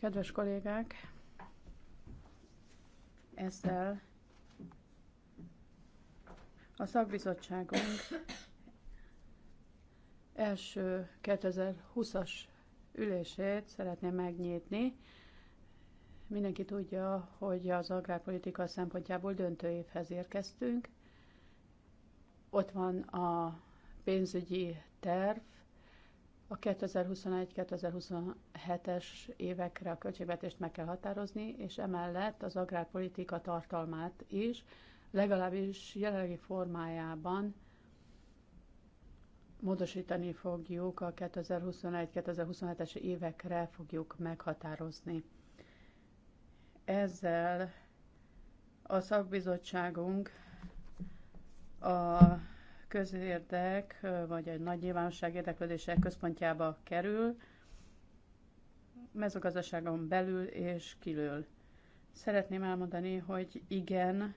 Kedves kollégák, ezzel a szakbizottságunk első 2020-as ülését szeretném megnyitni. Mindenki tudja, hogy az agrárpolitika szempontjából döntő évhez érkeztünk. Ott van a pénzügyi terv, a 2021-2027-es évekre a költségvetést meg kell határozni, és emellett az agrárpolitika tartalmát is, legalábbis jelenlegi formájában módosítani fogjuk, a 2021-2027-es évekre fogjuk meghatározni. Ezzel a szakbizottságunk a közérdek, vagy egy nagy nyilvánosság érdeklődése központjába kerül, mezőgazdaságon belül és kilől. Szeretném elmondani, hogy igen,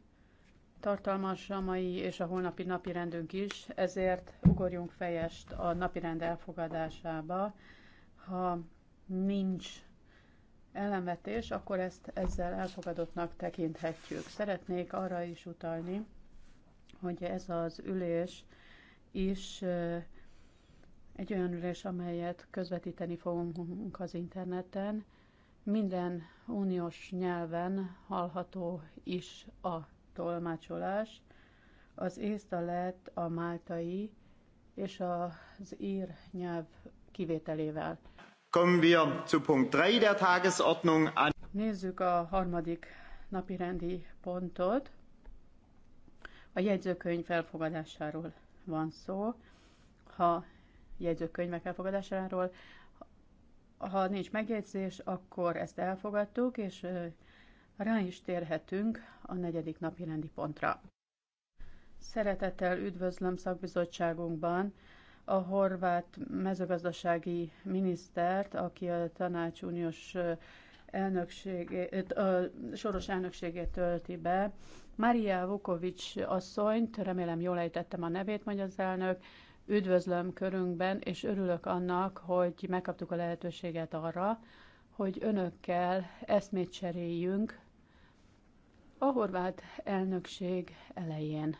tartalmas a mai és a holnapi napi rendünk is, ezért ugorjunk fejest a napi rend elfogadásába. Ha nincs ellenvetés, akkor ezt ezzel elfogadottnak tekinthetjük. Szeretnék arra is utalni, hogy ez az ülés is egy olyan ülés, amelyet közvetíteni fogunk az interneten. Minden uniós nyelven hallható is a tolmácsolás. Az észt, a lett, a máltai és az ír nyelv kivételével. Kommen wir zu Punkt 3 der Tagesordnung an. Nézzük a harmadik napirendi pontot. A jegyzőkönyv elfogadásáról van szó. Ha jegyzőkönyvek elfogadásáról, ha nincs megjegyzés, akkor ezt elfogadtuk, és rá is térhetünk a negyedik napi rendi pontra. Szeretettel üdvözlöm szakbizottságunkban a horvát mezőgazdasági minisztert, aki a tanács uniós elnökségét, ö, soros elnökségét tölti be. Maria Vukovics asszonyt, remélem jól ejtettem a nevét, mondja az elnök, üdvözlöm körünkben, és örülök annak, hogy megkaptuk a lehetőséget arra, hogy önökkel eszmét cseréljünk a horvát elnökség elején.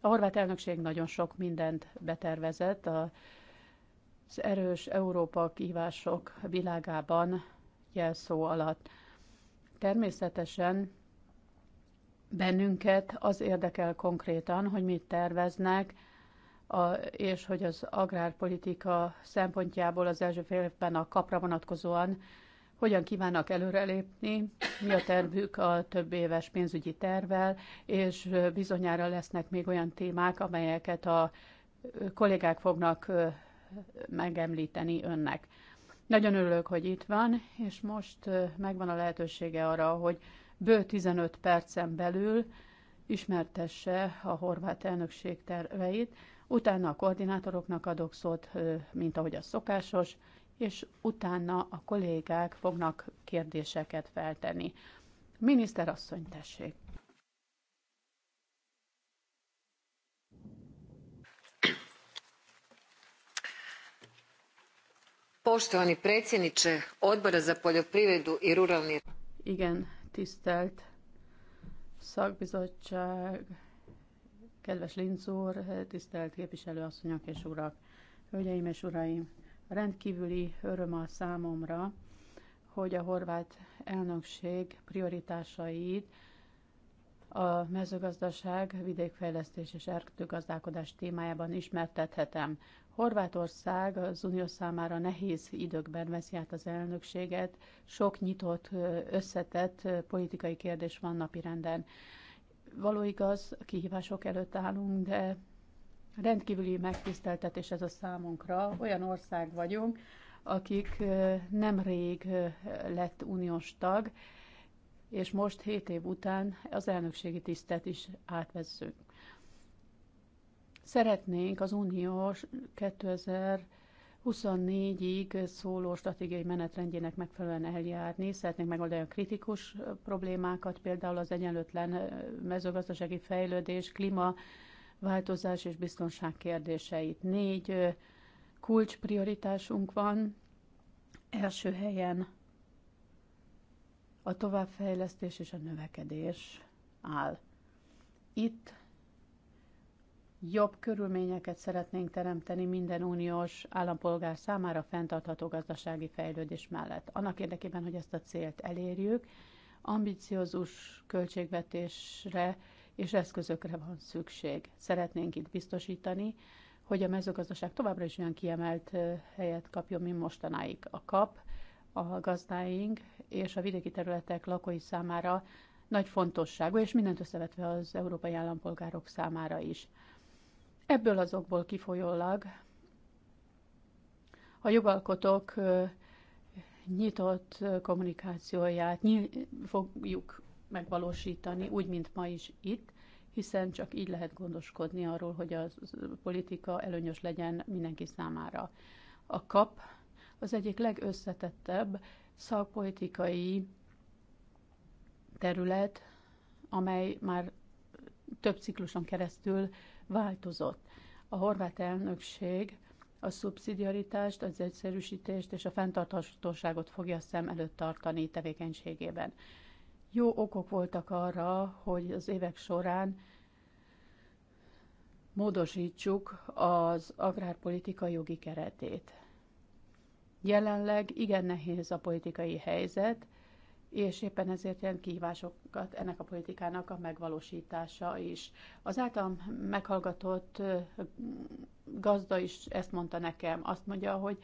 A horvát elnökség nagyon sok mindent betervezett az erős Európa kívások világában jelszó alatt. Természetesen bennünket az érdekel konkrétan, hogy mit terveznek, a, és hogy az agrárpolitika szempontjából az első fél évben a kapra vonatkozóan hogyan kívánnak előrelépni, mi a tervük a több éves pénzügyi tervvel, és bizonyára lesznek még olyan témák, amelyeket a kollégák fognak megemlíteni önnek. Nagyon örülök, hogy itt van, és most megvan a lehetősége arra, hogy bő 15 percen belül ismertesse a horvát elnökség terveit, utána a koordinátoroknak adok szót, mint ahogy a szokásos, és utána a kollégák fognak kérdéseket feltenni. Miniszter asszony, tessék! Poštovani predsjedniče Odbora za poljoprivredu i ruralni... Igen, tisztelt szakbizottság, kedves Linz úr, tisztelt képviselőasszonyok és urak, hölgyeim és uraim! Rendkívüli öröm a számomra, hogy a horvát elnökség prioritásait a mezőgazdaság, vidékfejlesztés és erdőgazdálkodás témájában ismertethetem. Horvátország az unió számára nehéz időkben veszi át az elnökséget, sok nyitott, összetett politikai kérdés van napirenden. Való igaz, kihívások előtt állunk, de rendkívüli megtiszteltetés ez a számunkra. Olyan ország vagyunk, akik nem rég lett uniós tag, és most 7 év után az elnökségi tisztet is átvezzünk. Szeretnénk az uniós 2024-ig szóló stratégiai menetrendjének megfelelően eljárni, szeretnénk megoldani a kritikus problémákat, például az egyenlőtlen mezőgazdasági fejlődés, klímaváltozás és biztonság kérdéseit. Négy kulcsprioritásunk van. Első helyen a továbbfejlesztés és a növekedés áll. Itt jobb körülményeket szeretnénk teremteni minden uniós állampolgár számára fenntartható gazdasági fejlődés mellett. Annak érdekében, hogy ezt a célt elérjük, ambiciózus költségvetésre és eszközökre van szükség. Szeretnénk itt biztosítani, hogy a mezőgazdaság továbbra is olyan kiemelt eh, helyet kapjon, mint mostanáig. A kap a gazdáink és a vidéki területek lakói számára nagy fontosságú, és mindent összevetve az európai állampolgárok számára is. Ebből azokból kifolyólag a jogalkotók nyitott kommunikációját nyil- fogjuk megvalósítani, úgy, mint ma is itt, hiszen csak így lehet gondoskodni arról, hogy a politika előnyös legyen mindenki számára. A kap az egyik legösszetettebb szakpolitikai terület, amely már több cikluson keresztül változott. A horvát elnökség a szubszidiaritást, az egyszerűsítést és a fenntarthatóságot fogja szem előtt tartani tevékenységében. Jó okok voltak arra, hogy az évek során módosítsuk az agrárpolitika jogi keretét. Jelenleg igen nehéz a politikai helyzet, és éppen ezért jelent kihívásokat ennek a politikának a megvalósítása is. Az által meghallgatott gazda is ezt mondta nekem. Azt mondja, hogy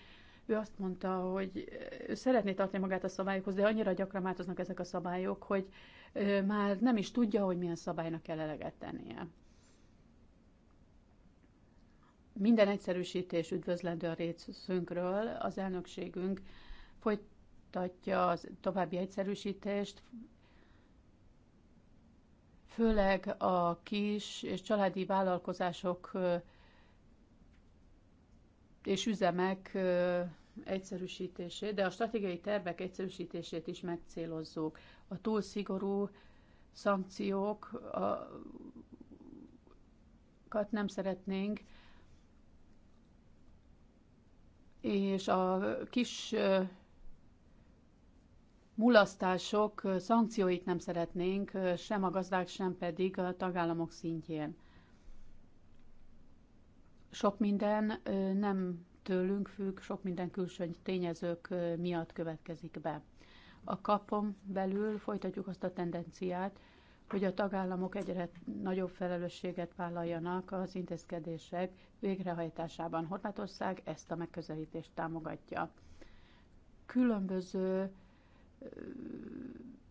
ő azt mondta, hogy szeretné tartani magát a szabályokhoz, de annyira gyakran változnak ezek a szabályok, hogy már nem is tudja, hogy milyen szabálynak kell eleget tennie. Minden egyszerűsítés üdvözlendő a részünkről. Az elnökségünk folytatja az további egyszerűsítést, főleg a kis és családi vállalkozások és üzemek egyszerűsítését, de a stratégiai tervek egyszerűsítését is megcélozzuk. A túl szigorú szankciókat nem szeretnénk, és a kis mulasztások szankcióit nem szeretnénk, sem a gazdák, sem pedig a tagállamok szintjén. Sok minden nem tőlünk függ, sok minden külső tényezők miatt következik be. A kapom belül folytatjuk azt a tendenciát, hogy a tagállamok egyre nagyobb felelősséget vállaljanak az intézkedések végrehajtásában. Horvátország ezt a megközelítést támogatja. Különböző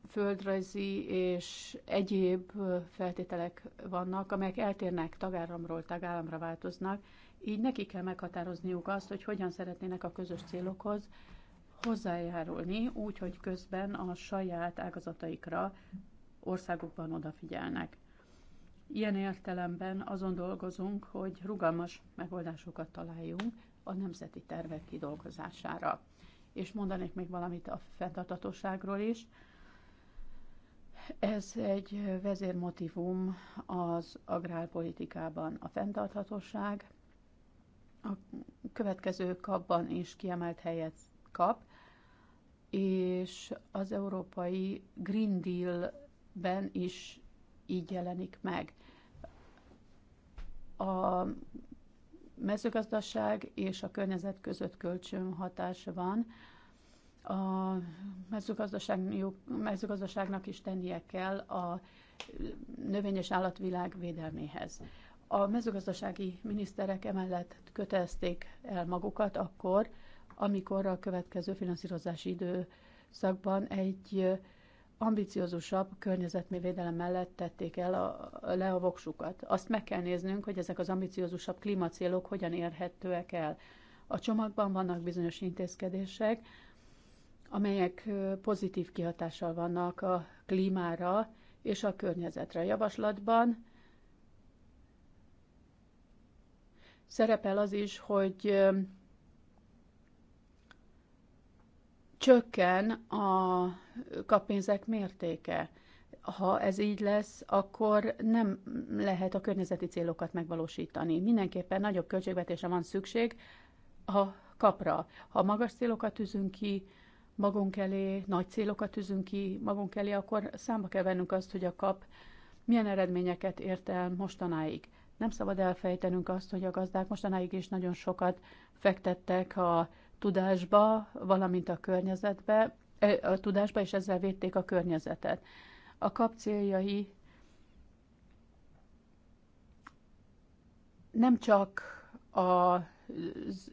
földrajzi és egyéb feltételek vannak, amelyek eltérnek tagállamról tagállamra változnak, így neki kell meghatározniuk azt, hogy hogyan szeretnének a közös célokhoz hozzájárulni, úgy, hogy közben a saját ágazataikra országokban odafigyelnek. Ilyen értelemben azon dolgozunk, hogy rugalmas megoldásokat találjunk a nemzeti tervek kidolgozására. És mondanék még valamit a fenntartatóságról is. Ez egy vezérmotívum az agrárpolitikában a fenntarthatóság. A következő kapban is kiemelt helyet kap, és az európai Green Deal ben is így jelenik meg. A mezőgazdaság és a környezet között kölcsönhatás van. A mezőgazdaság, mezőgazdaságnak is tennie kell a növényes állatvilág védelméhez. A mezőgazdasági miniszterek emellett kötelezték el magukat akkor, amikor a következő finanszírozási időszakban egy ambiciózusabb védelem mellett tették el a, le a voksukat. Azt meg kell néznünk, hogy ezek az ambiciózusabb klímacélok hogyan érhetőek el. A csomagban vannak bizonyos intézkedések, amelyek pozitív kihatással vannak a klímára és a környezetre. A javaslatban szerepel az is, hogy csökken a kapénzek mértéke. Ha ez így lesz, akkor nem lehet a környezeti célokat megvalósítani. Mindenképpen nagyobb költségvetésre van szükség a kapra. Ha magas célokat tűzünk ki magunk elé, nagy célokat tűzünk ki magunk elé, akkor számba kell vennünk azt, hogy a kap milyen eredményeket ért el mostanáig. Nem szabad elfejtenünk azt, hogy a gazdák mostanáig is nagyon sokat fektettek a tudásba, valamint a környezetbe, a tudásba, és ezzel védték a környezetet. A kap céljai nem csak az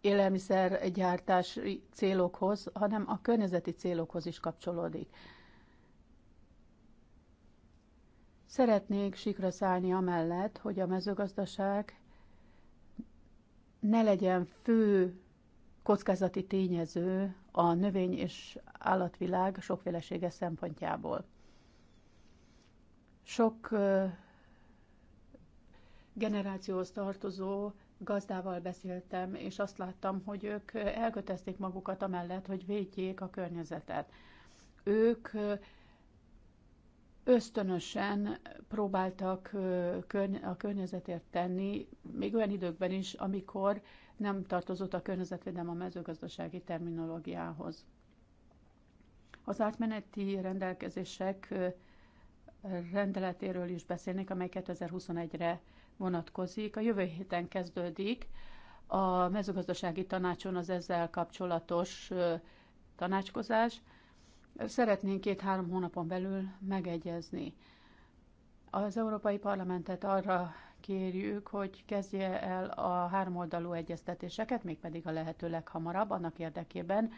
élelmiszergyártás célokhoz, hanem a környezeti célokhoz is kapcsolódik. Szeretnék sikra szállni amellett, hogy a mezőgazdaság ne legyen fő kockázati tényező a növény és állatvilág sokfélesége szempontjából. Sok generációhoz tartozó gazdával beszéltem, és azt láttam, hogy ők elkötezték magukat amellett, hogy védjék a környezetet. Ők ösztönösen próbáltak a környezetért tenni, még olyan időkben is, amikor nem tartozott a környezetvédelem a mezőgazdasági terminológiához. Az átmeneti rendelkezések rendeletéről is beszélnék, amely 2021-re vonatkozik. A jövő héten kezdődik a mezőgazdasági tanácson az ezzel kapcsolatos tanácskozás. Szeretnénk két-három hónapon belül megegyezni. Az Európai Parlamentet arra kérjük, hogy kezdje el a háromoldalú egyeztetéseket, mégpedig a lehető leghamarabb, annak érdekében,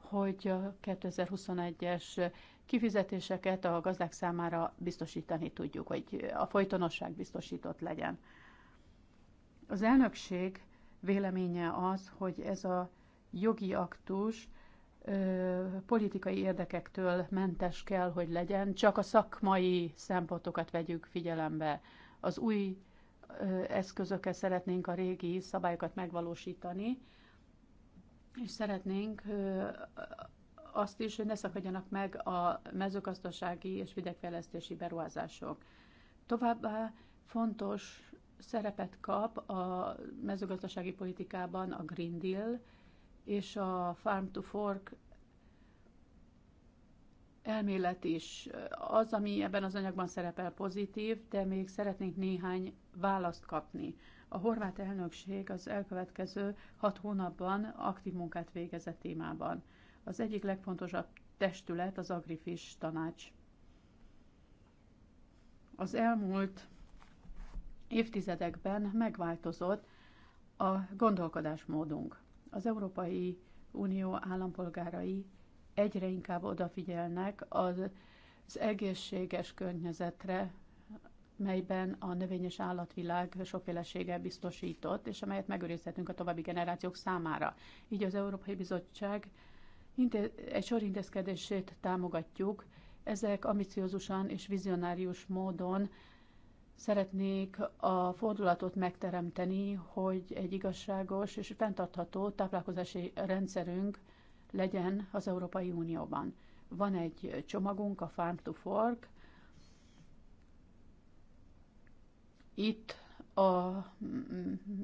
hogy a 2021-es kifizetéseket a gazdák számára biztosítani tudjuk, hogy a folytonosság biztosított legyen. Az elnökség véleménye az, hogy ez a jogi aktus ö, politikai érdekektől mentes kell, hogy legyen, csak a szakmai szempontokat vegyük figyelembe. Az új eszközökkel szeretnénk a régi szabályokat megvalósítani, és szeretnénk azt is, hogy ne szakadjanak meg a mezőgazdasági és vidékfejlesztési beruházások. Továbbá fontos szerepet kap a mezőgazdasági politikában a Green Deal és a Farm to Fork elmélet is. Az, ami ebben az anyagban szerepel pozitív, de még szeretnénk néhány választ kapni. A horvát elnökség az elkövetkező hat hónapban aktív munkát végez e témában. Az egyik legfontosabb testület az Agrifis tanács. Az elmúlt évtizedekben megváltozott a gondolkodásmódunk. Az Európai Unió állampolgárai egyre inkább odafigyelnek az, az egészséges környezetre, melyben a növény és állatvilág sokfélesége biztosított, és amelyet megőrizhetünk a további generációk számára. Így az Európai Bizottság egy sor intézkedését támogatjuk. Ezek ambiciózusan és vizionárius módon szeretnék a fordulatot megteremteni, hogy egy igazságos és fenntartható táplálkozási rendszerünk legyen az Európai Unióban. Van egy csomagunk, a Farm to Fork. Itt a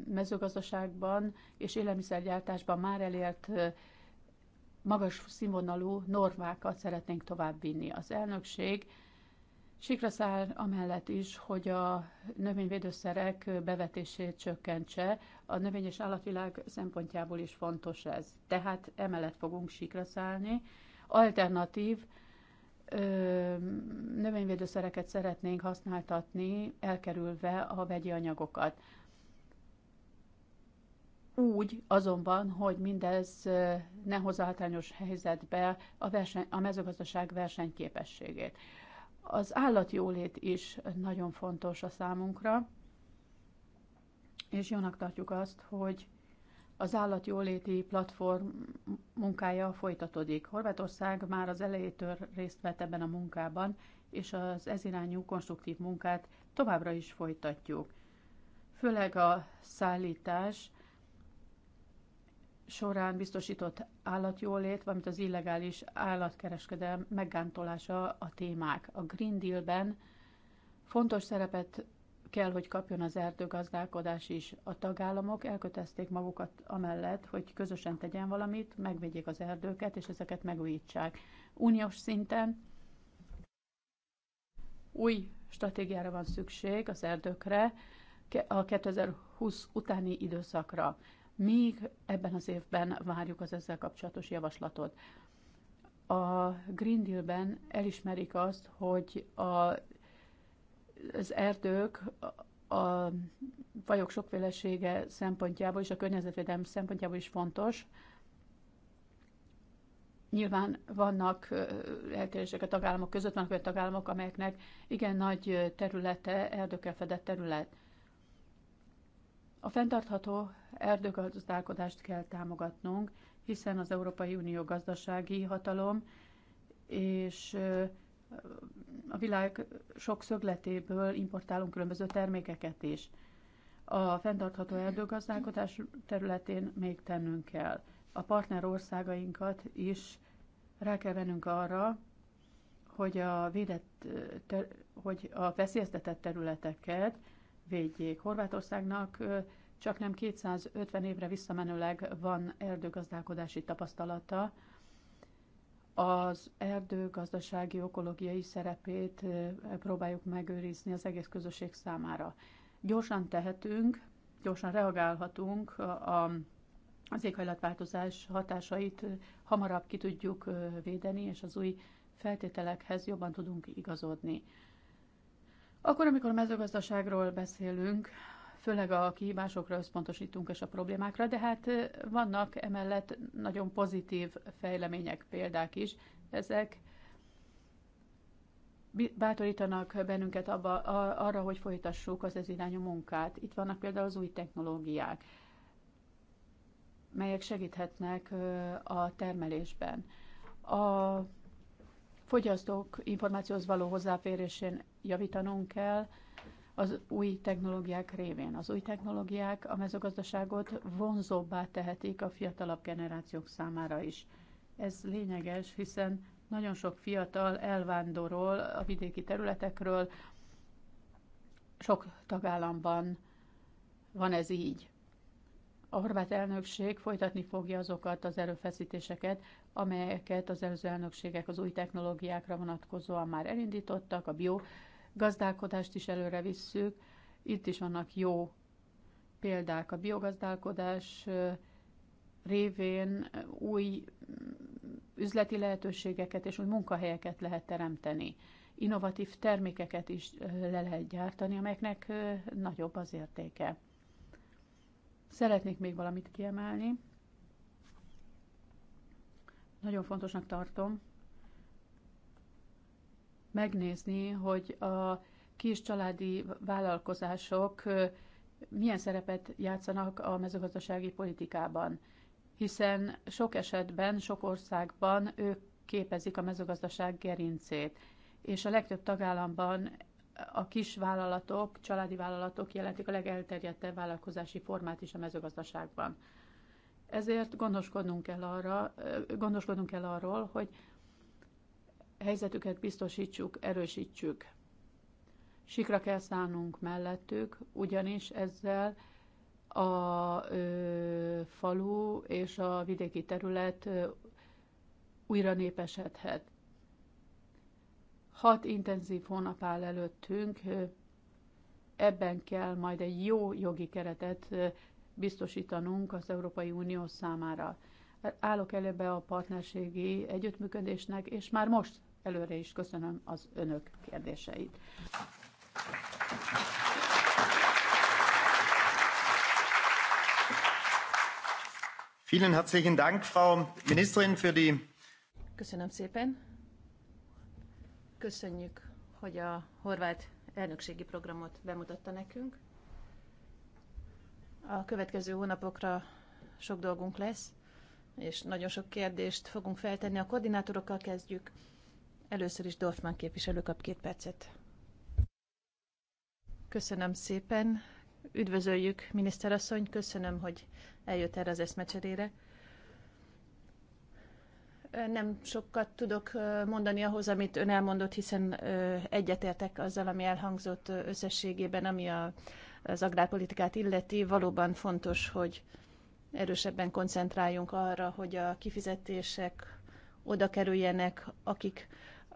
mezőgazdaságban és élelmiszergyártásban már elért magas színvonalú normákat szeretnénk továbbvinni. Az elnökség Sikra száll amellett is, hogy a növényvédőszerek bevetését csökkentse. A növény és állatvilág szempontjából is fontos ez. Tehát emellett fogunk sikra szállni. Alternatív ö, növényvédőszereket szeretnénk használtatni, elkerülve a vegyi anyagokat. Úgy azonban, hogy mindez ne hozzááltalános helyzetbe a, verseny, a mezőgazdaság versenyképességét. Az állatjólét is nagyon fontos a számunkra, és jónak tartjuk azt, hogy az állatjóléti platform munkája folytatódik. Horvátország már az elejétől részt vett ebben a munkában, és az irányú konstruktív munkát továbbra is folytatjuk. Főleg a szállítás során biztosított állatjólét, valamint az illegális állatkereskedelem meggántolása a témák. A Green Deal-ben fontos szerepet kell, hogy kapjon az erdőgazdálkodás is. A tagállamok elkötezték magukat amellett, hogy közösen tegyen valamit, megvédjék az erdőket, és ezeket megújítsák. Uniós szinten új stratégiára van szükség az erdőkre, a 2020 utáni időszakra. Még ebben az évben várjuk az ezzel kapcsolatos javaslatot. A Green Deal-ben elismerik azt, hogy a, az erdők a fajok sokfélesége szempontjából és a környezetvédelem szempontjából is fontos. Nyilván vannak eltérések a tagállamok között, vannak olyan tagállamok, amelyeknek igen nagy területe erdőkkel fedett terület. A fenntartható erdőgazdálkodást kell támogatnunk, hiszen az Európai Unió gazdasági hatalom és a világ sok szögletéből importálunk különböző termékeket is. A fenntartható erdőgazdálkodás területén még tennünk kell. A partner országainkat is rá kell vennünk arra, hogy a, védett, ter, hogy a veszélyeztetett területeket védjék. Horvátországnak csak nem 250 évre visszamenőleg van erdőgazdálkodási tapasztalata. Az erdőgazdasági ökológiai szerepét próbáljuk megőrizni az egész közösség számára. Gyorsan tehetünk, gyorsan reagálhatunk a az éghajlatváltozás hatásait hamarabb ki tudjuk védeni, és az új feltételekhez jobban tudunk igazodni. Akkor, amikor mezőgazdaságról beszélünk, főleg a kihívásokra összpontosítunk és a problémákra, de hát vannak emellett nagyon pozitív fejlemények, példák is. Ezek bátorítanak bennünket abba, a, arra, hogy folytassuk az ez irányú munkát. Itt vannak például az új technológiák, melyek segíthetnek a termelésben. A fogyasztók információhoz való hozzáférésén javítanunk kell az új technológiák révén. Az új technológiák a mezőgazdaságot vonzóbbá tehetik a fiatalabb generációk számára is. Ez lényeges, hiszen nagyon sok fiatal elvándorol a vidéki területekről, sok tagállamban van ez így. A horvát elnökség folytatni fogja azokat az erőfeszítéseket, amelyeket az előző elnökségek az új technológiákra vonatkozóan már elindítottak, a bio gazdálkodást is előre visszük. Itt is vannak jó példák. A biogazdálkodás révén új mm, üzleti lehetőségeket és új munkahelyeket lehet teremteni. Innovatív termékeket is le lehet gyártani, amelyeknek nagyobb az értéke. Szeretnék még valamit kiemelni. Nagyon fontosnak tartom, megnézni, hogy a kis családi vállalkozások milyen szerepet játszanak a mezőgazdasági politikában, hiszen sok esetben, sok országban ők képezik a mezőgazdaság gerincét, és a legtöbb tagállamban a kis vállalatok, családi vállalatok jelentik a legelterjedtebb vállalkozási formát is a mezőgazdaságban. Ezért gondoskodnunk kell, arra, gondoskodnunk kell arról, hogy helyzetüket biztosítsuk, erősítsük. Sikra kell szánnunk mellettük, ugyanis ezzel a ö, falu és a vidéki terület ö, újra népesedhet. Hat intenzív hónap áll előttünk, ebben kell majd egy jó jogi keretet biztosítanunk az Európai Unió számára. Állok előbe a partnerségi együttműködésnek, és már most előre is köszönöm az önök kérdéseit. Vielen herzlichen Dank, Frau Ministerin, für die... Köszönöm szépen. Köszönjük, hogy a horvát elnökségi programot bemutatta nekünk. A következő hónapokra sok dolgunk lesz, és nagyon sok kérdést fogunk feltenni. A koordinátorokkal kezdjük. Először is Dorfman képviselő kap két percet. Köszönöm szépen. Üdvözöljük, miniszterasszony. Köszönöm, hogy eljött erre az eszmecserére. Nem sokat tudok mondani ahhoz, amit ön elmondott, hiszen egyetértek azzal, ami elhangzott összességében, ami a, az agrárpolitikát illeti. Valóban fontos, hogy erősebben koncentráljunk arra, hogy a kifizetések oda kerüljenek, akik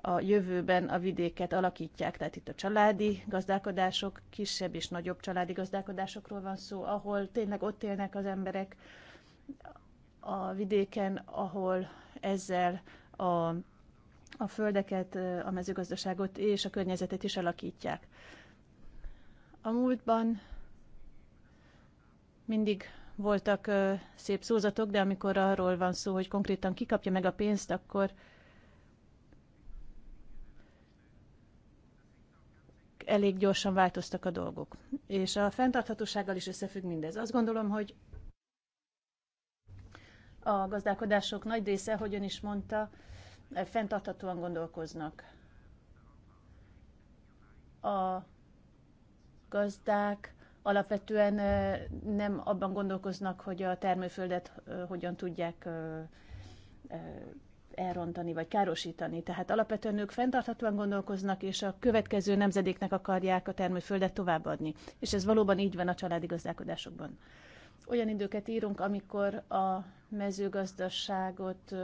a jövőben a vidéket alakítják. Tehát itt a családi gazdálkodások, kisebb és nagyobb családi gazdálkodásokról van szó, ahol tényleg ott élnek az emberek a vidéken, ahol ezzel a, a földeket, a mezőgazdaságot és a környezetet is alakítják. A múltban mindig voltak szép szózatok, de amikor arról van szó, hogy konkrétan kikapja meg a pénzt, akkor elég gyorsan változtak a dolgok. És a fenntarthatósággal is összefügg mindez. Azt gondolom, hogy a gazdálkodások nagy része, hogy ön is mondta, fenntarthatóan gondolkoznak. A gazdák alapvetően nem abban gondolkoznak, hogy a termőföldet hogyan tudják elrontani vagy károsítani. Tehát alapvetően ők fenntarthatóan gondolkoznak, és a következő nemzedéknek akarják a termőföldet továbbadni. És ez valóban így van a családi gazdálkodásokban. Olyan időket írunk, amikor a mezőgazdaságot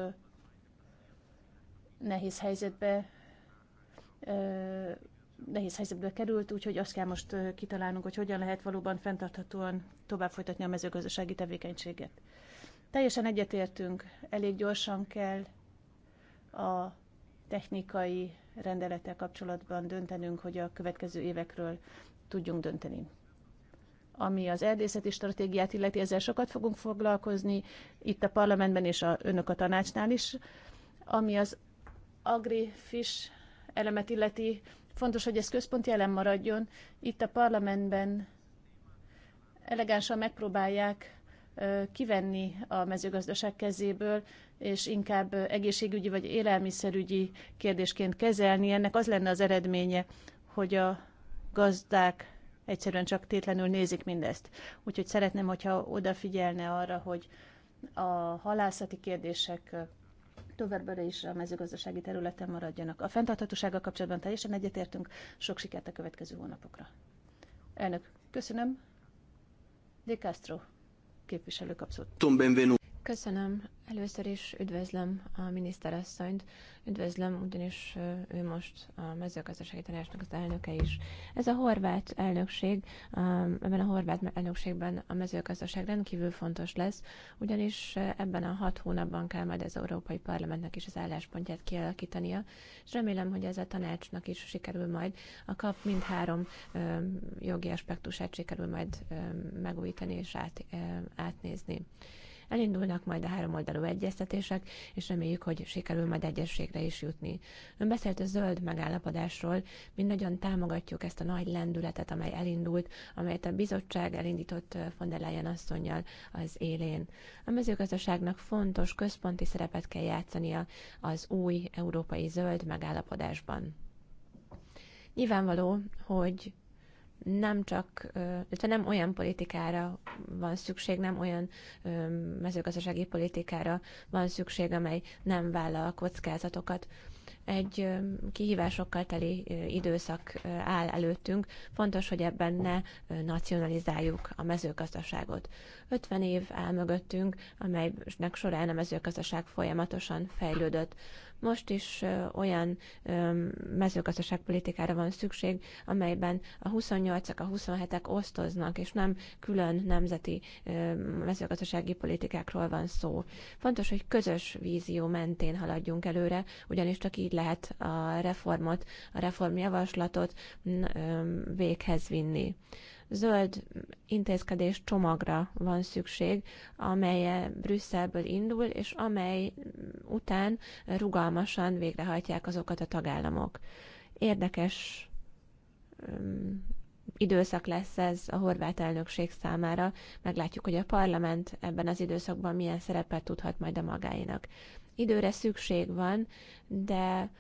nehéz helyzetbe nehéz helyzetbe került, úgyhogy azt kell most kitalálnunk, hogy hogyan lehet valóban fenntarthatóan tovább folytatni a mezőgazdasági tevékenységet. Teljesen egyetértünk, elég gyorsan kell a technikai rendelettel kapcsolatban döntenünk, hogy a következő évekről tudjunk dönteni. Ami az erdészeti stratégiát illeti, ezzel sokat fogunk foglalkozni, itt a parlamentben és a, önök a tanácsnál is. Ami az agri-fish elemet illeti, fontos, hogy ez központi elem maradjon. Itt a parlamentben elegánsan megpróbálják kivenni a mezőgazdaság kezéből és inkább egészségügyi vagy élelmiszerügyi kérdésként kezelni. Ennek az lenne az eredménye, hogy a gazdák egyszerűen csak tétlenül nézik mindezt. Úgyhogy szeretném, hogyha odafigyelne arra, hogy a halászati kérdések továbbra is a mezőgazdasági területen maradjanak. A fenntarthatósággal kapcsolatban teljesen egyetértünk. Sok sikert a következő hónapokra. Elnök, köszönöm. De Castro képviselő kapcsolat. Köszönöm. Először is üdvözlöm a miniszterasszonyt, üdvözlöm, ugyanis ő most a mezőgazdasági tanácsnak az elnöke is. Ez a horvát elnökség, ebben a horvát elnökségben a mezőgazdaság rendkívül fontos lesz, ugyanis ebben a hat hónapban kell majd az Európai Parlamentnek is az álláspontját kialakítania, és remélem, hogy ez a tanácsnak is sikerül majd a kap mindhárom jogi aspektusát sikerül majd megújítani és át, átnézni. Elindulnak majd a három oldalú egyeztetések, és reméljük, hogy sikerül majd egyességre is jutni. Ön beszélt a zöld megállapodásról, mi nagyon támogatjuk ezt a nagy lendületet, amely elindult, amelyet a bizottság elindított eh, von der Leyen asszonynal az élén. A mezőgazdaságnak fontos központi szerepet kell játszania az új európai zöld megállapodásban. Nyilvánvaló, hogy nem csak, illetve nem olyan politikára van szükség, nem olyan mezőgazdasági politikára van szükség, amely nem vállal kockázatokat. Egy kihívásokkal teli időszak áll előttünk. Fontos, hogy ebben ne nacionalizáljuk a mezőgazdaságot. 50 év áll mögöttünk, amelynek során a mezőgazdaság folyamatosan fejlődött. Most is olyan mezőgazdaságpolitikára van szükség, amelyben a 28-ak, a 27-ek osztoznak, és nem külön nemzeti mezőgazdasági politikákról van szó. Fontos, hogy közös vízió mentén haladjunk előre, ugyanis csak így lehet a reformot, a reformjavaslatot véghez vinni zöld intézkedés csomagra van szükség, amely Brüsszelből indul, és amely után rugalmasan végrehajtják azokat a tagállamok. Érdekes időszak lesz ez a horvát elnökség számára. Meglátjuk, hogy a parlament ebben az időszakban milyen szerepet tudhat majd a magáinak. Időre szükség van, de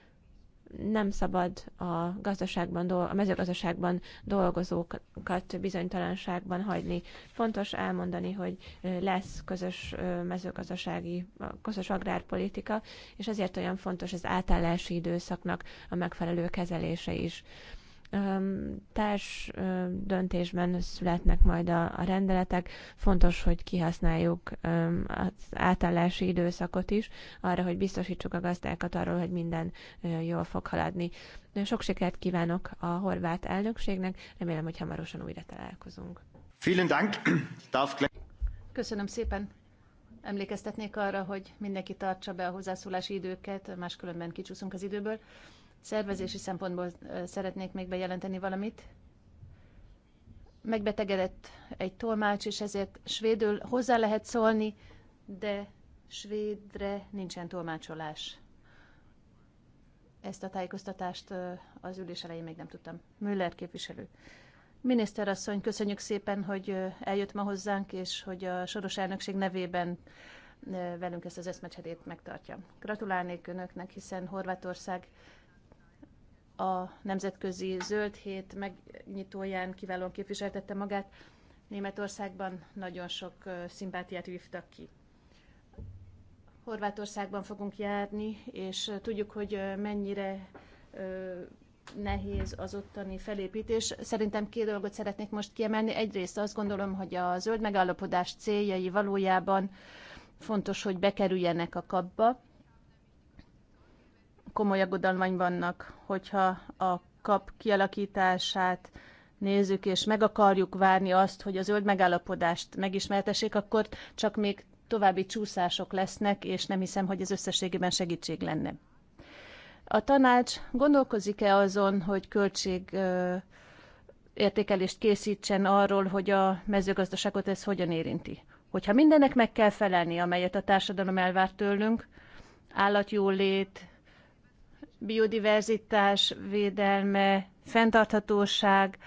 nem szabad a gazdaságban, a mezőgazdaságban dolgozókat bizonytalanságban hagyni. Fontos elmondani, hogy lesz közös mezőgazdasági, közös agrárpolitika, és ezért olyan fontos az átállási időszaknak a megfelelő kezelése is társ döntésben születnek majd a, a rendeletek. Fontos, hogy kihasználjuk az átállási időszakot is, arra, hogy biztosítsuk a gazdákat arról, hogy minden jól fog haladni. Sok sikert kívánok a horvát elnökségnek, remélem, hogy hamarosan újra találkozunk. Vielen Dank. Köszönöm szépen. Emlékeztetnék arra, hogy mindenki tartsa be a hozzászólási időket, máskülönben kicsúszunk az időből. Szervezési szempontból szeretnék még bejelenteni valamit. Megbetegedett egy tolmács, és ezért svédül hozzá lehet szólni, de svédre nincsen tolmácsolás. Ezt a tájékoztatást az ülés elején még nem tudtam. Müller képviselő. Miniszterasszony, köszönjük szépen, hogy eljött ma hozzánk, és hogy a soros elnökség nevében velünk ezt az eszmecserét megtartja. Gratulálnék Önöknek, hiszen Horvátország a Nemzetközi Zöld Hét megnyitóján kiválóan képviseltette magát. Németországban nagyon sok szimpátiát vívtak ki. Horvátországban fogunk járni, és tudjuk, hogy mennyire nehéz az ottani felépítés. Szerintem két dolgot szeretnék most kiemelni. Egyrészt azt gondolom, hogy a zöld megállapodás céljai valójában fontos, hogy bekerüljenek a kapba komoly aggodalmaim vannak, hogyha a kap kialakítását nézzük, és meg akarjuk várni azt, hogy a zöld megállapodást megismertessék, akkor csak még további csúszások lesznek, és nem hiszem, hogy ez összességében segítség lenne. A tanács gondolkozik-e azon, hogy költség értékelést készítsen arról, hogy a mezőgazdaságot ez hogyan érinti? Hogyha mindennek meg kell felelni, amelyet a társadalom elvár tőlünk, állatjólét, biodiverzitás védelme, fenntarthatóság,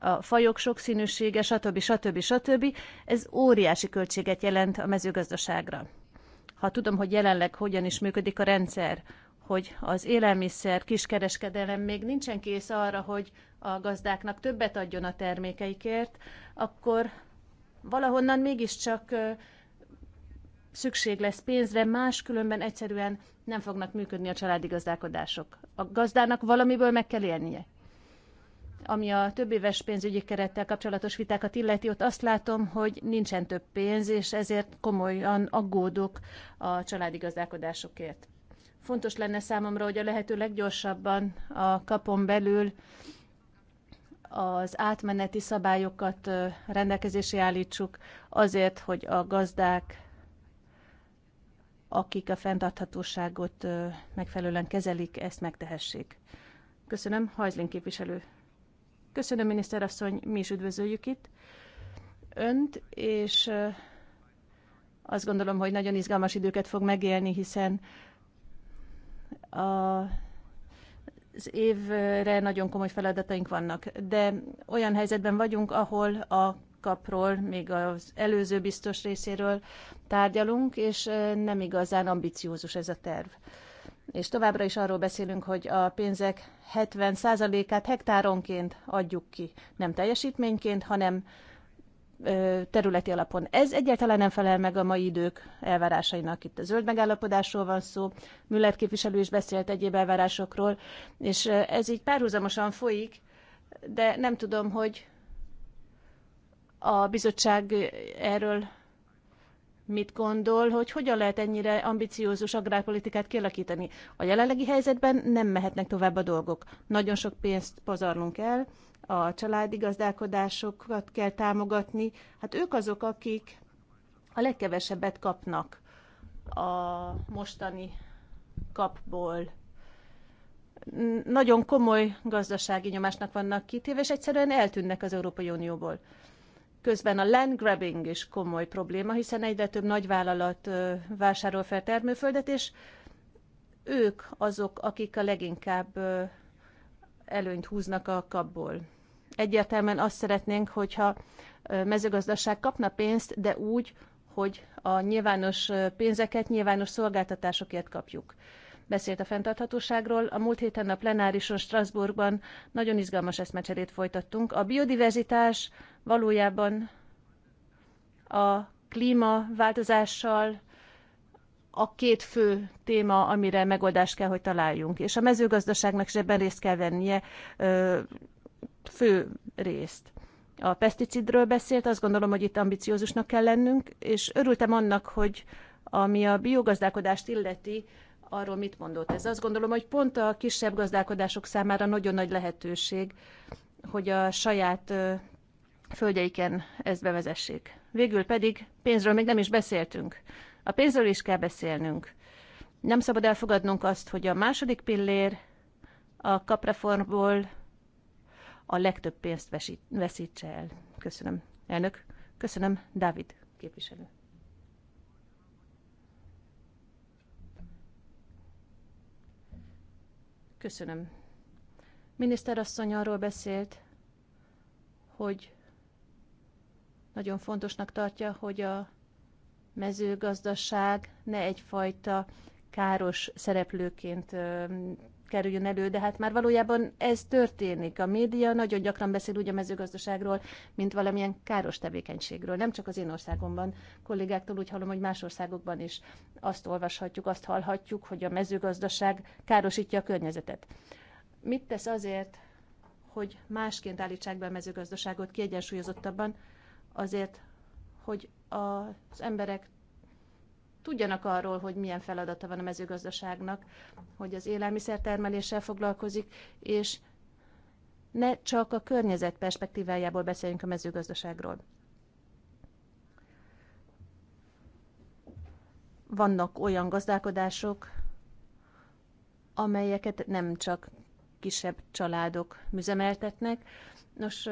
a fajok sokszínűsége, stb. stb. stb. Ez óriási költséget jelent a mezőgazdaságra. Ha tudom, hogy jelenleg hogyan is működik a rendszer, hogy az élelmiszer kiskereskedelem még nincsen kész arra, hogy a gazdáknak többet adjon a termékeikért, akkor valahonnan mégiscsak szükség lesz pénzre, máskülönben egyszerűen nem fognak működni a családi gazdálkodások. A gazdának valamiből meg kell élnie. Ami a több éves pénzügyi kerettel kapcsolatos vitákat illeti, ott azt látom, hogy nincsen több pénz, és ezért komolyan aggódok a családi gazdálkodásokért. Fontos lenne számomra, hogy a lehető leggyorsabban a kapon belül az átmeneti szabályokat rendelkezésre állítsuk azért, hogy a gazdák akik a fenntarthatóságot megfelelően kezelik, ezt megtehessék. Köszönöm, Hajzlin képviselő. Köszönöm, miniszterasszony, mi is üdvözöljük itt önt, és azt gondolom, hogy nagyon izgalmas időket fog megélni, hiszen a, az évre nagyon komoly feladataink vannak. De olyan helyzetben vagyunk, ahol a kapról, még az előző biztos részéről tárgyalunk, és nem igazán ambiciózus ez a terv. És továbbra is arról beszélünk, hogy a pénzek 70%-át hektáronként adjuk ki, nem teljesítményként, hanem területi alapon. Ez egyáltalán nem felel meg a mai idők elvárásainak. Itt a zöld megállapodásról van szó, Müller képviselő is beszélt egyéb elvárásokról, és ez így párhuzamosan folyik, de nem tudom, hogy a bizottság erről mit gondol, hogy hogyan lehet ennyire ambiciózus agrárpolitikát kialakítani. A jelenlegi helyzetben nem mehetnek tovább a dolgok. Nagyon sok pénzt pazarlunk el, a családi gazdálkodásokat kell támogatni. Hát ők azok, akik a legkevesebbet kapnak a mostani kapból. Nagyon komoly gazdasági nyomásnak vannak kitéve, és egyszerűen eltűnnek az Európai Unióból. Közben a land grabbing is komoly probléma, hiszen egyre több nagyvállalat vásárol fel termőföldet, és ők azok, akik a leginkább előnyt húznak a kapból. Egyértelműen azt szeretnénk, hogyha mezőgazdaság kapna pénzt, de úgy, hogy a nyilvános pénzeket nyilvános szolgáltatásokért kapjuk beszélt a fenntarthatóságról. A múlt héten a plenárison Strasbourgban nagyon izgalmas eszmecserét folytattunk. A biodiverzitás valójában a klímaváltozással a két fő téma, amire megoldást kell, hogy találjunk. És a mezőgazdaságnak is ebben részt kell vennie, fő részt. A peszticidről beszélt, azt gondolom, hogy itt ambiciózusnak kell lennünk, és örültem annak, hogy ami a biogazdálkodást illeti, arról mit mondott ez. Azt gondolom, hogy pont a kisebb gazdálkodások számára nagyon nagy lehetőség, hogy a saját földjeiken ezt bevezessék. Végül pedig pénzről még nem is beszéltünk. A pénzről is kell beszélnünk. Nem szabad elfogadnunk azt, hogy a második pillér a kapreformból a legtöbb pénzt veszítse el. Köszönöm, elnök. Köszönöm, Dávid képviselő. Köszönöm. Miniszterasszony arról beszélt, hogy nagyon fontosnak tartja, hogy a mezőgazdaság ne egyfajta káros szereplőként kerüljön elő, de hát már valójában ez történik. A média nagyon gyakran beszél úgy a mezőgazdaságról, mint valamilyen káros tevékenységről. Nem csak az én országomban, kollégáktól úgy hallom, hogy más országokban is azt olvashatjuk, azt hallhatjuk, hogy a mezőgazdaság károsítja a környezetet. Mit tesz azért, hogy másként állítsák be a mezőgazdaságot kiegyensúlyozottabban, azért, hogy az emberek tudjanak arról, hogy milyen feladata van a mezőgazdaságnak, hogy az élelmiszertermeléssel foglalkozik, és ne csak a környezet perspektívájából beszéljünk a mezőgazdaságról. Vannak olyan gazdálkodások, amelyeket nem csak kisebb családok üzemeltetnek. Nos,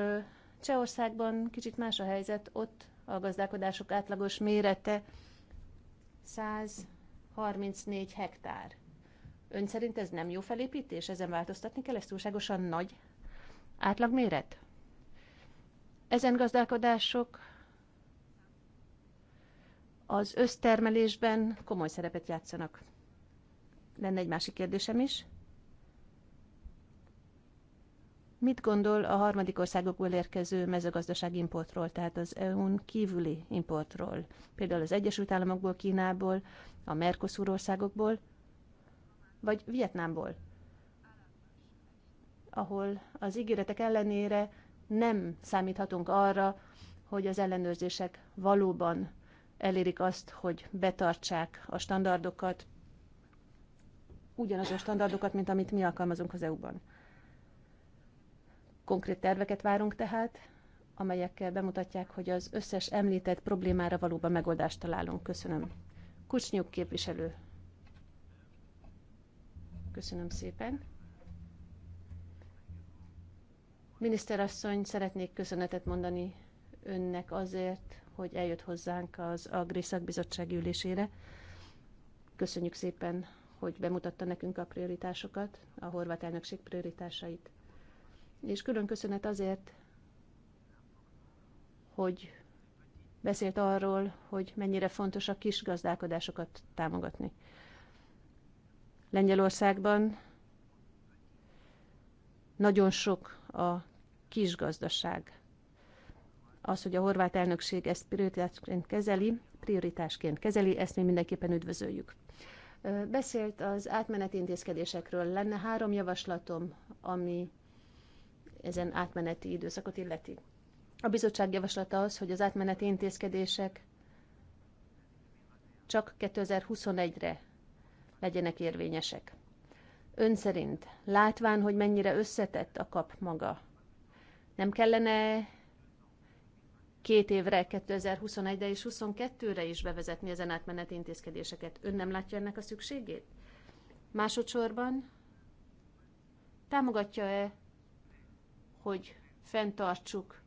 Csehországban kicsit más a helyzet, ott a gazdálkodások átlagos mérete 134 hektár. Ön szerint ez nem jó felépítés? Ezen változtatni kell? Ez túlságosan nagy átlagméret? Ezen gazdálkodások az össztermelésben komoly szerepet játszanak. Lenne egy másik kérdésem is. Mit gondol a harmadik országokból érkező mezőgazdasági importról, tehát az EU-n kívüli importról? Például az Egyesült Államokból, Kínából, a Mercosur országokból, vagy Vietnámból, ahol az ígéretek ellenére nem számíthatunk arra, hogy az ellenőrzések valóban elérik azt, hogy betartsák a standardokat, ugyanazon standardokat, mint amit mi alkalmazunk az EU-ban. Konkrét terveket várunk tehát, amelyekkel bemutatják, hogy az összes említett problémára valóban megoldást találunk. Köszönöm. Kucsnyuk képviselő. Köszönöm szépen. Miniszterasszony, szeretnék köszönetet mondani önnek azért, hogy eljött hozzánk az Agri Szakbizottság ülésére. Köszönjük szépen, hogy bemutatta nekünk a prioritásokat, a horvát elnökség prioritásait és külön köszönet azért, hogy beszélt arról, hogy mennyire fontos a kis gazdálkodásokat támogatni. Lengyelországban nagyon sok a kis gazdaság. Az, hogy a horvát elnökség ezt prioritásként kezeli, prioritásként kezeli, ezt mi mindenképpen üdvözöljük. Beszélt az átmeneti intézkedésekről. Lenne három javaslatom, ami ezen átmeneti időszakot illeti. A bizottság javaslata az, hogy az átmeneti intézkedések csak 2021-re legyenek érvényesek. Ön szerint, látván, hogy mennyire összetett a kap maga, nem kellene két évre, 2021-re és 2022-re is bevezetni ezen átmeneti intézkedéseket. Ön nem látja ennek a szükségét? Másodszorban támogatja-e hogy fenntartsuk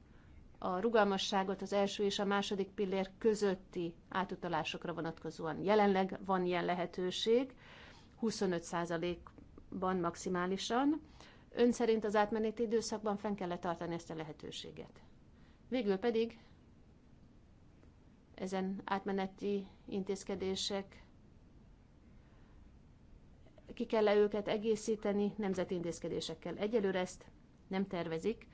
a rugalmasságot az első és a második pillér közötti átutalásokra vonatkozóan. Jelenleg van ilyen lehetőség, 25%-ban maximálisan. Ön szerint az átmeneti időszakban fenn kell tartani ezt a lehetőséget. Végül pedig ezen átmeneti intézkedések ki kell -e őket egészíteni nemzeti intézkedésekkel. Egyelőre ezt nem tervezik,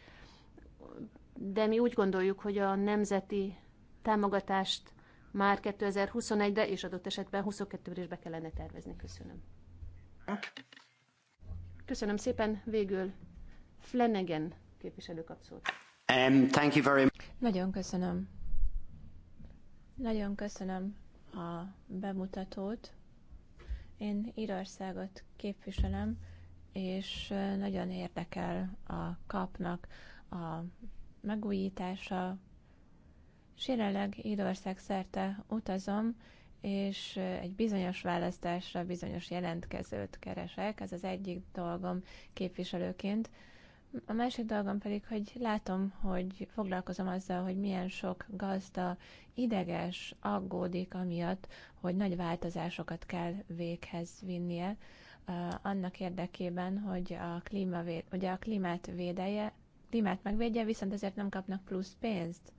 de mi úgy gondoljuk, hogy a nemzeti támogatást már 2021-re és adott esetben 22-re is be kellene tervezni. Köszönöm. Köszönöm szépen. Végül Flanagan képviselő kap szót. Um, thank you very Nagyon köszönöm. Nagyon köszönöm a bemutatót. Én Írországot képviselem, és nagyon érdekel a kapnak a megújítása. És jelenleg Írország szerte utazom, és egy bizonyos választásra bizonyos jelentkezőt keresek, ez az egyik dolgom képviselőként. A másik dolgom pedig, hogy látom, hogy foglalkozom azzal, hogy milyen sok gazda ideges, aggódik amiatt, hogy nagy változásokat kell véghez vinnie, Eh, annak érdekében, hogy a, klímavéd, ugye a klímát védelje, klímát megvédje, viszont ezért nem kapnak plusz pénzt.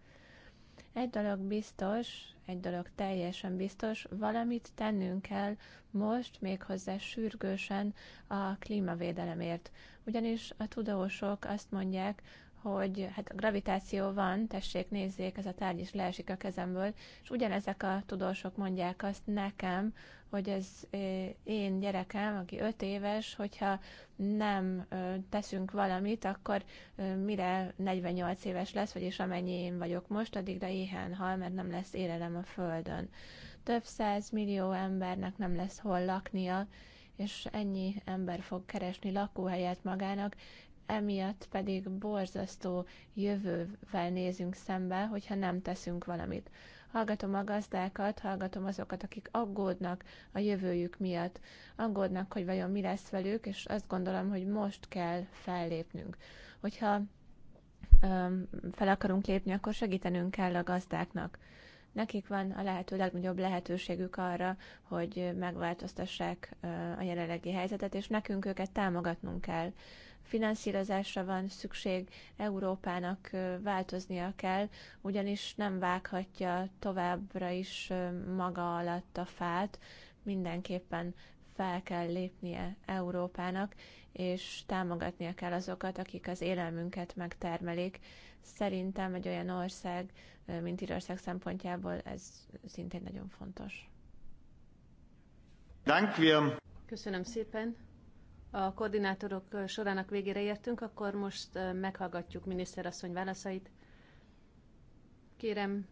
Egy dolog biztos, egy dolog teljesen biztos, valamit tennünk kell most méghozzá sürgősen a klímavédelemért. Ugyanis a tudósok azt mondják, hogy hát a gravitáció van, tessék, nézzék, ez a tárgy is leesik a kezemből, és ugyanezek a tudósok mondják azt nekem, hogy ez én gyerekem, aki öt éves, hogyha nem teszünk valamit, akkor mire 48 éves lesz, vagyis amennyi én vagyok most, addigra éhen hal, mert nem lesz élelem a földön. Több száz millió embernek nem lesz hol laknia, és ennyi ember fog keresni lakóhelyet magának, emiatt pedig borzasztó jövővel nézünk szembe, hogyha nem teszünk valamit. Hallgatom a gazdákat, hallgatom azokat, akik aggódnak a jövőjük miatt, aggódnak, hogy vajon mi lesz velük, és azt gondolom, hogy most kell fellépnünk. Hogyha öm, fel akarunk lépni, akkor segítenünk kell a gazdáknak nekik van a lehető legnagyobb lehetőségük arra, hogy megváltoztassák a jelenlegi helyzetet, és nekünk őket támogatnunk kell finanszírozásra van szükség, Európának változnia kell, ugyanis nem vághatja továbbra is maga alatt a fát, mindenképpen fel kell lépnie Európának, és támogatnia kell azokat, akik az élelmünket megtermelik. Szerintem egy olyan ország, mint Írország szempontjából ez szintén nagyon fontos. Köszönöm szépen a koordinátorok sorának végére értünk, akkor most meghallgatjuk miniszterasszony válaszait. Kérem,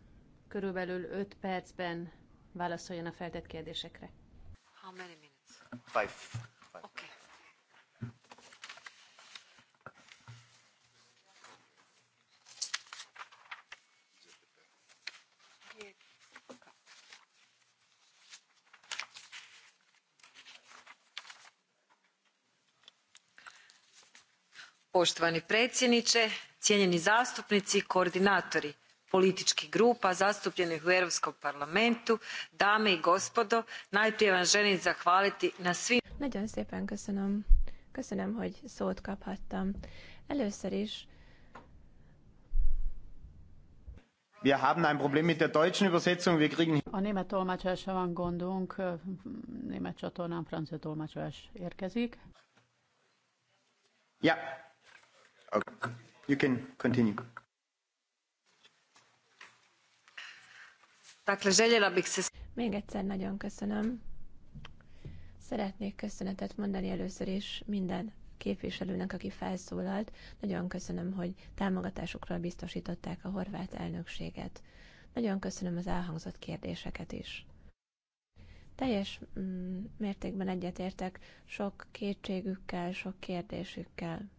körülbelül 5 percben válaszoljon a feltett kérdésekre. How many minutes? Five. Poštovani predsjedniče, cijenjeni zastupnici, koordinatori političkih grupa zastupljenih u Europskom parlamentu, dame i gospodo, najprije vam želim zahvaliti na svim... Nagyon szépen köszönöm. Köszönöm, hogy szót kaphattam. Először is Wir haben ein Problem mit der deutschen Übersetzung. Wir kriegen a német tolmácsásra van gondunk, német csatornán francia tolmácsás érkezik. Ja, Okay. You can continue. Még egyszer nagyon köszönöm. Szeretnék köszönetet mondani először is minden képviselőnek, aki felszólalt. Nagyon köszönöm, hogy támogatásukról biztosították a horvát elnökséget. Nagyon köszönöm az elhangzott kérdéseket is. Teljes mm, mértékben egyetértek sok kétségükkel, sok kérdésükkel.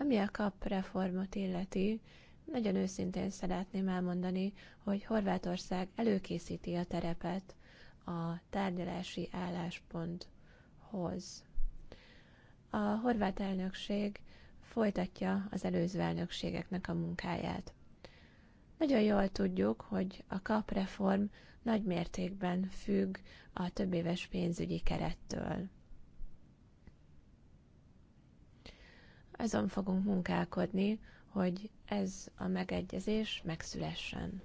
Ami a kap reformot illeti, nagyon őszintén szeretném elmondani, hogy Horvátország előkészíti a terepet a tárgyalási állásponthoz. A horvát elnökség folytatja az előző elnökségeknek a munkáját. Nagyon jól tudjuk, hogy a kapreform nagy mértékben függ a többéves pénzügyi kerettől. Azon fogunk munkálkodni, hogy ez a megegyezés megszülessen.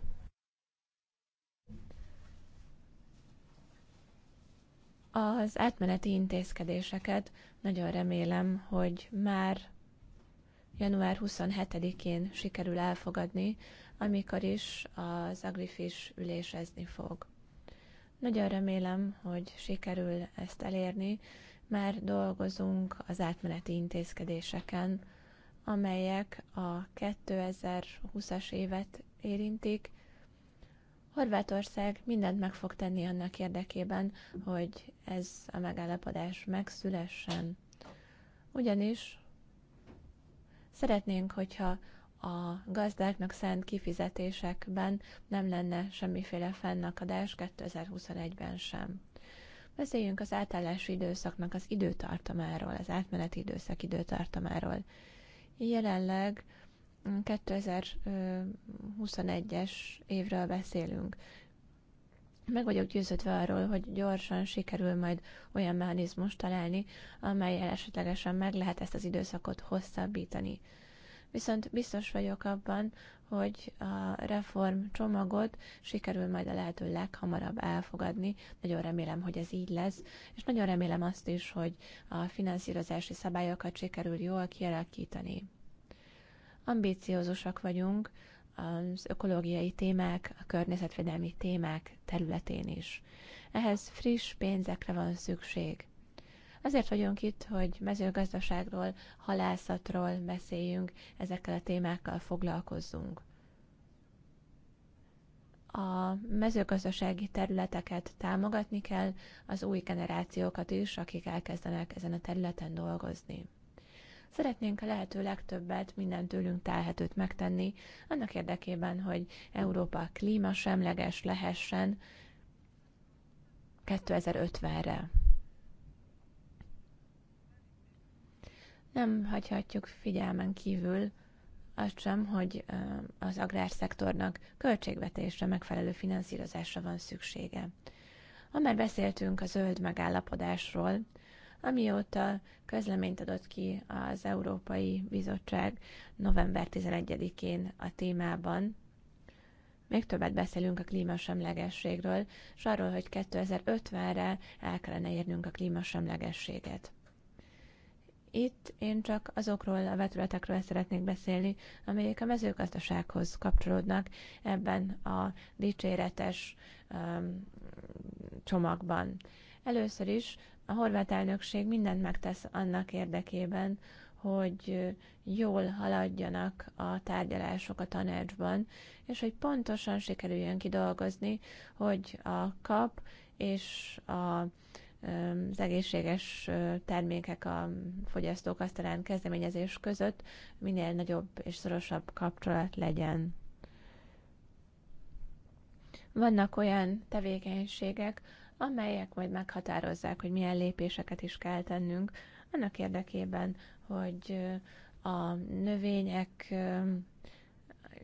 Az átmeneti intézkedéseket nagyon remélem, hogy már január 27-én sikerül elfogadni, amikor is az Agrifis ülésezni fog. Nagyon remélem, hogy sikerül ezt elérni, már dolgozunk az átmeneti intézkedéseken, amelyek a 2020-as évet érintik. Horvátország mindent meg fog tenni annak érdekében, hogy ez a megállapodás megszülessen. Ugyanis szeretnénk, hogyha a gazdáknak szánt kifizetésekben nem lenne semmiféle fennakadás 2021-ben sem. Beszéljünk az átállási időszaknak az időtartamáról, az átmeneti időszak időtartamáról. Jelenleg 2021-es évről beszélünk. Meg vagyok győződve arról, hogy gyorsan sikerül majd olyan mechanizmust találni, amelyel esetlegesen meg lehet ezt az időszakot hosszabbítani. Viszont biztos vagyok abban, hogy a reform csomagot sikerül majd a lehető leghamarabb elfogadni. Nagyon remélem, hogy ez így lesz, és nagyon remélem azt is, hogy a finanszírozási szabályokat sikerül jól kialakítani. Ambíciózusak vagyunk az ökológiai témák, a környezetvédelmi témák területén is. Ehhez friss pénzekre van szükség. Azért vagyunk itt, hogy mezőgazdaságról, halászatról beszéljünk, ezekkel a témákkal foglalkozzunk. A mezőgazdasági területeket támogatni kell, az új generációkat is, akik elkezdenek ezen a területen dolgozni. Szeretnénk a lehető legtöbbet, minden tőlünk telhetőt megtenni, annak érdekében, hogy Európa klímasemleges lehessen 2050-re. Nem hagyhatjuk figyelmen kívül azt sem, hogy az agrárszektornak költségvetésre megfelelő finanszírozásra van szüksége. Ha már beszéltünk a zöld megállapodásról, amióta közleményt adott ki az Európai Bizottság november 11-én a témában, még többet beszélünk a klímasemlegességről, és arról, hogy 2050-re el kellene érnünk a klímasemlegességet. Itt én csak azokról a vetületekről szeretnék beszélni, amelyek a mezőgazdasághoz kapcsolódnak ebben a dicséretes um, csomagban. Először is a horvát elnökség mindent megtesz annak érdekében, hogy jól haladjanak a tárgyalások a tanácsban, és hogy pontosan sikerüljön kidolgozni, hogy a kap és a az egészséges termékek a fogyasztók asztalán kezdeményezés között minél nagyobb és szorosabb kapcsolat legyen. Vannak olyan tevékenységek, amelyek majd meghatározzák, hogy milyen lépéseket is kell tennünk annak érdekében, hogy a növények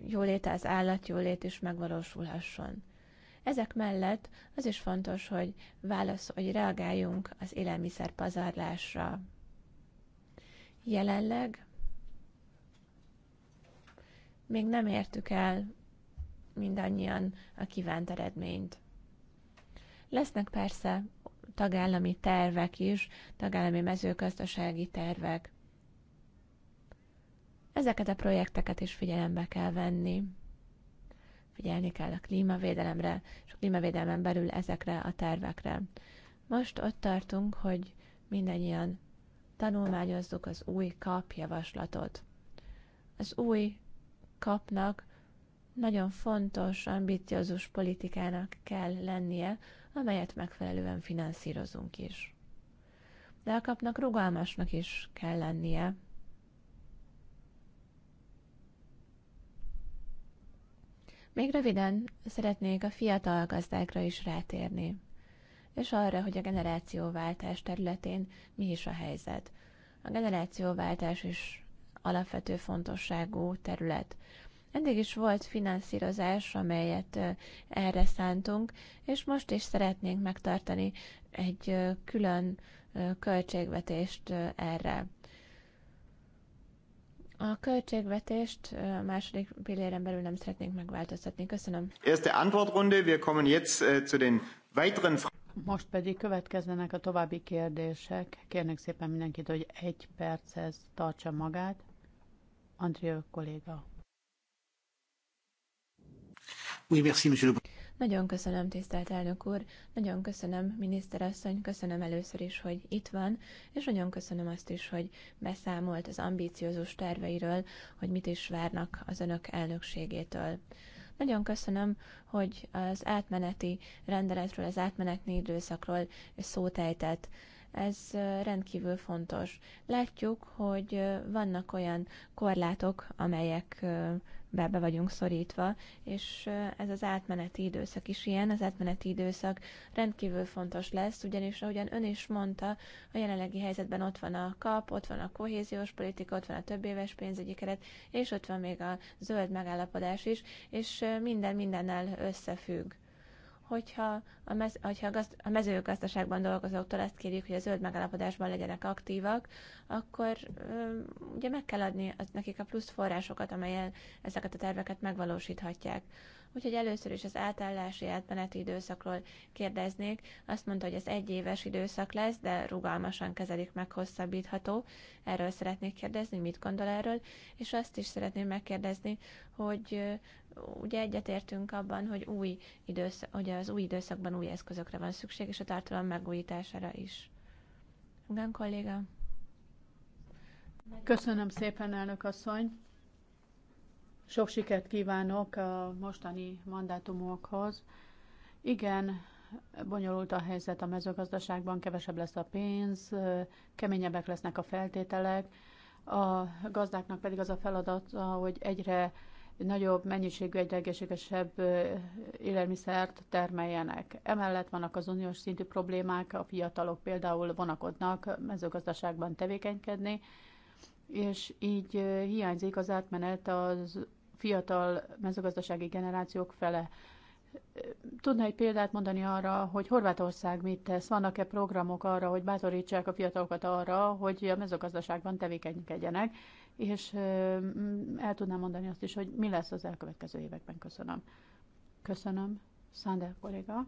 jólét, az állatjólét is megvalósulhasson. Ezek mellett az is fontos, hogy válasz, hogy reagáljunk az élelmiszer pazarlásra. Jelenleg még nem értük el mindannyian a kívánt eredményt. Lesznek persze tagállami tervek is, tagállami mezőgazdasági tervek. Ezeket a projekteket is figyelembe kell venni figyelni kell a klímavédelemre, és a klímavédelmen belül ezekre a tervekre. Most ott tartunk, hogy mindannyian tanulmányozzuk az új kap javaslatot. Az új kapnak nagyon fontos, ambiciózus politikának kell lennie, amelyet megfelelően finanszírozunk is. De a kapnak rugalmasnak is kell lennie, Még röviden szeretnék a fiatal gazdákra is rátérni, és arra, hogy a generációváltás területén mi is a helyzet. A generációváltás is alapvető fontosságú terület. Eddig is volt finanszírozás, amelyet erre szántunk, és most is szeretnénk megtartani egy külön költségvetést erre. A költségvetést a második pilléren belül nem szeretnénk megváltoztatni. Köszönöm. Erste Antwortrunde, wir kommen jetzt äh, zu den weiteren most pedig következzenek a további kérdések. Kérnek szépen mindenkit, hogy egy perchez tartsa magát. Andrea kolléga. Oui, merci, monsieur le... Nagyon köszönöm, tisztelt elnök úr, nagyon köszönöm, miniszterasszony, köszönöm először is, hogy itt van, és nagyon köszönöm azt is, hogy beszámolt az ambíciózus terveiről, hogy mit is várnak az önök elnökségétől. Nagyon köszönöm, hogy az átmeneti rendeletről, az átmeneti időszakról szót ejtett ez rendkívül fontos. Látjuk, hogy vannak olyan korlátok, amelyek be, be vagyunk szorítva, és ez az átmeneti időszak is ilyen. Az átmeneti időszak rendkívül fontos lesz, ugyanis ahogyan ön is mondta, a jelenlegi helyzetben ott van a kap, ott van a kohéziós politika, ott van a többéves pénzügyi keret, és ott van még a zöld megállapodás is, és minden mindennel összefügg hogyha a, mez, hogyha a, gazd, a mezőgazdaságban dolgozóktól ezt kérjük, hogy a zöld megállapodásban legyenek aktívak, akkor ö, ugye meg kell adni az, nekik a plusz forrásokat, amelyen ezeket a terveket megvalósíthatják. Úgyhogy először is az átállási átmeneti időszakról kérdeznék. Azt mondta, hogy ez egy éves időszak lesz, de rugalmasan kezelik meg, hosszabbítható. Erről szeretnék kérdezni, mit gondol erről, és azt is szeretném megkérdezni, hogy ugye egyetértünk abban, hogy, új időszak, hogy az új időszakban új eszközökre van szükség, és a tartalom megújítására is. Igen, kolléga? Köszönöm szépen, elnök asszony. Sok sikert kívánok a mostani mandátumokhoz. Igen, bonyolult a helyzet a mezőgazdaságban, kevesebb lesz a pénz, keményebbek lesznek a feltételek, a gazdáknak pedig az a feladat, hogy egyre nagyobb mennyiségű, egyre egészségesebb élelmiszert termeljenek. Emellett vannak az uniós szintű problémák, a fiatalok például vonakodnak mezőgazdaságban tevékenykedni, és így hiányzik az átmenet az fiatal mezőgazdasági generációk fele. Tudna egy példát mondani arra, hogy Horvátország mit tesz? Vannak-e programok arra, hogy bátorítsák a fiatalokat arra, hogy a mezőgazdaságban tevékenykedjenek? És el tudnám mondani azt is, hogy mi lesz az elkövetkező években. Köszönöm. Köszönöm. Sander kolléga.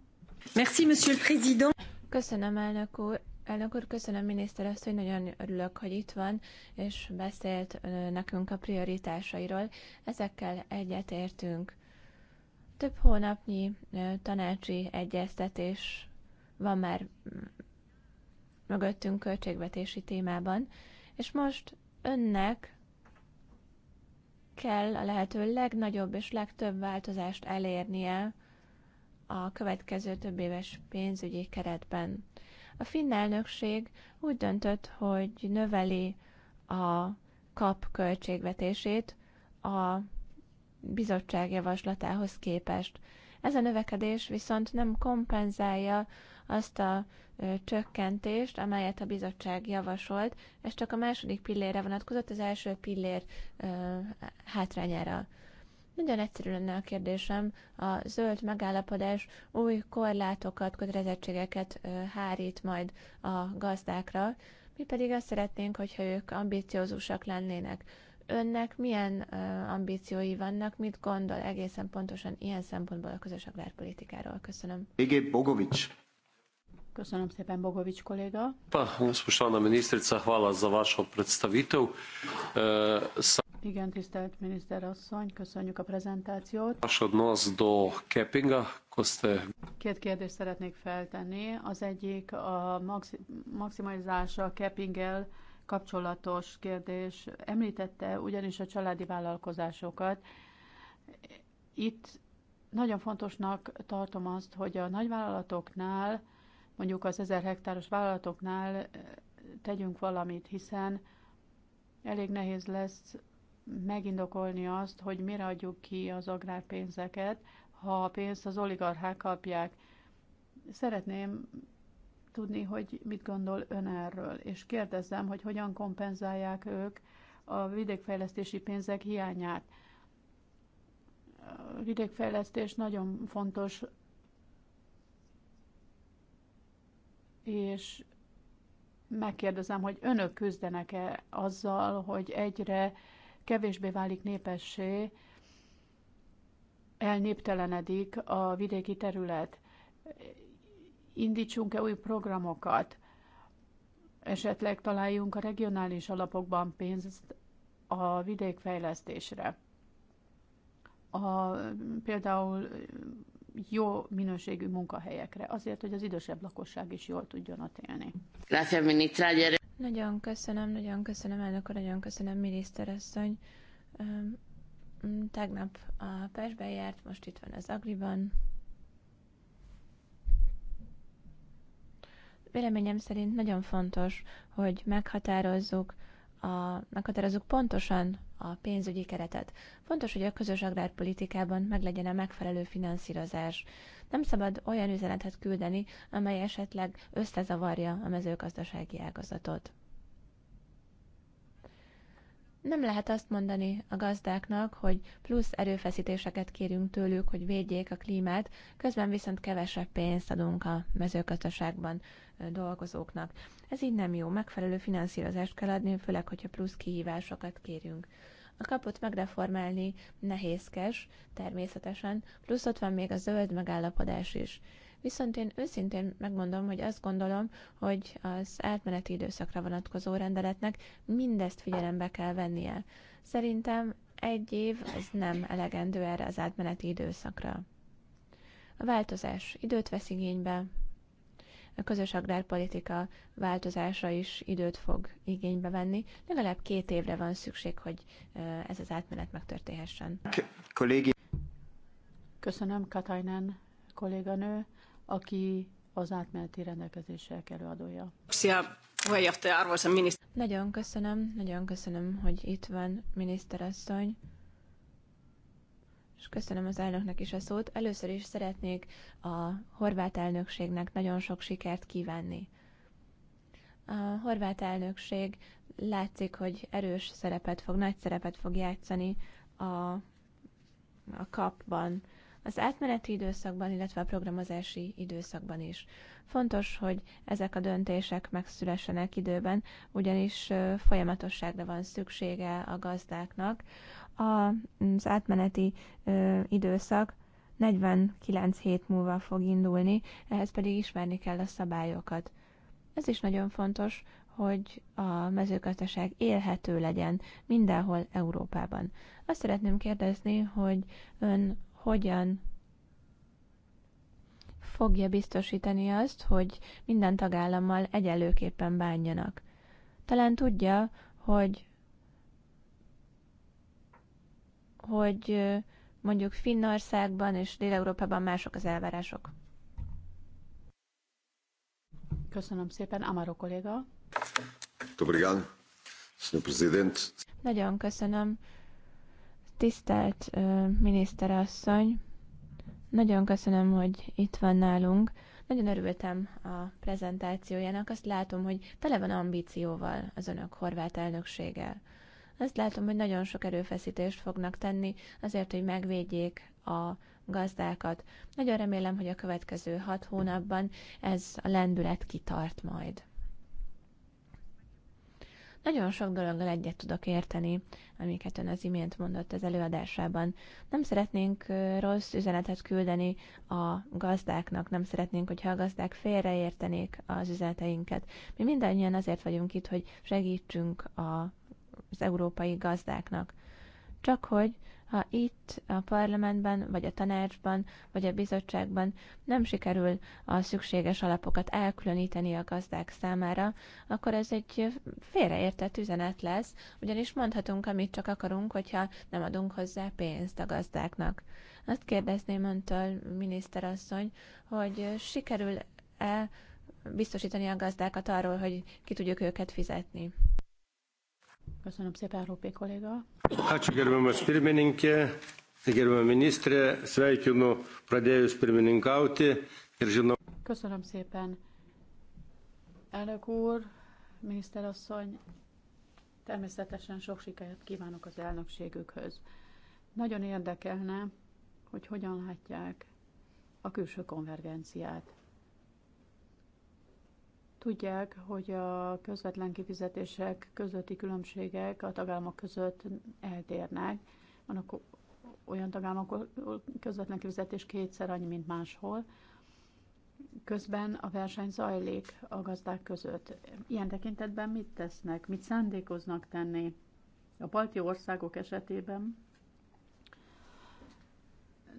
Merci, monsieur le président. Köszönöm, elnök úr. Elnök úr, köszönöm miniszter azt, hogy nagyon örülök, hogy itt van, és beszélt nekünk a prioritásairól. Ezekkel egyetértünk. Több hónapnyi tanácsi egyeztetés van már mm, mögöttünk költségvetési témában, és most önnek kell a lehető legnagyobb és legtöbb változást elérnie a következő több éves pénzügyi keretben. A finn elnökség úgy döntött, hogy növeli a kap költségvetését a bizottság javaslatához képest. Ez a növekedés viszont nem kompenzálja azt a ö, csökkentést, amelyet a bizottság javasolt, ez csak a második pillére vonatkozott, az első pillér ö, hátrányára. Nagyon egyszerű lenne a kérdésem, a zöld megállapodás új korlátokat, kötelezettségeket hárít majd a gazdákra, mi pedig azt szeretnénk, hogyha ők ambiciózusak lennének. Önnek milyen ambíciói vannak, mit gondol egészen pontosan ilyen szempontból a közös agrárpolitikáról? Köszönöm. Igé Bogovics. Köszönöm szépen, Bogovics kolléga. Pa, a ministrica, hvala za vašo predstavitev. Igen, tisztelt asszony, köszönjük a prezentációt. Két kérdést szeretnék feltenni. Az egyik a maximalizása a cappinggel kapcsolatos kérdés. Említette ugyanis a családi vállalkozásokat. Itt nagyon fontosnak tartom azt, hogy a nagyvállalatoknál, mondjuk az 1000 hektáros vállalatoknál eh, tegyünk valamit, hiszen elég nehéz lesz megindokolni azt, hogy mire adjuk ki az agrárpénzeket, ha a pénzt az oligarchák kapják. Szeretném tudni, hogy mit gondol ön erről, és kérdezzem, hogy hogyan kompenzálják ők a vidékfejlesztési pénzek hiányát. A vidékfejlesztés nagyon fontos, és megkérdezem, hogy önök küzdenek-e azzal, hogy egyre kevésbé válik népessé, elnéptelenedik a vidéki terület. Indítsunk-e új programokat? Esetleg találjunk a regionális alapokban pénzt a vidékfejlesztésre. A, például jó minőségű munkahelyekre, azért, hogy az idősebb lakosság is jól tudjon ott élni. Nagyon köszönöm, nagyon köszönöm, elnök úr, nagyon köszönöm, miniszterasszony. Tegnap a Pestbe járt, most itt van az Agriban. Véleményem szerint nagyon fontos, hogy meghatározzuk, a, meghatározzuk pontosan a pénzügyi keretet. Fontos, hogy a közös agrárpolitikában meglegyen a megfelelő finanszírozás. Nem szabad olyan üzenetet küldeni, amely esetleg összezavarja a mezőgazdasági ágazatot. Nem lehet azt mondani a gazdáknak, hogy plusz erőfeszítéseket kérünk tőlük, hogy védjék a klímát, közben viszont kevesebb pénzt adunk a mezőgazdaságban dolgozóknak. Ez így nem jó, megfelelő finanszírozást kell adni, főleg, hogyha plusz kihívásokat kérünk. A kapot megreformálni nehézkes, természetesen, plusz ott van még a zöld megállapodás is. Viszont én őszintén megmondom, hogy azt gondolom, hogy az átmeneti időszakra vonatkozó rendeletnek mindezt figyelembe kell vennie. Szerintem egy év az nem elegendő erre az átmeneti időszakra. A változás időt vesz igénybe, a közös agrárpolitika változása is időt fog igénybe venni. Legalább két évre van szükség, hogy ez az átmenet megtörténhessen. Kollégi. Köszönöm, Katajnán kolléganő aki az átmeneti rendelkezések előadója. Nagyon köszönöm, nagyon köszönöm, hogy itt van miniszterasszony és köszönöm az elnöknek is a szót. Először is szeretnék a horvát elnökségnek nagyon sok sikert kívánni. A horvát elnökség látszik, hogy erős szerepet fog, nagy szerepet fog játszani a, a kapban az átmeneti időszakban, illetve a programozási időszakban is. Fontos, hogy ezek a döntések megszülessenek időben, ugyanis folyamatosságra van szüksége a gazdáknak. Az átmeneti időszak 49 hét múlva fog indulni, ehhez pedig ismerni kell a szabályokat. Ez is nagyon fontos, hogy a mezőgazdaság élhető legyen mindenhol Európában. Azt szeretném kérdezni, hogy ön hogyan fogja biztosítani azt, hogy minden tagállammal egyelőképpen bánjanak. Talán tudja, hogy hogy mondjuk Finnországban és Dél-Európában mások az elvárások. Köszönöm szépen, Amaro kolléga. Nagyon köszönöm, Tisztelt miniszterasszony, nagyon köszönöm, hogy itt van nálunk. Nagyon örültem a prezentációjának. Azt látom, hogy tele van ambícióval az önök horvát elnökséggel. Azt látom, hogy nagyon sok erőfeszítést fognak tenni azért, hogy megvédjék a gazdákat. Nagyon remélem, hogy a következő hat hónapban ez a lendület kitart majd. Nagyon sok dologgal egyet tudok érteni, amiket ön az imént mondott az előadásában. Nem szeretnénk rossz üzenetet küldeni a gazdáknak, nem szeretnénk, hogyha a gazdák félreértenék az üzeneteinket. Mi mindannyian azért vagyunk itt, hogy segítsünk a, az európai gazdáknak. Csak hogy ha itt a parlamentben, vagy a tanácsban, vagy a bizottságban nem sikerül a szükséges alapokat elkülöníteni a gazdák számára, akkor ez egy félreértett üzenet lesz, ugyanis mondhatunk, amit csak akarunk, hogyha nem adunk hozzá pénzt a gazdáknak. Azt kérdezném öntől, miniszterasszony, hogy sikerül-e biztosítani a gazdákat arról, hogy ki tudjuk őket fizetni? Köszönöm szépen, Rópi kolléga. Ačiū gerbiamas pirmininkė, a ministrė, sveikinu pradėjus pirmininkauti ir žinau. Köszönöm szépen, elnök úr, miniszterasszony, természetesen sok sikert kívánok az elnökségükhöz. Nagyon érdekelne, hogy hogyan látják a külső konvergenciát. Tudják, hogy a közvetlen kifizetések közötti különbségek a tagállamok között eltérnek. Vannak olyan tagállamok, közvetlen kifizetés kétszer annyi, mint máshol. Közben a verseny zajlik a gazdák között. Ilyen tekintetben mit tesznek, mit szándékoznak tenni? A balti országok esetében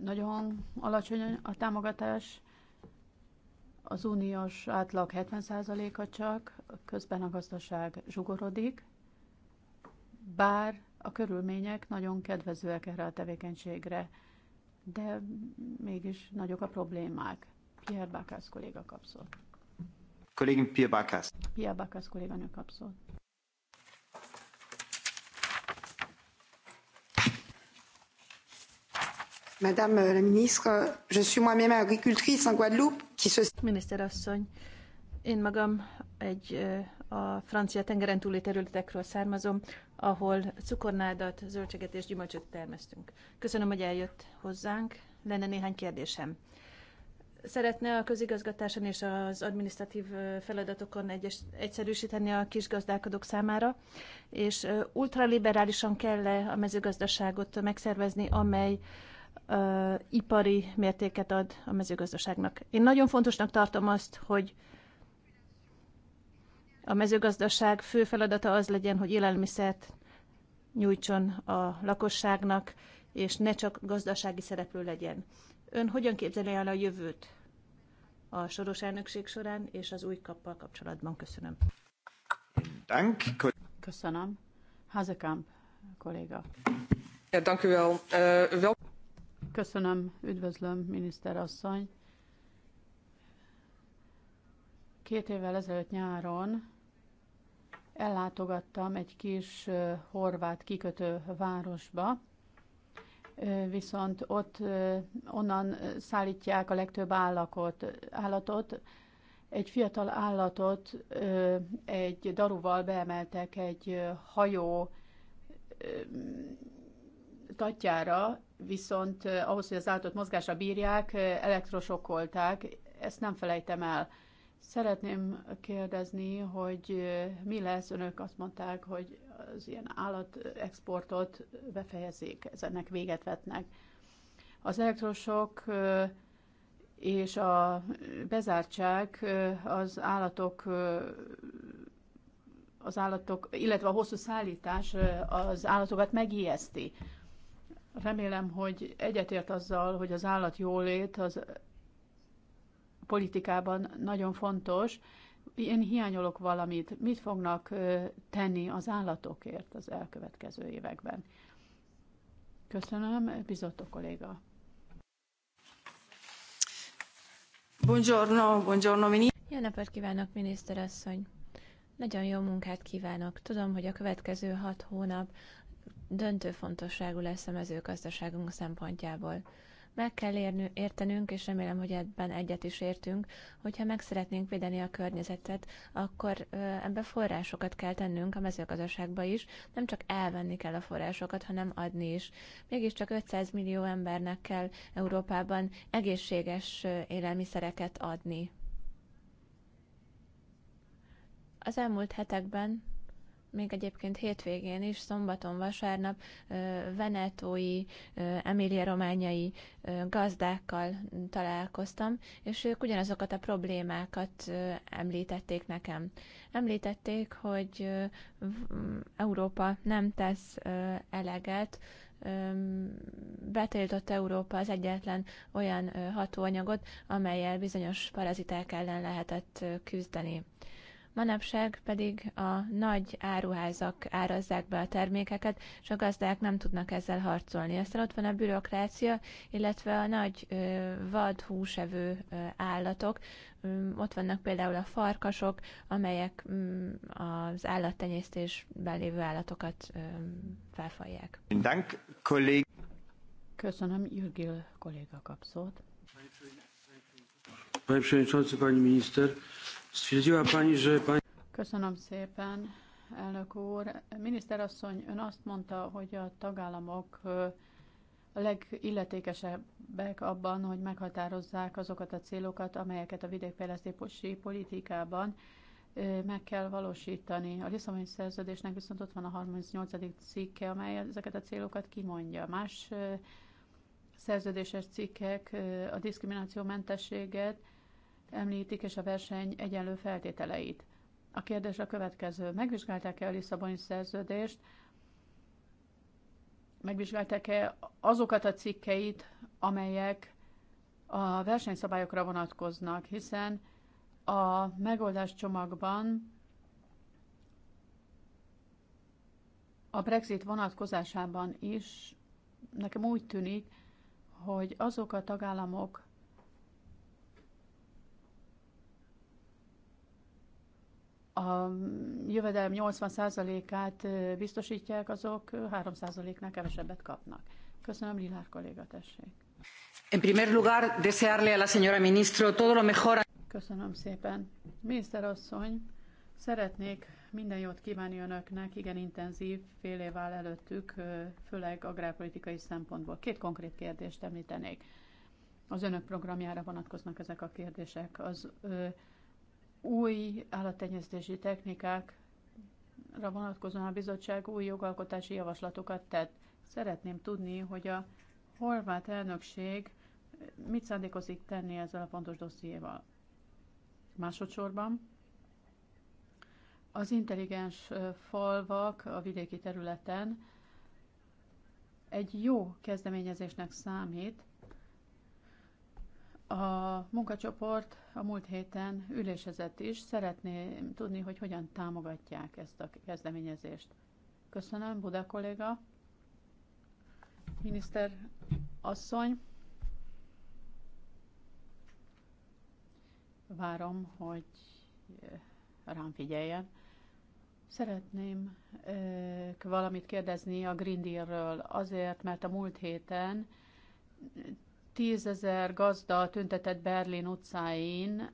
nagyon alacsony a támogatás, az uniós átlag 70%-a csak, közben a gazdaság zsugorodik, bár a körülmények nagyon kedvezőek erre a tevékenységre, de mégis nagyok a problémák. Pierre Bakász kolléga kapszol. Kollégin Pierre Bakász. Pierre Bakász kolléganő kapszol. Madame la ministre, je suis moi-même agricultrice en Guadeloupe Miniszterasszony, én magam egy a francia tengeren túli területekről származom, ahol cukornádat, zöldséget és gyümölcsöt termesztünk. Köszönöm, hogy eljött hozzánk. Lenne néhány kérdésem. Szeretne a közigazgatáson és az administratív feladatokon egyes, egyszerűsíteni a kisgazdálkodók számára, és ultraliberálisan kell -e a mezőgazdaságot megszervezni, amely uh, uh, ipari mértéket ad a mezőgazdaságnak. Én nagyon fontosnak tartom azt, hogy a mezőgazdaság fő feladata az legyen, hogy élelmiszert nyújtson a lakosságnak, és ne csak gazdasági szereplő legyen. Ön hogyan képzeli el a jövőt a soros elnökség során és az új kappal kapcsolatban? Köszönöm. Köszönöm. Hazekamp kolléga. Ja, dank u wel. Uh, wel... Köszönöm, üdvözlöm, miniszterasszony. Két évvel ezelőtt nyáron ellátogattam egy kis horvát kikötő városba, viszont ott onnan szállítják a legtöbb állakot, állatot. Egy fiatal állatot egy daruval beemeltek egy hajó tatjára, viszont eh, ahhoz, hogy az állatot mozgásra bírják, eh, elektrosokkolták, ezt nem felejtem el. Szeretném kérdezni, hogy eh, mi lesz, önök azt mondták, hogy az ilyen állatexportot befejezik, ennek véget vetnek. Az elektrosok és a bezártság az állatok az állatok, illetve a hosszú szállítás az állatokat megijeszti. Remélem, hogy egyetért azzal, hogy az állat jólét az politikában nagyon fontos. Én hiányolok valamit. Mit fognak tenni az állatokért az elkövetkező években? Köszönöm, bizotto kolléga. Buongiorno, buongiorno, miniszter. Jó napot kívánok, miniszterasszony! Nagyon jó munkát kívánok. Tudom, hogy a következő hat hónap döntő fontosságú lesz a mezőgazdaságunk szempontjából. Meg kell érnő, értenünk, és remélem, hogy ebben egyet is értünk, hogyha meg szeretnénk védeni a környezetet, akkor ebbe forrásokat kell tennünk a mezőgazdaságba is, nem csak elvenni kell a forrásokat, hanem adni is. Mégiscsak 500 millió embernek kell Európában egészséges élelmiszereket adni. Az elmúlt hetekben még egyébként hétvégén is, szombaton, vasárnap venetói, emilia rományai gazdákkal találkoztam, és ők ugyanazokat a problémákat említették nekem. Említették, hogy Európa nem tesz eleget, betiltott Európa az egyetlen olyan hatóanyagot, amelyel bizonyos paraziták ellen lehetett küzdeni manapság pedig a nagy áruházak árazzák be a termékeket, és a gazdák nem tudnak ezzel harcolni. Aztán ott van a bürokrácia, illetve a nagy vad húsevő állatok. Mm, ott vannak például a farkasok, amelyek mm, az állattenyésztésben lévő állatokat felfalják. Köszönöm, Jürgil kolléga kapszót. Panie Przewodniczący, Pani Minister, Köszönöm szépen, elnök úr. Miniszterasszony, ön azt mondta, hogy a tagállamok a legilletékesebbek abban, hogy meghatározzák azokat a célokat, amelyeket a vidékfejlesztési politikában meg kell valósítani. A Lisszaboni szerződésnek viszont ott van a 38. cikke, amely ezeket a célokat kimondja. Más szerződéses cikkek a diszkrimináció mentességet említik, és a verseny egyenlő feltételeit. A kérdés a következő. Megvizsgálták-e a Lisszaboni szerződést? Megvizsgálták-e azokat a cikkeit, amelyek a versenyszabályokra vonatkoznak, hiszen a megoldás csomagban a Brexit vonatkozásában is nekem úgy tűnik, hogy azok a tagállamok, a jövedelem 80%-át biztosítják, azok 3%-nál kevesebbet kapnak. Köszönöm, Lilár kolléga, tessék. En primer lugar, desearle a la señora ministro todo lo mejor. Köszönöm szépen. Miniszter asszony, szeretnék minden jót kívánni önöknek, igen intenzív fél év áll előttük, főleg agrárpolitikai szempontból. Két konkrét kérdést említenék. Az önök programjára vonatkoznak ezek a kérdések. Az új állattenyésztési technikákra vonatkozóan a bizottság új jogalkotási javaslatokat tett. Szeretném tudni, hogy a horvát elnökség mit szándékozik tenni ezzel a fontos dossziéval. Másodszorban az intelligens falvak a vidéki területen egy jó kezdeményezésnek számít, a munkacsoport a múlt héten ülésezett is. Szeretné tudni, hogy hogyan támogatják ezt a kezdeményezést. Köszönöm, Buda kolléga. Miniszter asszony. Várom, hogy eh, rám figyeljen. Szeretném eh, valamit kérdezni a Green Deal-ről, azért, mert a múlt héten Tízezer gazda tüntetett Berlin utcáin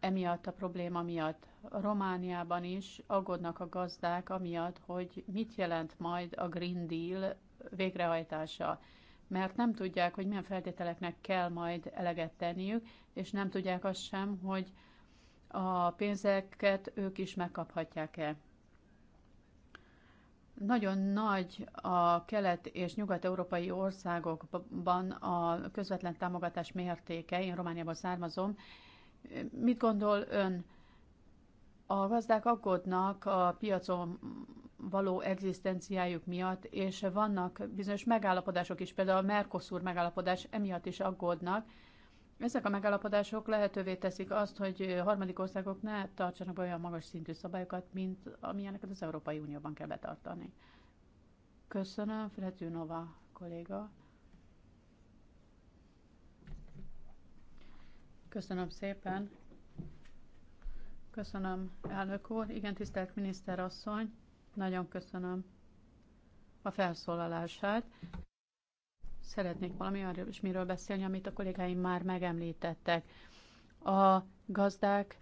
emiatt a probléma miatt. Romániában is aggódnak a gazdák amiatt, hogy mit jelent majd a Green Deal végrehajtása, mert nem tudják, hogy milyen feltételeknek kell majd eleget tenniük, és nem tudják azt sem, hogy a pénzeket ők is megkaphatják-e. Nagyon nagy a kelet- és nyugat-európai országokban a közvetlen támogatás mértéke, én Romániából származom. Mit gondol ön? A gazdák aggódnak a piacon való egzisztenciájuk miatt, és vannak bizonyos megállapodások is, például a Mercosur megállapodás emiatt is aggódnak, ezek a megállapodások lehetővé teszik azt, hogy harmadik országok ne tartsanak be olyan magas szintű szabályokat, mint amilyeneket az Európai Unióban kell betartani. Köszönöm, Fredő Nova kolléga. Köszönöm szépen. Köszönöm, elnök úr. Igen, tisztelt miniszterasszony, nagyon köszönöm a felszólalását szeretnék valami miről beszélni, amit a kollégáim már megemlítettek. A gazdák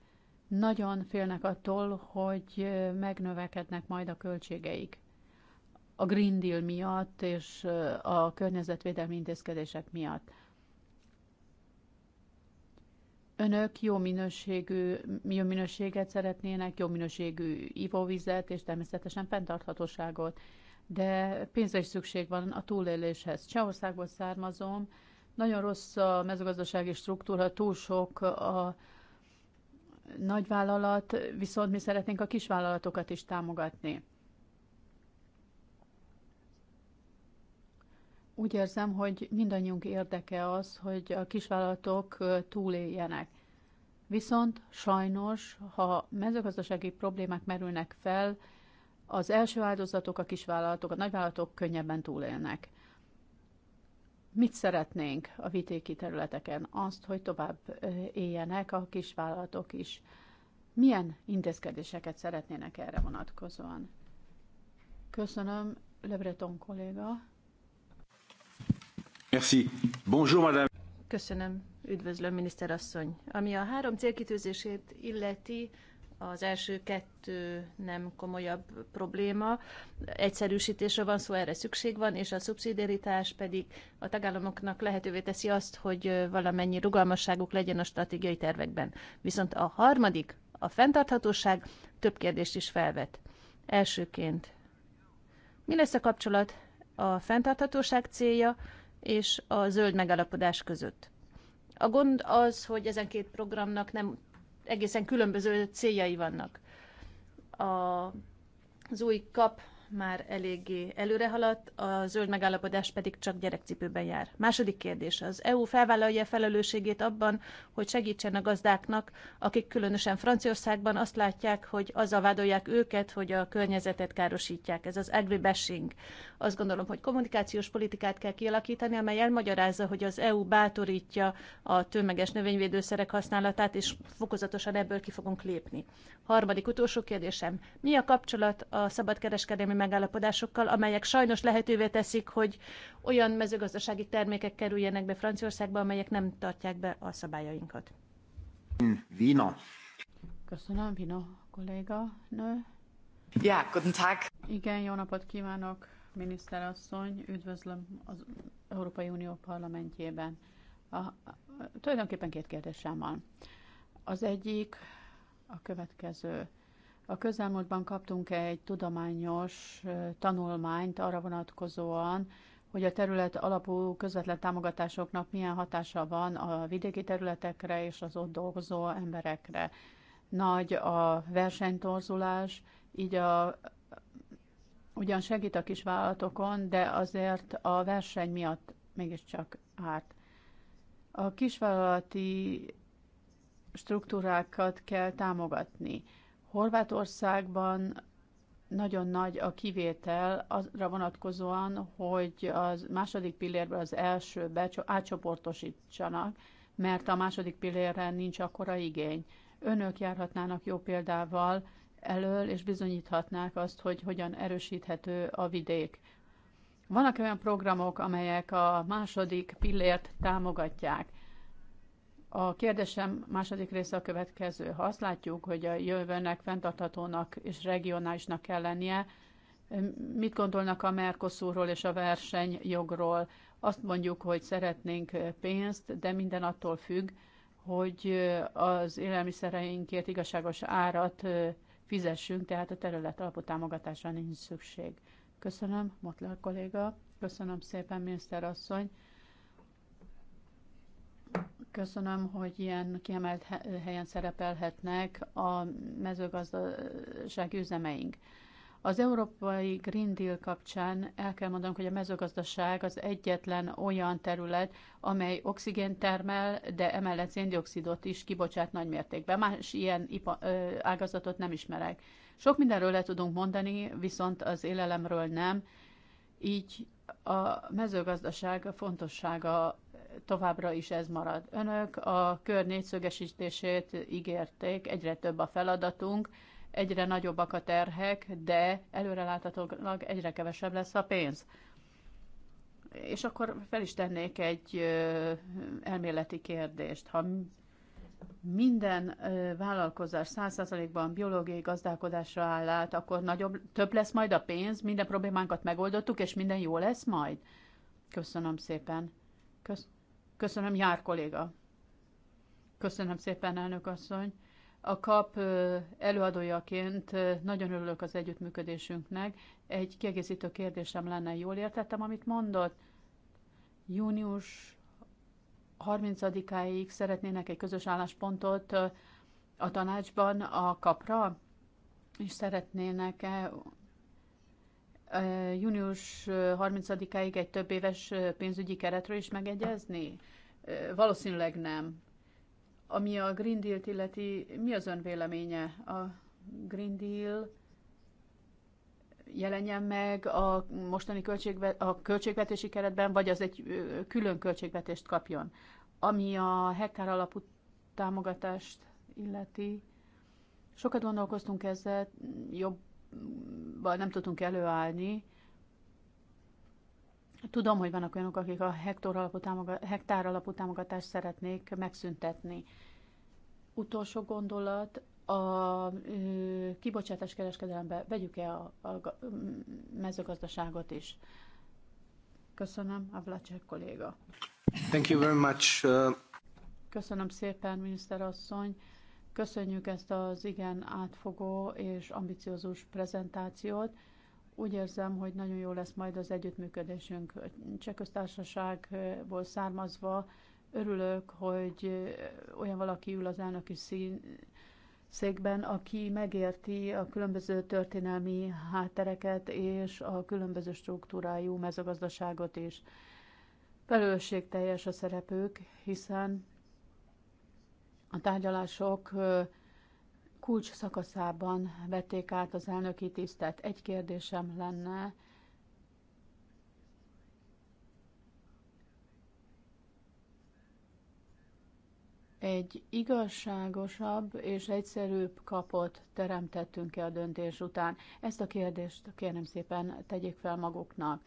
nagyon félnek attól, hogy megnövekednek majd a költségeik a Green Deal miatt és a környezetvédelmi intézkedések miatt. Önök jó minőségű, jó minőséget szeretnének, jó minőségű ivóvizet és természetesen fenntarthatóságot de pénzre is szükség van a túléléshez. Csehországból származom, nagyon rossz a mezőgazdasági struktúra, túl sok a nagyvállalat, viszont mi szeretnénk a kisvállalatokat is támogatni. Úgy érzem, hogy mindannyiunk érdeke az, hogy a kisvállalatok túléljenek. Viszont sajnos, ha mezőgazdasági problémák merülnek fel, az első áldozatok, a kisvállalatok, a nagyvállalatok könnyebben túlélnek. Mit szeretnénk a vitéki területeken? Azt, hogy tovább éljenek a kisvállalatok is. Milyen intézkedéseket szeretnének erre vonatkozóan? Köszönöm, Le Breton kolléga. Merci. Bonjour, madame. Köszönöm, üdvözlöm, miniszterasszony. Ami a három célkitűzését illeti, az első kettő nem komolyabb probléma. Egyszerűsítésre van szó, erre szükség van, és a szubszidiaritás pedig a tagállamoknak lehetővé teszi azt, hogy valamennyi rugalmasságuk legyen a stratégiai tervekben. Viszont a harmadik, a fenntarthatóság több kérdést is felvet. Elsőként, mi lesz a kapcsolat a fenntarthatóság célja és a zöld megállapodás között? A gond az, hogy ezen két programnak nem egészen különböző céljai vannak. A, az új kap már eléggé előre haladt, a zöld megállapodás pedig csak gyerekcipőben jár. Második kérdés, az EU felvállalja felelősségét abban, hogy segítsen a gazdáknak, akik különösen Franciaországban azt látják, hogy azzal vádolják őket, hogy a környezetet károsítják. Ez az agribashing. Azt gondolom, hogy kommunikációs politikát kell kialakítani, amely elmagyarázza, hogy az EU bátorítja a tömeges növényvédőszerek használatát, és fokozatosan ebből ki fogunk lépni. Harmadik utolsó kérdésem. Mi a kapcsolat a szabadkereskedelmi megállapodásokkal, amelyek sajnos lehetővé teszik, hogy olyan mezőgazdasági termékek kerüljenek be Franciaországba, amelyek nem tartják be a szabályainkat. Vina. Köszönöm, Vina kolléga nő. Ja, guten Tag. Igen, jó napot kívánok, miniszterasszony. Üdvözlöm az Európai Unió parlamentjében. A, a, tulajdonképpen két kérdésem van. Az egyik a következő. A közelmúltban kaptunk egy tudományos tanulmányt arra vonatkozóan, hogy a terület alapú közvetlen támogatásoknak milyen hatása van a vidéki területekre és az ott dolgozó emberekre. Nagy a versenytorzulás, így a, ugyan segít a kis vállalatokon, de azért a verseny miatt mégiscsak árt. A kisvállalati struktúrákat kell támogatni Horvátországban nagyon nagy a kivétel azra vonatkozóan, hogy az második pillérből az elsőbe átcsoportosítsanak, mert a második pillérre nincs akkora igény. Önök járhatnának jó példával elől, és bizonyíthatnák azt, hogy hogyan erősíthető a vidék. Vannak olyan programok, amelyek a második pillért támogatják. A kérdésem második része a következő. Ha azt látjuk, hogy a jövőnek fenntarthatónak és regionálisnak kell lennie, mit gondolnak a Mercosurról és a versenyjogról? Azt mondjuk, hogy szeretnénk pénzt, de minden attól függ, hogy az élelmiszereinkért igazságos árat fizessünk, tehát a terület alapú támogatásra nincs szükség. Köszönöm, Motler kolléga, köszönöm szépen, miniszter asszony. Köszönöm, hogy ilyen kiemelt helyen szerepelhetnek a mezőgazdaság üzemeink. Az Európai Green Deal kapcsán el kell mondanom, hogy a mezőgazdaság az egyetlen olyan terület, amely oxigént termel, de emellett széndiokszidot is kibocsát nagymértékben. Más ilyen ipa, ö, ágazatot nem ismerek. Sok mindenről le tudunk mondani, viszont az élelemről nem. Így a mezőgazdaság fontossága továbbra is ez marad. Önök a kör négyszögesítését ígérték, egyre több a feladatunk, egyre nagyobbak a terhek, de előreláthatólag egyre kevesebb lesz a pénz. És akkor fel is tennék egy elméleti kérdést. Ha minden vállalkozás 100%-ban biológiai gazdálkodásra áll át, akkor nagyobb, több lesz majd a pénz, minden problémánkat megoldottuk, és minden jó lesz majd? Köszönöm szépen. Kösz... Köszönöm, Jár kolléga. Köszönöm szépen, elnök asszony. A KAP előadójaként nagyon örülök az együttműködésünknek. Egy kiegészítő kérdésem lenne, jól értettem, amit mondott? Június 30-áig szeretnének egy közös álláspontot a tanácsban a kapra, és szeretnének -e június 30-áig egy több éves pénzügyi keretről is megegyezni? Valószínűleg nem. Ami a Green deal illeti, mi az ön véleménye? A Green Deal jelenjen meg a mostani költségvet, a költségvetési keretben, vagy az egy külön költségvetést kapjon. Ami a hektár alapú támogatást illeti, sokat gondolkoztunk ezzel, jobb nem tudtunk előállni. Tudom, hogy vannak olyanok, akik a hektár alapú, támogat, hektár alapú támogatást szeretnék megszüntetni. Utolsó gondolat, a ö, kibocsátás kereskedelembe vegyük-e a, a, a mm, mezőgazdaságot is? Köszönöm, Avlacsek kolléga. Thank you very much. Uh, Köszönöm szépen, miniszter asszony. Köszönjük ezt az igen átfogó és ambiciózus prezentációt. Úgy érzem, hogy nagyon jó lesz majd az együttműködésünk. Csehköztársaságból származva örülök, hogy olyan valaki ül az elnöki szín, székben, aki megérti a különböző történelmi háttereket és a különböző struktúrájú mezőgazdaságot is. Felelősségteljes a szerepük, hiszen a tárgyalások kulcs szakaszában vették át az elnöki tisztet. Egy kérdésem lenne, egy igazságosabb és egyszerűbb kapot teremtettünk-e a döntés után? Ezt a kérdést kérem szépen tegyék fel maguknak.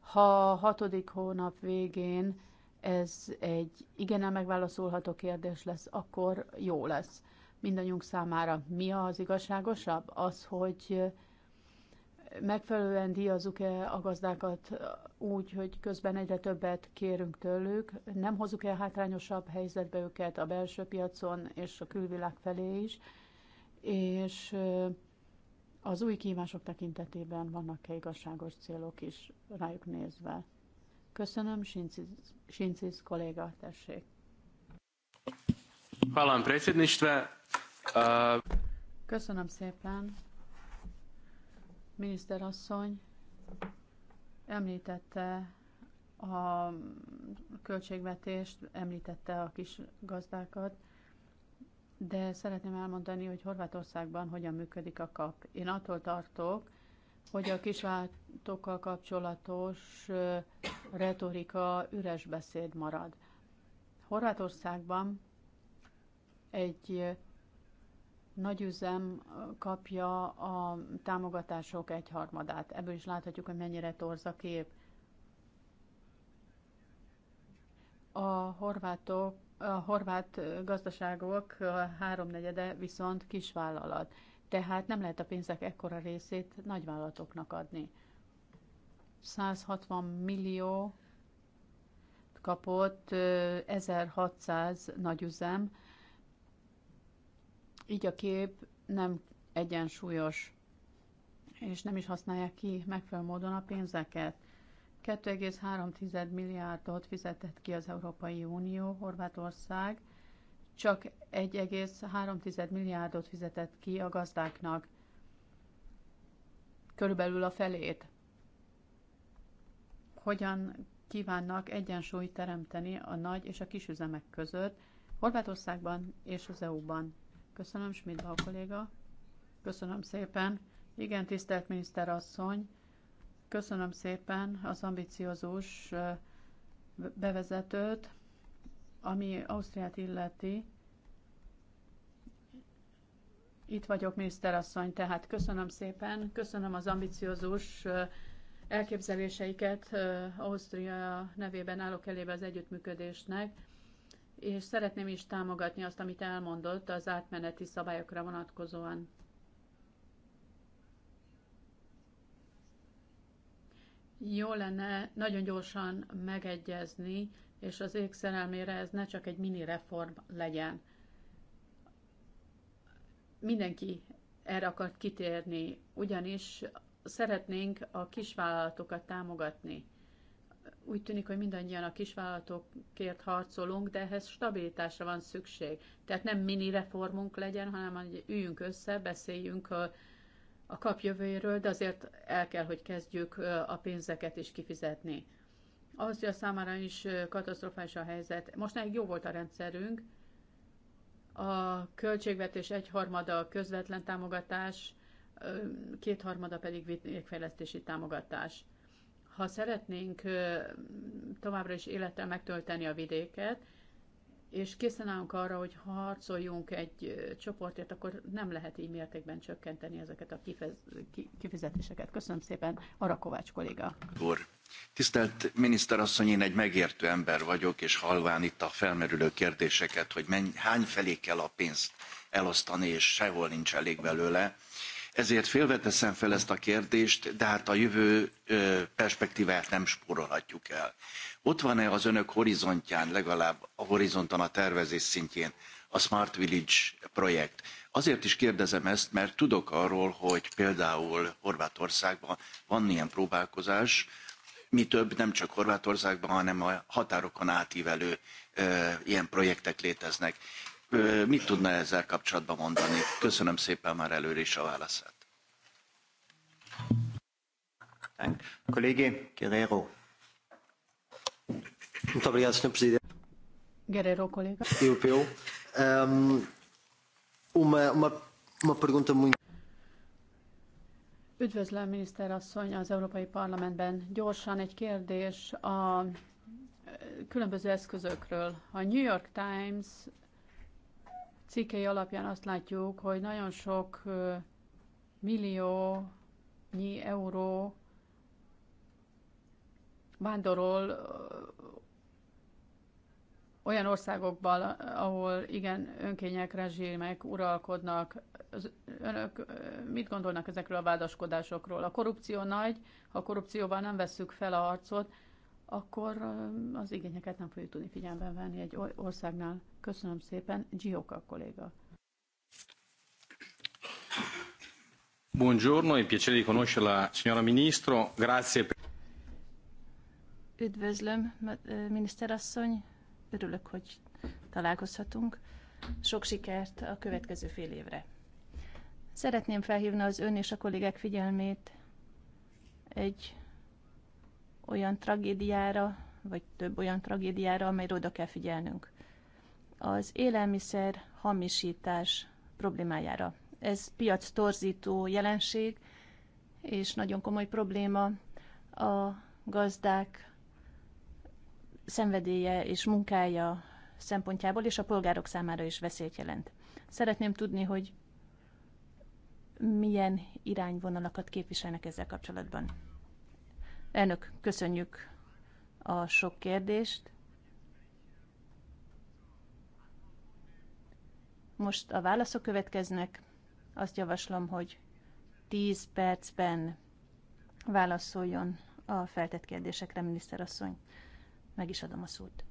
Ha a hatodik hónap végén ez egy igen megválaszolható kérdés lesz, akkor jó lesz mindannyiunk számára. Mi az igazságosabb? Az, hogy megfelelően díjazzuk-e a gazdákat úgy, hogy közben egyre többet kérünk tőlük, nem hozzuk-e hátrányosabb helyzetbe őket a belső piacon és a külvilág felé is, és az új kívások tekintetében vannak-e igazságos célok is rájuk nézve. Köszönöm, Sincis kolléga, tessék. Hálám, predsjedništve. Köszönöm szépen. Miniszter asszony említette a költségvetést, említette a kis gazdákat, de szeretném elmondani, hogy Horvátországban hogyan működik a kap. Én attól tartok, hogy a kisváltókkal kapcsolatos retorika üres beszéd marad. Horvátországban egy nagy üzem kapja a támogatások egyharmadát. Ebből is láthatjuk, hogy mennyire torz a kép. A horvátok, a horvát gazdaságok háromnegyede viszont kisvállalat. Tehát nem lehet a pénzek ekkora részét nagyvállalatoknak adni. 160 millió kapott 1600 nagyüzem, így a kép nem egyensúlyos, és nem is használják ki megfelelő módon a pénzeket. 2,3 milliárdot fizetett ki az Európai Unió, Horvátország csak 1,3 milliárdot fizetett ki a gazdáknak, körülbelül a felét. Hogyan kívánnak egyensúlyt teremteni a nagy és a kis kisüzemek között Horvátországban és az EU-ban? Köszönöm, Schmidt Schmidbau kolléga. Köszönöm szépen. Igen, tisztelt miniszterasszony, köszönöm szépen az ambiciózus bevezetőt. Ami Ausztriát illeti, itt vagyok, miniszterasszony, tehát köszönöm szépen, köszönöm az ambiciózus elképzeléseiket. Ausztria nevében állok elébe az együttműködésnek, és szeretném is támogatni azt, amit elmondott az átmeneti szabályokra vonatkozóan. Jó lenne nagyon gyorsan megegyezni és az ég szerelmére ez ne csak egy mini reform legyen. Mindenki erre akart kitérni, ugyanis szeretnénk a kisvállalatokat támogatni. Úgy tűnik, hogy mindannyian a kisvállalatokért harcolunk, de ehhez stabilitásra van szükség. Tehát nem mini reformunk legyen, hanem hogy üljünk össze, beszéljünk a, a kapjövőjéről, de azért el kell, hogy kezdjük a pénzeket is kifizetni. Ausztria számára is katasztrofális a helyzet. Most már jó volt a rendszerünk, a költségvetés egyharmada közvetlen támogatás, kétharmada pedig vidékfejlesztési támogatás. Ha szeretnénk továbbra is élettel megtölteni a vidéket, és készen állunk arra, hogy harcoljunk egy csoportért, akkor nem lehet így mértékben csökkenteni ezeket a kifizetéseket. Köszönöm szépen, Arakovács kolléga. Tisztelt miniszter asszony, én egy megértő ember vagyok, és halván itt a felmerülő kérdéseket, hogy hány felé kell a pénzt elosztani, és sehol nincs elég belőle. Ezért félveteszem fel ezt a kérdést, de hát a jövő perspektívát nem spórolhatjuk el. Ott van-e az önök horizontján, legalább a horizonton a tervezés szintjén a Smart Village projekt? Azért is kérdezem ezt, mert tudok arról, hogy például Horvátországban van ilyen próbálkozás, mi több, nem csak Horvátországban, hanem a határokon átívelő ö, ilyen projektek léteznek. Ö, mit tudna ezzel kapcsolatban mondani? Köszönöm szépen már előre is a válaszát. Dank. Kollege Guerrero. Muito obrigado, Sr. Um, ehm, uma, uma, uma pergunta muito. Üdvözlöm, miniszterasszony, az Európai Parlamentben. Gyorsan egy kérdés a különböző eszközökről. A New York Times cikkei alapján azt látjuk, hogy nagyon sok milliónyi euró vándorol olyan országokban, ahol igen, önkények, rezsimek uralkodnak, az, önök mit gondolnak ezekről a vádaskodásokról? A korrupció nagy, ha a korrupcióval nem vesszük fel a harcot, akkor az igényeket nem fogjuk tudni figyelembe venni egy országnál. Köszönöm szépen, Gioka kolléga. Buongiorno, è piacere di la signora Ministro. Grazie. Üdvözlöm, miniszterasszony, Örülök, hogy találkozhatunk. Sok sikert a következő fél évre. Szeretném felhívni az ön és a kollégák figyelmét egy olyan tragédiára, vagy több olyan tragédiára, amelyre oda kell figyelnünk. Az élelmiszer hamisítás problémájára. Ez piac torzító jelenség, és nagyon komoly probléma a gazdák szenvedélye és munkája szempontjából, és a polgárok számára is veszélyt jelent. Szeretném tudni, hogy milyen irányvonalakat képviselnek ezzel kapcsolatban. Elnök, köszönjük a sok kérdést. Most a válaszok következnek. Azt javaslom, hogy 10 percben válaszoljon a feltett kérdésekre, miniszterasszony. Meg is adom a szót.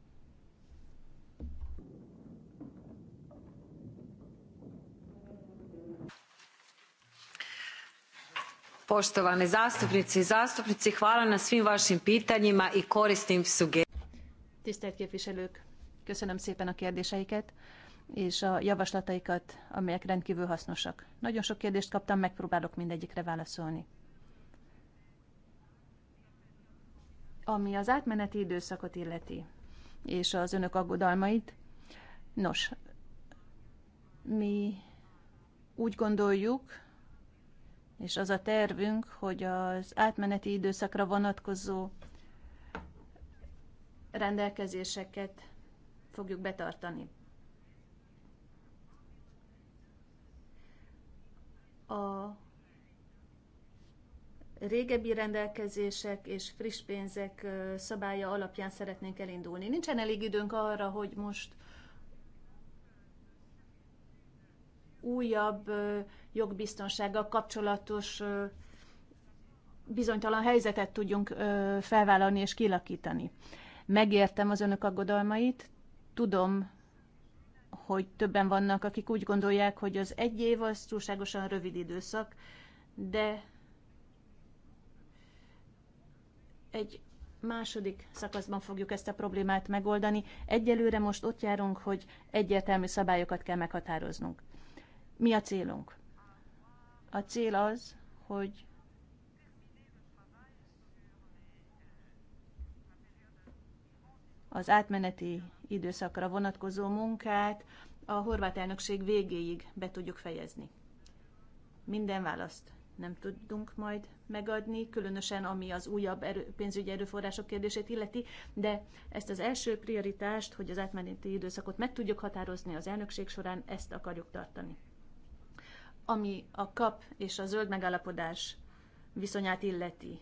Poštovane zastupnici i zastupnici, hvala na svim vašim pitanjima i korisnim sugestijama. Tisztelt képviselők, köszönöm szépen a kérdéseiket és a javaslataikat, amelyek rendkívül hasznosak. Nagyon sok kérdést kaptam, megpróbálok mindegyikre válaszolni. Ami az átmeneti időszakot illeti, és az önök aggodalmait, nos, mi úgy gondoljuk, és az a tervünk, hogy az átmeneti időszakra vonatkozó rendelkezéseket fogjuk betartani. A régebbi rendelkezések és friss pénzek szabálya alapján szeretnénk elindulni. Nincsen elég időnk arra, hogy most újabb jogbiztonsággal kapcsolatos bizonytalan helyzetet tudjunk felvállalni és kilakítani. Megértem az önök aggodalmait, tudom, hogy többen vannak, akik úgy gondolják, hogy az egy év az túlságosan rövid időszak, de egy második szakaszban fogjuk ezt a problémát megoldani. Egyelőre most ott járunk, hogy egyértelmű szabályokat kell meghatároznunk. Mi a célunk? A cél az, hogy az átmeneti időszakra vonatkozó munkát a horvát elnökség végéig be tudjuk fejezni. Minden választ nem tudunk majd megadni, különösen ami az újabb erő, pénzügyi erőforrások kérdését illeti, de ezt az első prioritást, hogy az átmeneti időszakot meg tudjuk határozni az elnökség során, ezt akarjuk tartani. Ami a kap és a zöld megállapodás viszonyát illeti,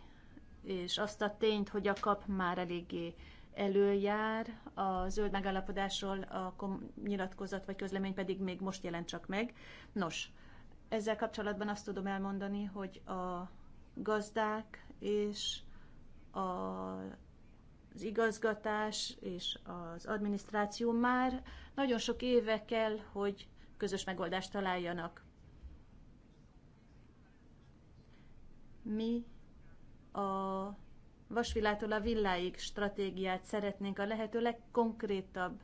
és azt a tényt, hogy a kap már eléggé előjár, a zöld megállapodásról a nyilatkozat vagy közlemény pedig még most jelent csak meg. Nos, ezzel kapcsolatban azt tudom elmondani, hogy a gazdák és a, az igazgatás és az adminisztráció már nagyon sok éve kell, hogy közös megoldást találjanak. Mi a vasvilától a villáig stratégiát szeretnénk a lehető legkonkrétabb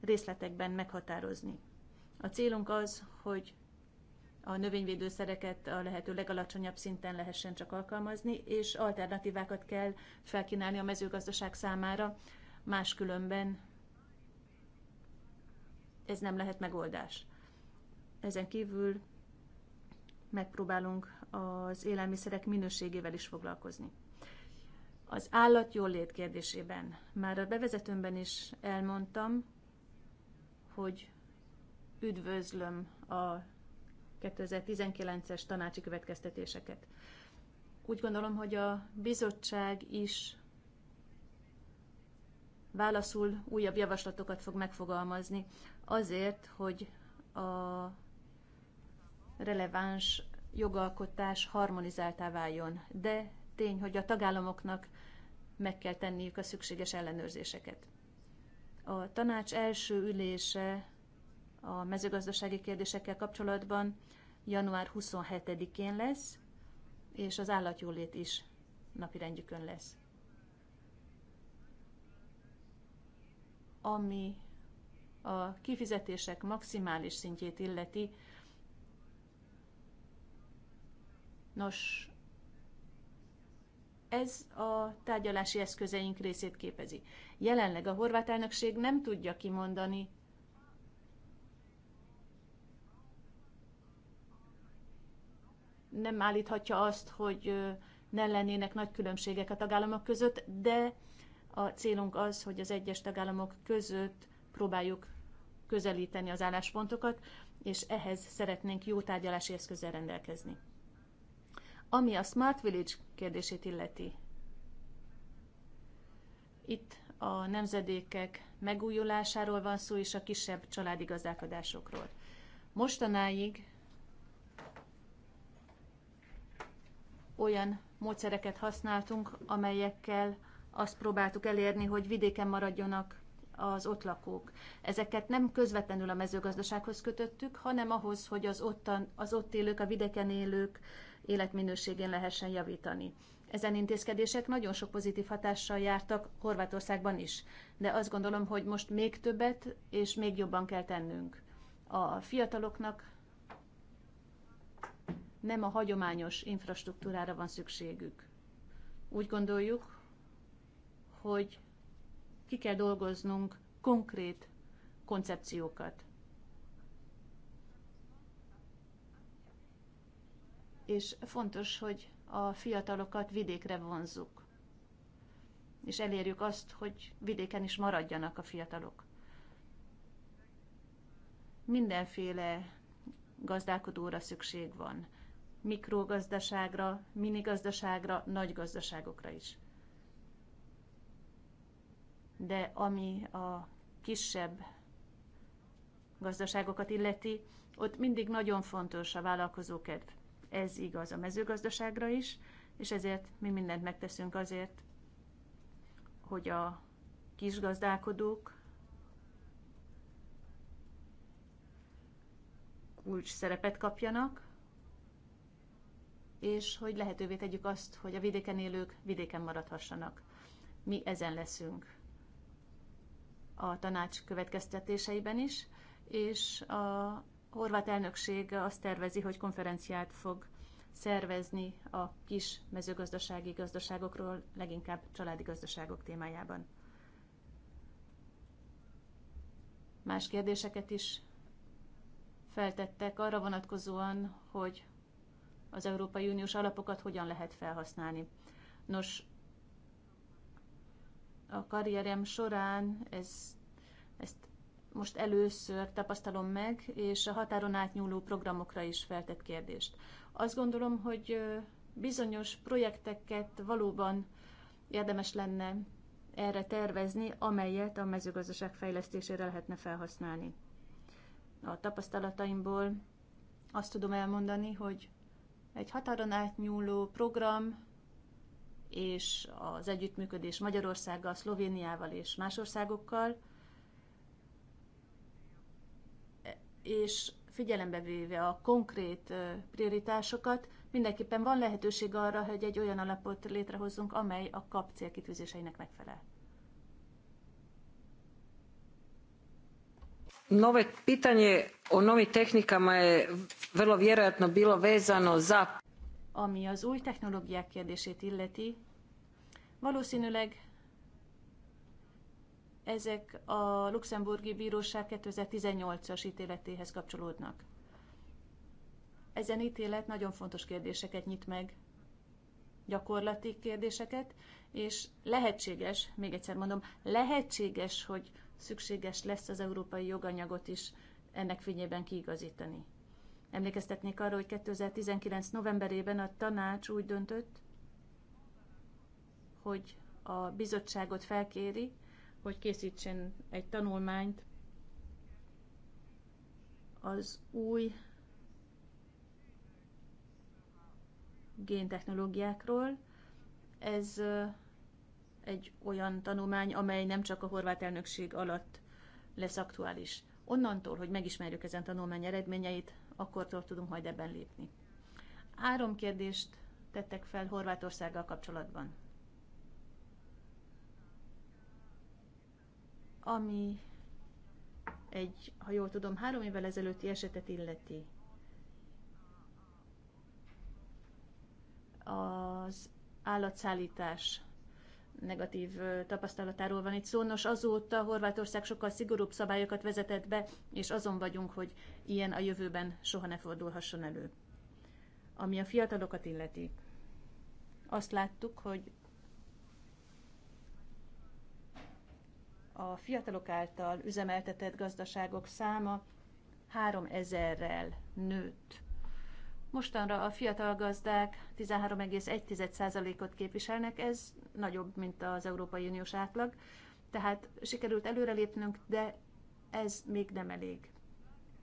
részletekben meghatározni. A célunk az, hogy a növényvédőszereket a lehető legalacsonyabb szinten lehessen csak alkalmazni, és alternatívákat kell felkínálni a mezőgazdaság számára, máskülönben ez nem lehet megoldás. Ezen kívül megpróbálunk az élelmiszerek minőségével is foglalkozni. Az állat jólét kérdésében már a bevezetőmben is elmondtam, hogy üdvözlöm a 2019-es tanácsi következtetéseket. Úgy gondolom, hogy a bizottság is válaszul újabb javaslatokat fog megfogalmazni azért, hogy a releváns jogalkotás harmonizáltá váljon. De tény, hogy a tagállamoknak meg kell tenniük a szükséges ellenőrzéseket. A tanács első ülése a mezőgazdasági kérdésekkel kapcsolatban január 27-én lesz, és az állatjólét is napirendjükön lesz. Ami a kifizetések maximális szintjét illeti, nos, ez a tárgyalási eszközeink részét képezi. Jelenleg a horvát elnökség nem tudja kimondani, nem állíthatja azt, hogy ne lennének nagy különbségek a tagállamok között, de a célunk az, hogy az egyes tagállamok között próbáljuk közelíteni az álláspontokat, és ehhez szeretnénk jó tárgyalási eszközzel rendelkezni. Ami a Smart Village kérdését illeti, itt a nemzedékek megújulásáról van szó, és a kisebb családi gazdálkodásokról. Mostanáig olyan módszereket használtunk, amelyekkel azt próbáltuk elérni, hogy vidéken maradjanak az ott lakók. Ezeket nem közvetlenül a mezőgazdasághoz kötöttük, hanem ahhoz, hogy az, ottan, az ott élők, a vidéken élők életminőségén lehessen javítani. Ezen intézkedések nagyon sok pozitív hatással jártak Horvátországban is, de azt gondolom, hogy most még többet és még jobban kell tennünk. A fiataloknak, nem a hagyományos infrastruktúrára van szükségük. Úgy gondoljuk, hogy ki kell dolgoznunk konkrét koncepciókat. És fontos, hogy a fiatalokat vidékre vonzzuk, és elérjük azt, hogy vidéken is maradjanak a fiatalok. Mindenféle gazdálkodóra szükség van mikrogazdaságra, minigazdaságra, nagy gazdaságokra is. De ami a kisebb gazdaságokat illeti, ott mindig nagyon fontos a vállalkozókedv. Ez igaz a mezőgazdaságra is, és ezért mi mindent megteszünk azért, hogy a kisgazdálkodók kulcs szerepet kapjanak, és hogy lehetővé tegyük azt, hogy a vidéken élők vidéken maradhassanak. Mi ezen leszünk a tanács következtetéseiben is, és a horvát elnökség azt tervezi, hogy konferenciát fog szervezni a kis mezőgazdasági gazdaságokról, leginkább családi gazdaságok témájában. Más kérdéseket is feltettek arra vonatkozóan, hogy az Európai Uniós alapokat hogyan lehet felhasználni. Nos, a karrierem során ez, ezt most először tapasztalom meg, és a határon átnyúló programokra is feltett kérdést. Azt gondolom, hogy bizonyos projekteket valóban érdemes lenne erre tervezni, amelyet a mezőgazdaság fejlesztésére lehetne felhasználni. A tapasztalataimból azt tudom elmondani, hogy egy határon átnyúló program és az együttműködés Magyarországgal, Szlovéniával és más országokkal, és figyelembe véve a konkrét prioritásokat, mindenképpen van lehetőség arra, hogy egy olyan alapot létrehozzunk, amely a kap célkitűzéseinek megfelel. nove pitanje o novim tehnikama je vrlo vjerojatno bilo vezano za... Ami az új technológiák kérdését illeti, valószínűleg ezek a luxemburgi bíróság 2018-as ítéletéhez kapcsolódnak. Ezen ítélet nagyon fontos kérdéseket nyit meg, gyakorlati kérdéseket, és lehetséges, még egyszer mondom, lehetséges, hogy szükséges lesz az európai joganyagot is ennek fényében kiigazítani. Emlékeztetnék arra, hogy 2019. novemberében a tanács úgy döntött, hogy a bizottságot felkéri, hogy készítsen egy tanulmányt az új géntechnológiákról. Ez egy olyan tanulmány, amely nem csak a horvát elnökség alatt lesz aktuális. Onnantól, hogy megismerjük ezen tanulmány eredményeit, akkortól tudunk majd ebben lépni. Három kérdést tettek fel Horvátországgal kapcsolatban. Ami egy, ha jól tudom, három évvel ezelőtti esetet illeti. Az állatszállítás negatív tapasztalatáról van itt szó. Nos, azóta Horvátország sokkal szigorúbb szabályokat vezetett be, és azon vagyunk, hogy ilyen a jövőben soha ne fordulhasson elő. Ami a fiatalokat illeti, azt láttuk, hogy a fiatalok által üzemeltetett gazdaságok száma 3000-rel nőtt Mostanra a fiatal gazdák 13,1%-ot képviselnek, ez nagyobb, mint az Európai Uniós átlag, tehát sikerült előrelépnünk, de ez még nem elég.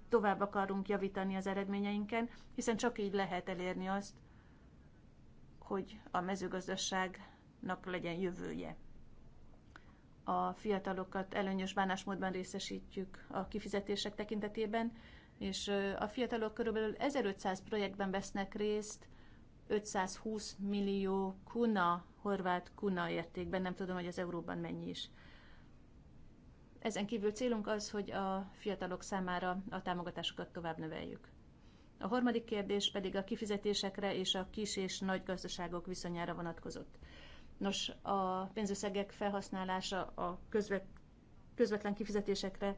Tovább akarunk javítani az eredményeinken, hiszen csak így lehet elérni azt, hogy a mezőgazdaságnak legyen jövője. A fiatalokat előnyös bánásmódban részesítjük a kifizetések tekintetében, és a fiatalok körülbelül 1500 projektben vesznek részt, 520 millió kuna, horvát kuna értékben, nem tudom, hogy az euróban mennyi is. Ezen kívül célunk az, hogy a fiatalok számára a támogatásokat tovább növeljük. A harmadik kérdés pedig a kifizetésekre és a kis és nagy gazdaságok viszonyára vonatkozott. Nos, a pénzösszegek felhasználása a közvet, közvetlen kifizetésekre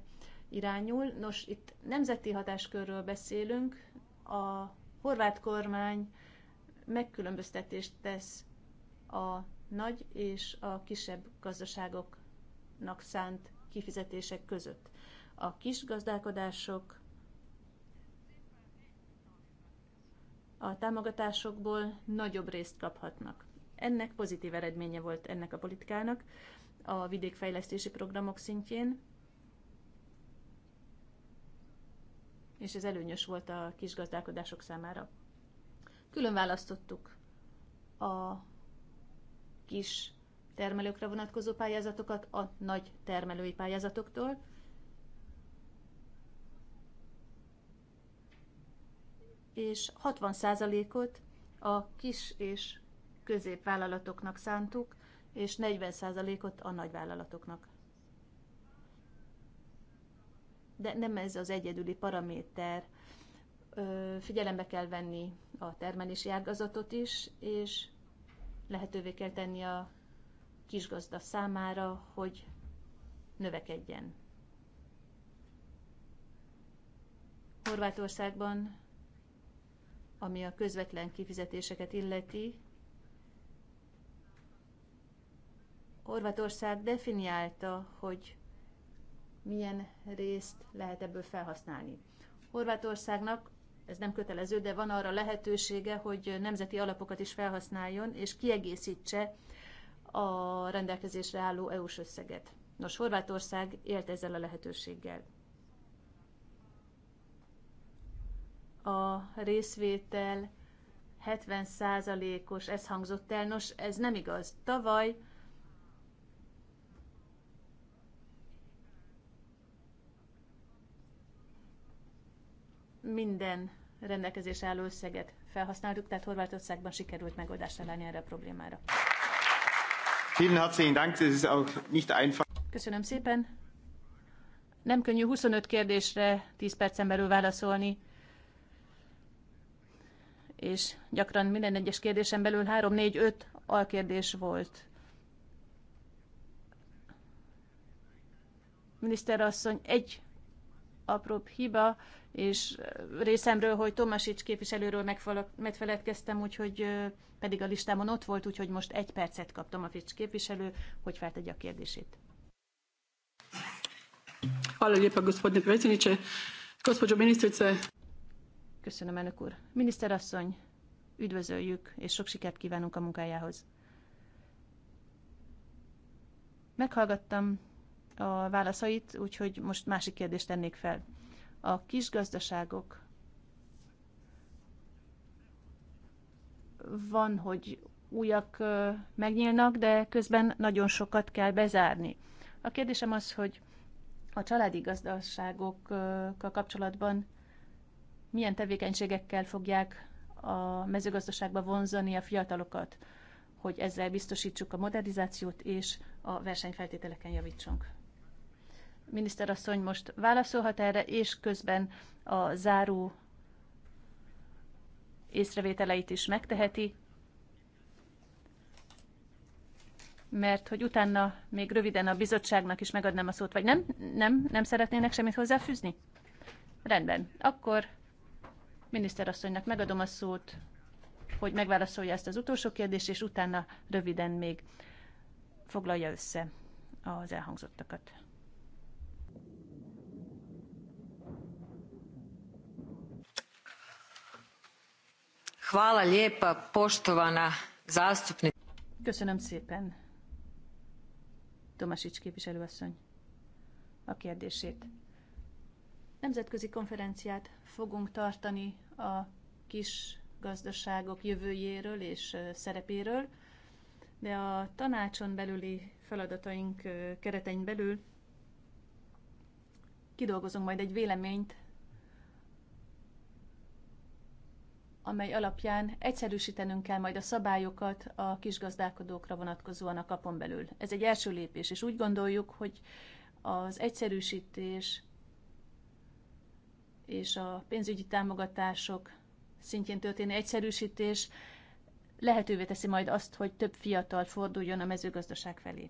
irányul. Nos, itt nemzeti hatáskörről beszélünk. A horvát kormány megkülönböztetést tesz a nagy és a kisebb gazdaságoknak szánt kifizetések között. A kis gazdálkodások a támogatásokból nagyobb részt kaphatnak. Ennek pozitív eredménye volt ennek a politikának a vidékfejlesztési programok szintjén, és ez előnyös volt a kisgazdálkodások számára. Külön választottuk a kis termelőkre vonatkozó pályázatokat a nagy termelői pályázatoktól, és 60%-ot a kis és középvállalatoknak szántuk, és 40%-ot a nagyvállalatoknak de nem ez az egyedüli paraméter. Figyelembe kell venni a termelési ágazatot is, és lehetővé kell tenni a kisgazda számára, hogy növekedjen. Horvátországban, ami a közvetlen kifizetéseket illeti, Horvátország definiálta, hogy milyen részt lehet ebből felhasználni. Horvátországnak ez nem kötelező, de van arra lehetősége, hogy nemzeti alapokat is felhasználjon, és kiegészítse a rendelkezésre álló EU-s összeget. Nos, Horvátország élt ezzel a lehetőséggel. A részvétel 70%-os, ez hangzott el, nos, ez nem igaz. Tavaly minden rendelkezés álló összeget felhasználtuk, tehát Horvátországban sikerült megoldást találni erre a problémára. Köszönöm szépen. Nem könnyű 25 kérdésre 10 percen belül válaszolni, és gyakran minden egyes kérdésen belül 3-4-5 alkérdés volt. Miniszter asszony, egy apróbb hiba, és részemről, hogy Tomasics képviselőről megfeledkeztem, úgyhogy pedig a listámon ott volt, úgyhogy most egy percet kap Tomasics képviselő, hogy feltegye a kérdését. Köszönöm, elnök úr. Miniszterasszony, üdvözöljük, és sok sikert kívánunk a munkájához. Meghallgattam a válaszait, úgyhogy most másik kérdést tennék fel. A kisgazdaságok van, hogy újak megnyílnak, de közben nagyon sokat kell bezárni. A kérdésem az, hogy a családi gazdaságokkal kapcsolatban milyen tevékenységekkel fogják a mezőgazdaságba vonzani a fiatalokat, hogy ezzel biztosítsuk a modernizációt és a versenyfeltételeken javítsunk miniszterasszony most válaszolhat erre, és közben a záró észrevételeit is megteheti, mert hogy utána még röviden a bizottságnak is megadnám a szót, vagy nem? Nem? Nem szeretnének semmit hozzáfűzni? Rendben. Akkor miniszterasszonynak megadom a szót, hogy megválaszolja ezt az utolsó kérdést, és utána röviden még foglalja össze az elhangzottakat. Köszönöm szépen, Tomasics képviselőasszony, a kérdését. Nemzetközi konferenciát fogunk tartani a kis gazdaságok jövőjéről és szerepéről, de a tanácson belüli feladataink keretein belül kidolgozunk majd egy véleményt amely alapján egyszerűsítenünk kell majd a szabályokat a kisgazdálkodókra vonatkozóan a kapon belül. Ez egy első lépés, és úgy gondoljuk, hogy az egyszerűsítés és a pénzügyi támogatások szintjén történő egyszerűsítés lehetővé teszi majd azt, hogy több fiatal forduljon a mezőgazdaság felé.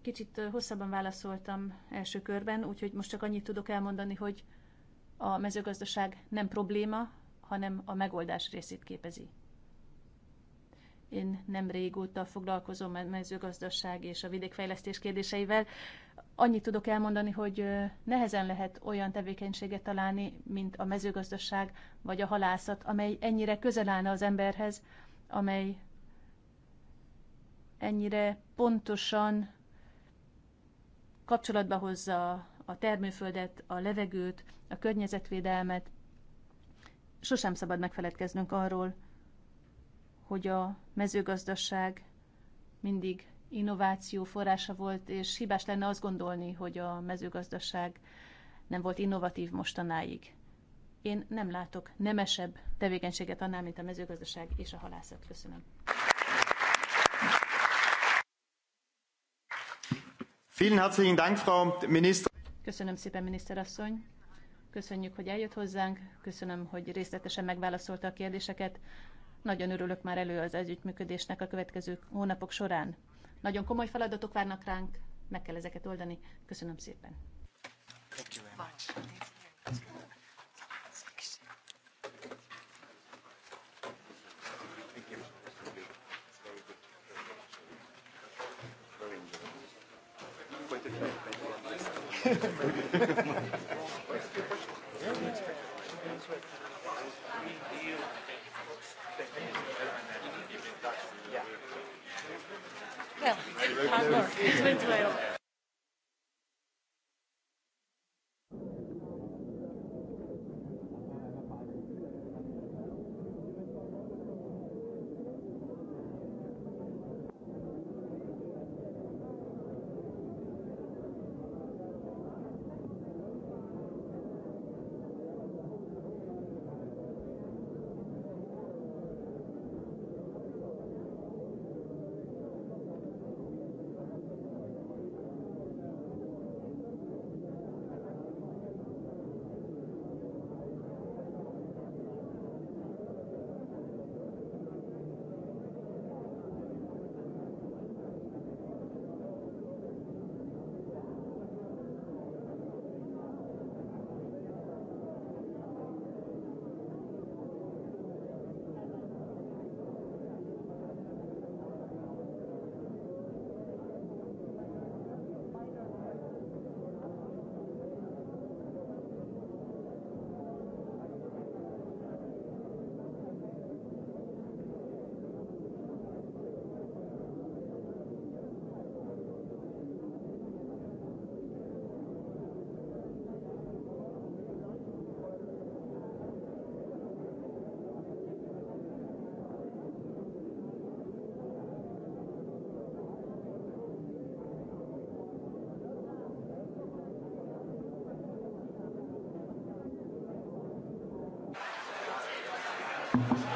kicsit hosszabban válaszoltam első körben, úgyhogy most csak annyit tudok elmondani, hogy a mezőgazdaság nem probléma, hanem a megoldás részét képezi. Én nem régóta foglalkozom a mezőgazdaság és a vidékfejlesztés kérdéseivel. Annyit tudok elmondani, hogy nehezen lehet olyan tevékenységet találni, mint a mezőgazdaság vagy a halászat, amely ennyire közel állna az emberhez, amely ennyire pontosan kapcsolatba hozza a termőföldet, a levegőt, a környezetvédelmet. Sosem szabad megfeledkeznünk arról, hogy a mezőgazdaság mindig innováció forrása volt, és hibás lenne azt gondolni, hogy a mezőgazdaság nem volt innovatív mostanáig. Én nem látok nemesebb tevékenységet annál, mint a mezőgazdaság és a halászat. Köszönöm. Vielen herzlichen Dank, Frau Minister. Köszönöm szépen, miniszterasszony. Köszönjük, hogy eljött hozzánk, köszönöm, hogy részletesen megválaszolta a kérdéseket. Nagyon örülök már elő az együttműködésnek a következő hónapok során. Nagyon komoly feladatok várnak ránk, meg kell ezeket oldani. Köszönöm szépen. Thank you very much. Yeah. Yeah. It's meant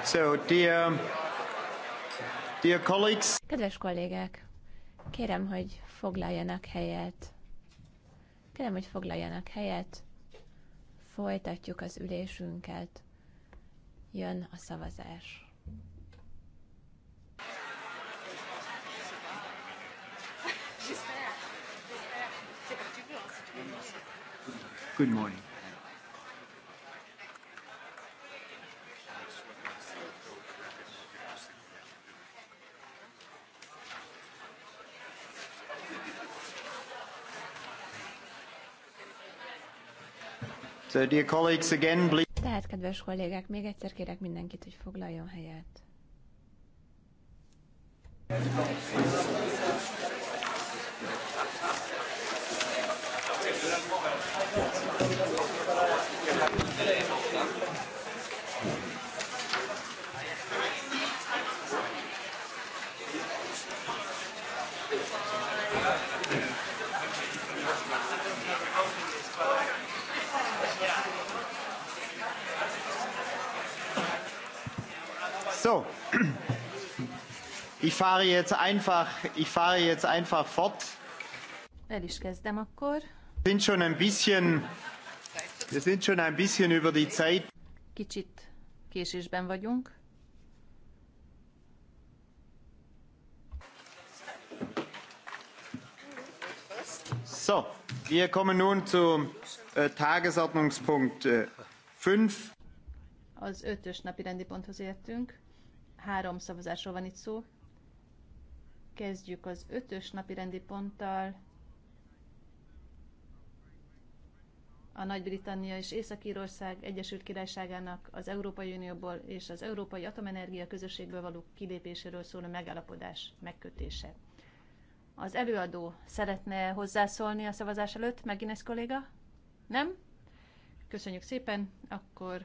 So, dear, dear colleagues. Kedves kollégák, kérem, hogy foglaljanak helyet. Kérem, hogy foglaljanak helyet. Folytatjuk az ülésünket. Jön a szavazás. Good morning. Tehát, kedves kollégák, még egyszer kérek mindenkit, hogy foglaljon helyet. fahre jetzt einfach, ich fahre jetzt einfach fort. El is kezdem akkor. Sind schon ein bisschen, wir sind schon ein bisschen über die Zeit. Kicsit késésben vagyunk. So, wir kommen nun zu äh, Tagesordnungspunkt 5. Äh, az ötös napi rendi ponthoz értünk. Három szavazásról van itt szó. Kezdjük az ötös napi rendi ponttal. A Nagy-Britannia és Észak-Írország Egyesült Királyságának az Európai Unióból és az Európai Atomenergia Közösségből való kilépéséről szóló megállapodás megkötése. Az előadó szeretne hozzászólni a szavazás előtt, Megines kolléga? Nem? Köszönjük szépen, akkor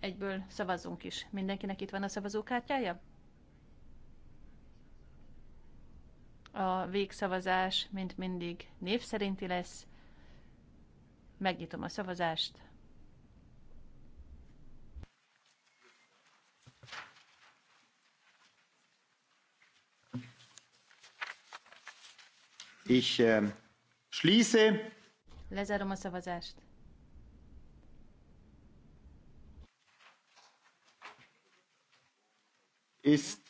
egyből szavazzunk is. Mindenkinek itt van a szavazókártyája? A végszavazás, mint mindig, név szerinti lesz. Megnyitom a szavazást. Ich äh, schließe. Lezárom a szavazást. Ist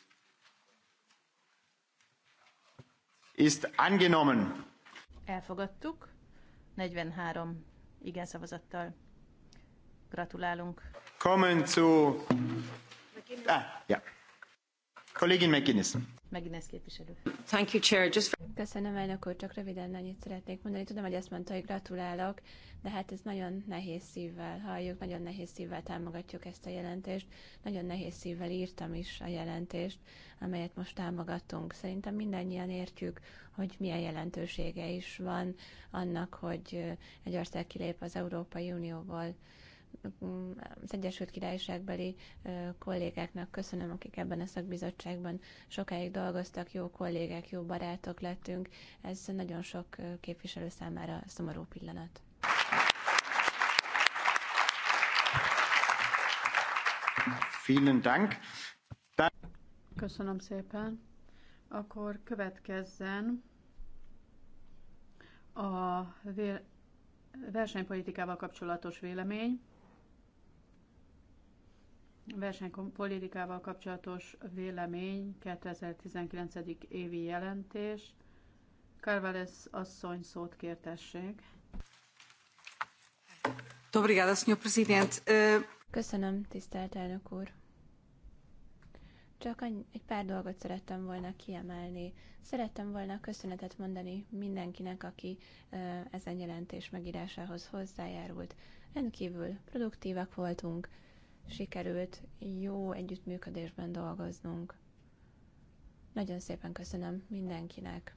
ist angenommen. Elfogadtuk. 43 igen szavazattal. Gratulálunk. Kommen zu... Ah, ja. Kollégin McGuinness. McGuinness képviselő. Thank you, Chair. Just... Köszönöm, elnök úr, csak röviden annyit szeretnék mondani. Tudom, hogy azt mondta, hogy gratulálok, de hát ez nagyon nehéz szívvel halljuk, nagyon nehéz szívvel támogatjuk ezt a jelentést, nagyon nehéz szívvel írtam is a jelentést, amelyet most támogatunk. Szerintem mindannyian értjük, hogy milyen jelentősége is van annak, hogy egy ország kilép az Európai Unióból az Egyesült Királyságbeli kollégáknak köszönöm, akik ebben a szakbizottságban sokáig dolgoztak, jó kollégák, jó barátok lettünk. Ez nagyon sok képviselő számára szomorú pillanat. Köszönöm szépen. Akkor következzen a versenypolitikával kapcsolatos vélemény versenypolitikával kapcsolatos vélemény, 2019. évi jelentés. Carvales asszony szót kértessék. Eh, Köszönöm, tisztelt elnök úr. Csak egy pár dolgot szerettem volna kiemelni. Szerettem volna köszönetet mondani mindenkinek, aki eh, ezen jelentés megírásához hozzájárult. Rendkívül produktívak voltunk, sikerült jó együttműködésben dolgoznunk. Nagyon szépen köszönöm mindenkinek.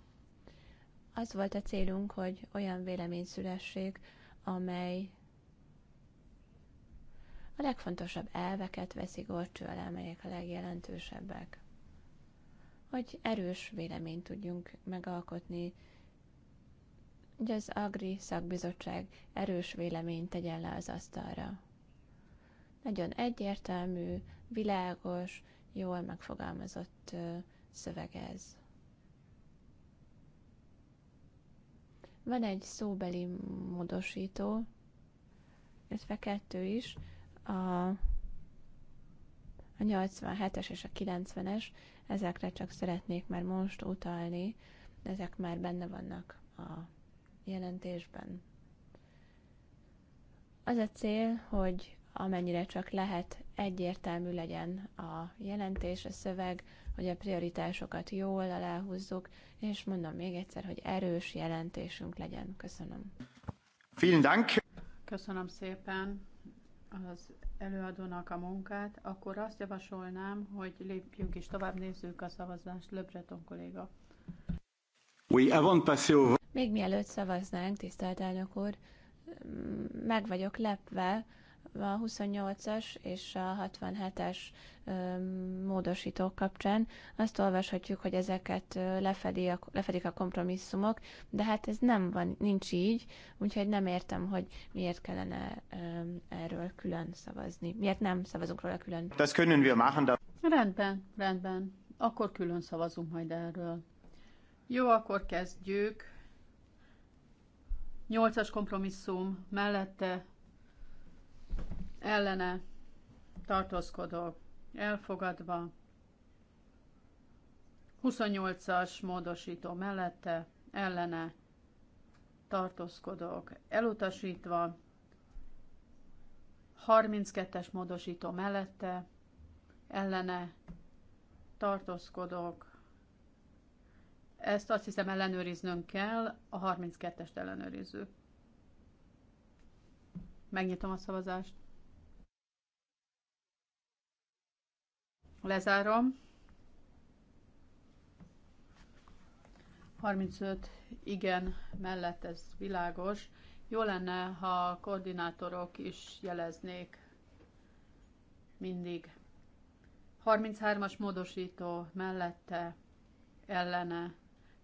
Az volt a célunk, hogy olyan vélemény szülessék, amely a legfontosabb elveket veszi gorcső alá, amelyek a legjelentősebbek. Hogy erős véleményt tudjunk megalkotni, hogy az Agri szakbizottság erős véleményt tegyen le az asztalra nagyon egyértelmű, világos, jól megfogalmazott szöveg ez. Van egy szóbeli módosító, illetve kettő is, a, a 87-es és a 90-es, ezekre csak szeretnék már most utalni, ezek már benne vannak a jelentésben. Az a cél, hogy amennyire csak lehet egyértelmű legyen a jelentés, a szöveg, hogy a prioritásokat jól aláhúzzuk, és mondom még egyszer, hogy erős jelentésünk legyen. Köszönöm. Vielen Dank. Köszönöm szépen az előadónak a munkát. Akkor azt javasolnám, hogy lépjünk is tovább, nézzük a szavazást. Le Breton kolléga. Oui, avant passer au... Még mielőtt szavaznánk, tisztelt elnök úr, meg vagyok lepve, a 28-as és a 67-es módosítók kapcsán azt olvashatjuk, hogy ezeket lefedi a, lefedik a kompromisszumok, de hát ez nem van, nincs így, úgyhogy nem értem, hogy miért kellene erről külön szavazni. Miért nem szavazunk róla külön? Ez können wir machen, Rendben, rendben. Akkor külön szavazunk majd erről. Jó, akkor kezdjük. Nyolcas kompromisszum mellette ellene tartózkodok, elfogadva, 28-as módosító mellette ellene tartózkodok, elutasítva, 32-es módosító mellette ellene tartózkodok, Ezt azt hiszem ellenőriznünk kell, a 32-est ellenőrizzük. Megnyitom a szavazást. Lezárom. 35 igen mellett ez világos. Jó lenne, ha a koordinátorok is jeleznék mindig. 33-as módosító mellette ellene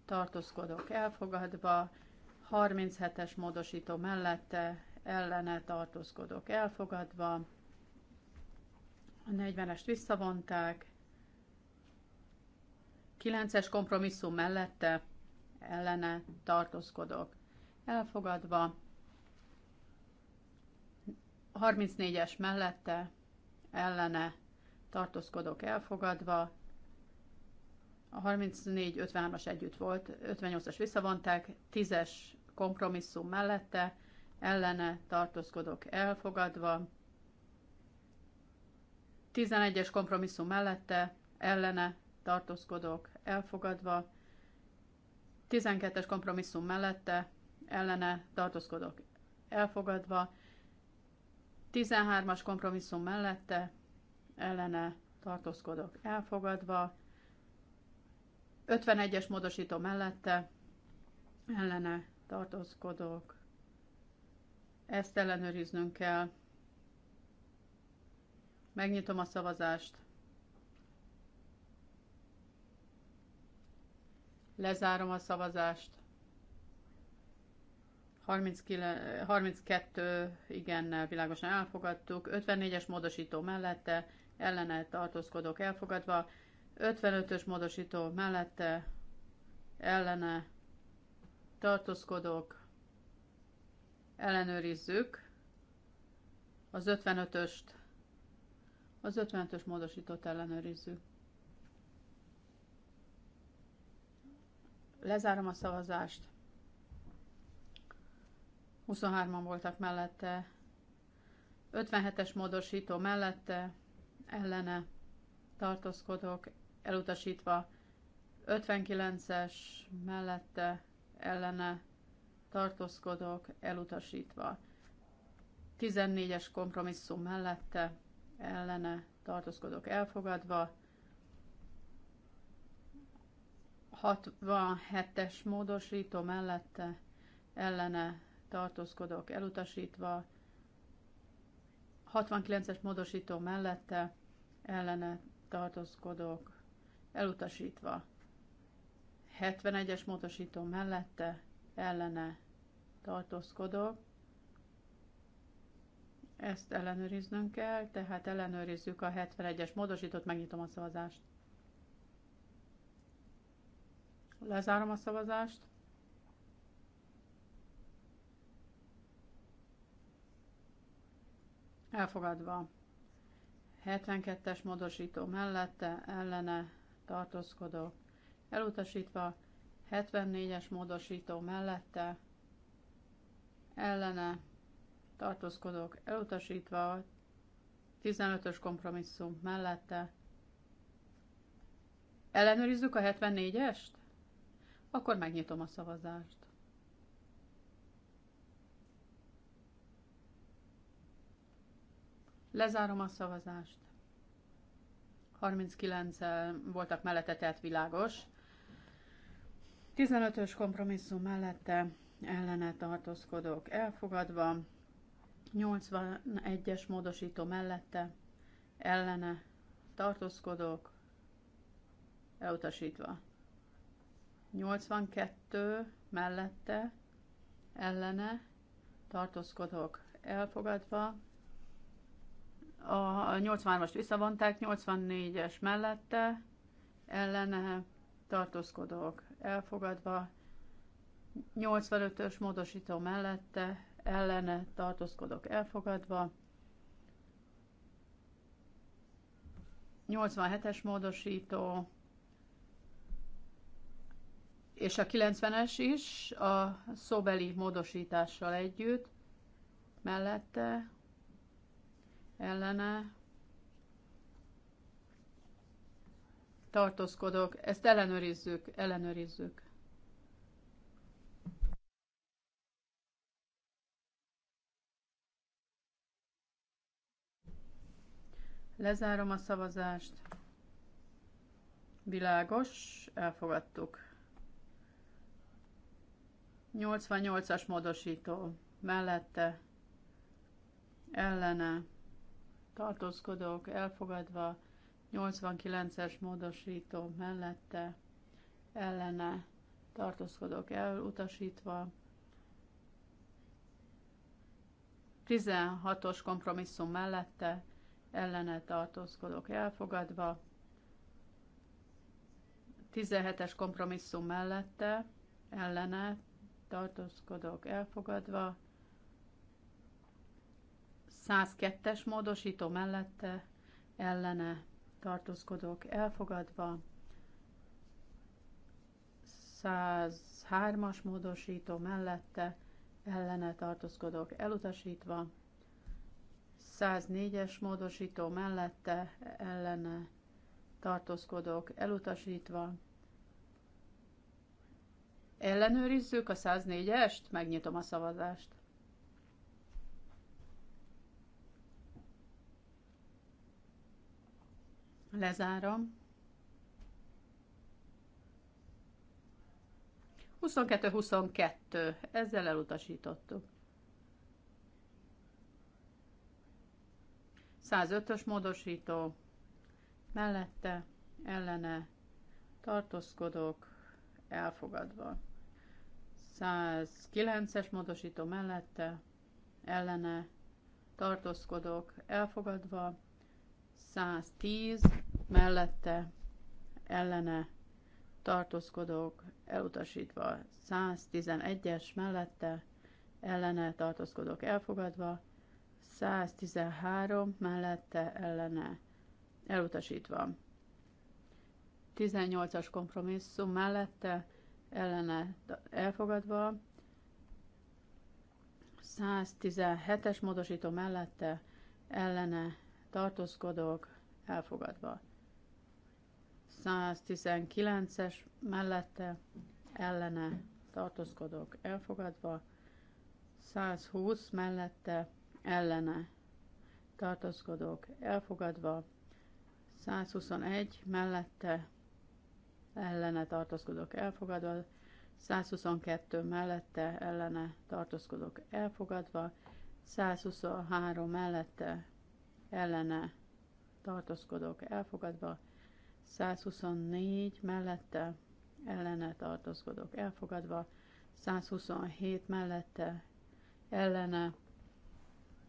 tartózkodok elfogadva, 37-es módosító mellette ellene tartózkodok elfogadva, a 40-est visszavonták. 9-es kompromisszum mellette ellene tartózkodok. Elfogadva. 34-es mellette ellene tartózkodok elfogadva. A 34-53-as együtt volt, 58-as visszavonták, 10-es kompromisszum mellette ellene tartózkodok elfogadva. 11-es kompromisszum mellette, ellene tartózkodok elfogadva, 12-es kompromisszum mellette, ellene tartózkodok elfogadva, 13-as kompromisszum mellette, ellene tartózkodok elfogadva, 51-es módosító mellette, ellene tartózkodok, Ezt ellenőriznünk kell. Megnyitom a szavazást. Lezárom a szavazást. 39, 32 igennel világosan elfogadtuk, 54-es módosító mellette, ellene tartózkodok elfogadva, 55-ös módosító mellette, ellene tartózkodok. ellenőrizzük az 55-öst, az 55-ös módosított ellenőrizzük. Lezárom a szavazást. 23-an voltak mellette. 57-es módosító mellette, ellene tartózkodok, elutasítva. 59-es mellette, ellene tartózkodok, elutasítva. 14-es kompromisszum mellette, ellene tartózkodok elfogadva. 67-es módosító mellette ellene tartózkodok elutasítva. 69-es módosító mellette ellene tartózkodok elutasítva. 71-es módosító mellette ellene tartózkodok ezt ellenőriznünk kell, tehát ellenőrizzük a 71-es módosított, megnyitom a szavazást. Lezárom a szavazást. Elfogadva. 72-es módosító mellette, ellene tartózkodok. Elutasítva 74-es módosító mellette, ellene tartózkodók elutasítva, 15-ös kompromisszum mellette. Ellenőrizzük a 74-est? Akkor megnyitom a szavazást. Lezárom a szavazást. 39 voltak mellette, tehát világos. 15-ös kompromisszum mellette ellene tartózkodók elfogadva, 81-es módosító mellette ellene tartózkodók elutasítva. 82 mellette ellene tartózkodók elfogadva. A 83-ast visszavonták, 84-es mellette ellene tartózkodók elfogadva, 85-ös módosító mellette ellene tartózkodok elfogadva. 87-es módosító, és a 90-es is a szóbeli módosítással együtt, mellette, ellene, tartózkodok, ezt ellenőrizzük, ellenőrizzük. Lezárom a szavazást. Világos, elfogadtuk. 88-as módosító mellette, ellene, tartózkodók elfogadva, 89-es módosító mellette, ellene, tartózkodók elutasítva, 16-os kompromisszum mellette, ellene tartózkodok elfogadva, 17-es kompromisszum mellette ellene tartózkodok elfogadva, 102-es módosító mellette ellene tartózkodok elfogadva, 103-as módosító mellette ellene tartózkodok elutasítva, 104-es módosító mellette ellene tartózkodok, elutasítva. Ellenőrizzük a 104-est, megnyitom a szavazást. Lezárom. 22-22, ezzel elutasítottuk. 105-ös módosító mellette ellene tartózkodok, elfogadva. 109-es módosító mellette ellene tartózkodok, elfogadva. 110 mellette ellene tartózkodok, elutasítva. 111-es mellette ellene tartózkodok, elfogadva. 113 mellette ellene elutasítva. 18-as kompromisszum mellette ellene elfogadva. 117-es módosító mellette ellene tartózkodók elfogadva. 119-es mellette ellene tartózkodók elfogadva. 120 mellette ellene tartózkodók elfogadva, 121 mellette ellene tartózkodók elfogadva, 122 mellette ellene tartózkodók elfogadva, 123 mellette ellene tartózkodók elfogadva, 124 mellette ellene tartózkodók elfogadva, 127 mellette ellene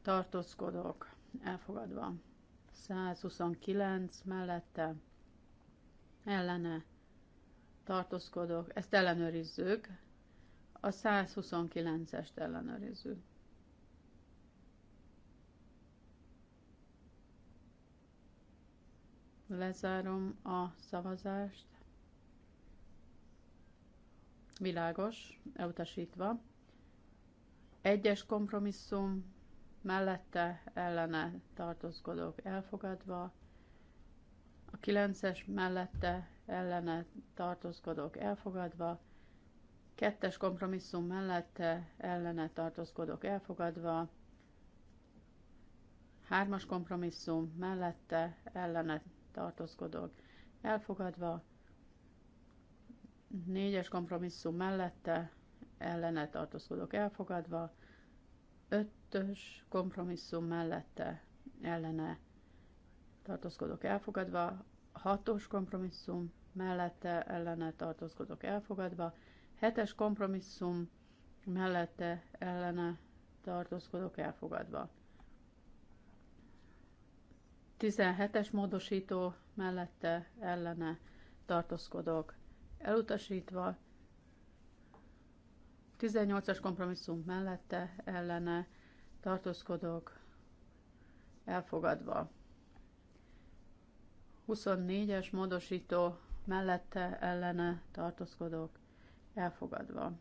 tartózkodok, elfogadva. 129 mellette ellene tartózkodok, ezt ellenőrizzük, a 129-est ellenőrizzük. Lezárom a szavazást. Világos, elutasítva. Egyes kompromisszum mellette ellene tartózkodok elfogadva, a kilences mellette ellene tartózkodok elfogadva, kettes kompromisszum mellette ellene tartózkodok elfogadva, hármas kompromisszum mellette ellene tartózkodok elfogadva, négyes kompromisszum mellette ellene tartózkodok elfogadva, öt ötös kompromisszum mellette ellene tartózkodok elfogadva, hatos kompromisszum mellette ellene tartózkodok elfogadva, hetes kompromisszum mellette ellene tartózkodok elfogadva. 17-es módosító mellette ellene tartózkodok elutasítva, 18-as kompromisszum mellette ellene tartózkodok elfogadva. 24-es módosító mellette ellene tartózkodok elfogadva.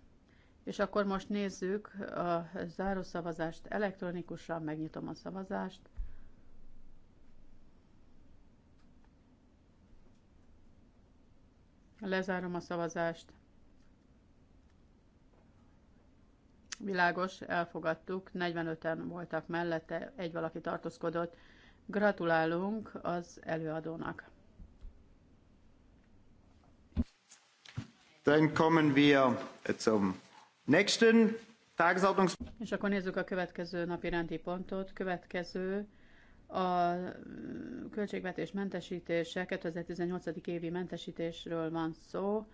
És akkor most nézzük a zárószavazást elektronikusan, megnyitom a szavazást. Lezárom a szavazást. Világos, elfogadtuk, 45-en voltak mellette, egy valaki tartózkodott. Gratulálunk az előadónak. Dann kommen wir äh, zum nächsten Tagesordnungs... És akkor nézzük a következő napi rendi pontot. Következő a mm, költségvetés mentesítése, 2018. évi mentesítésről van szó.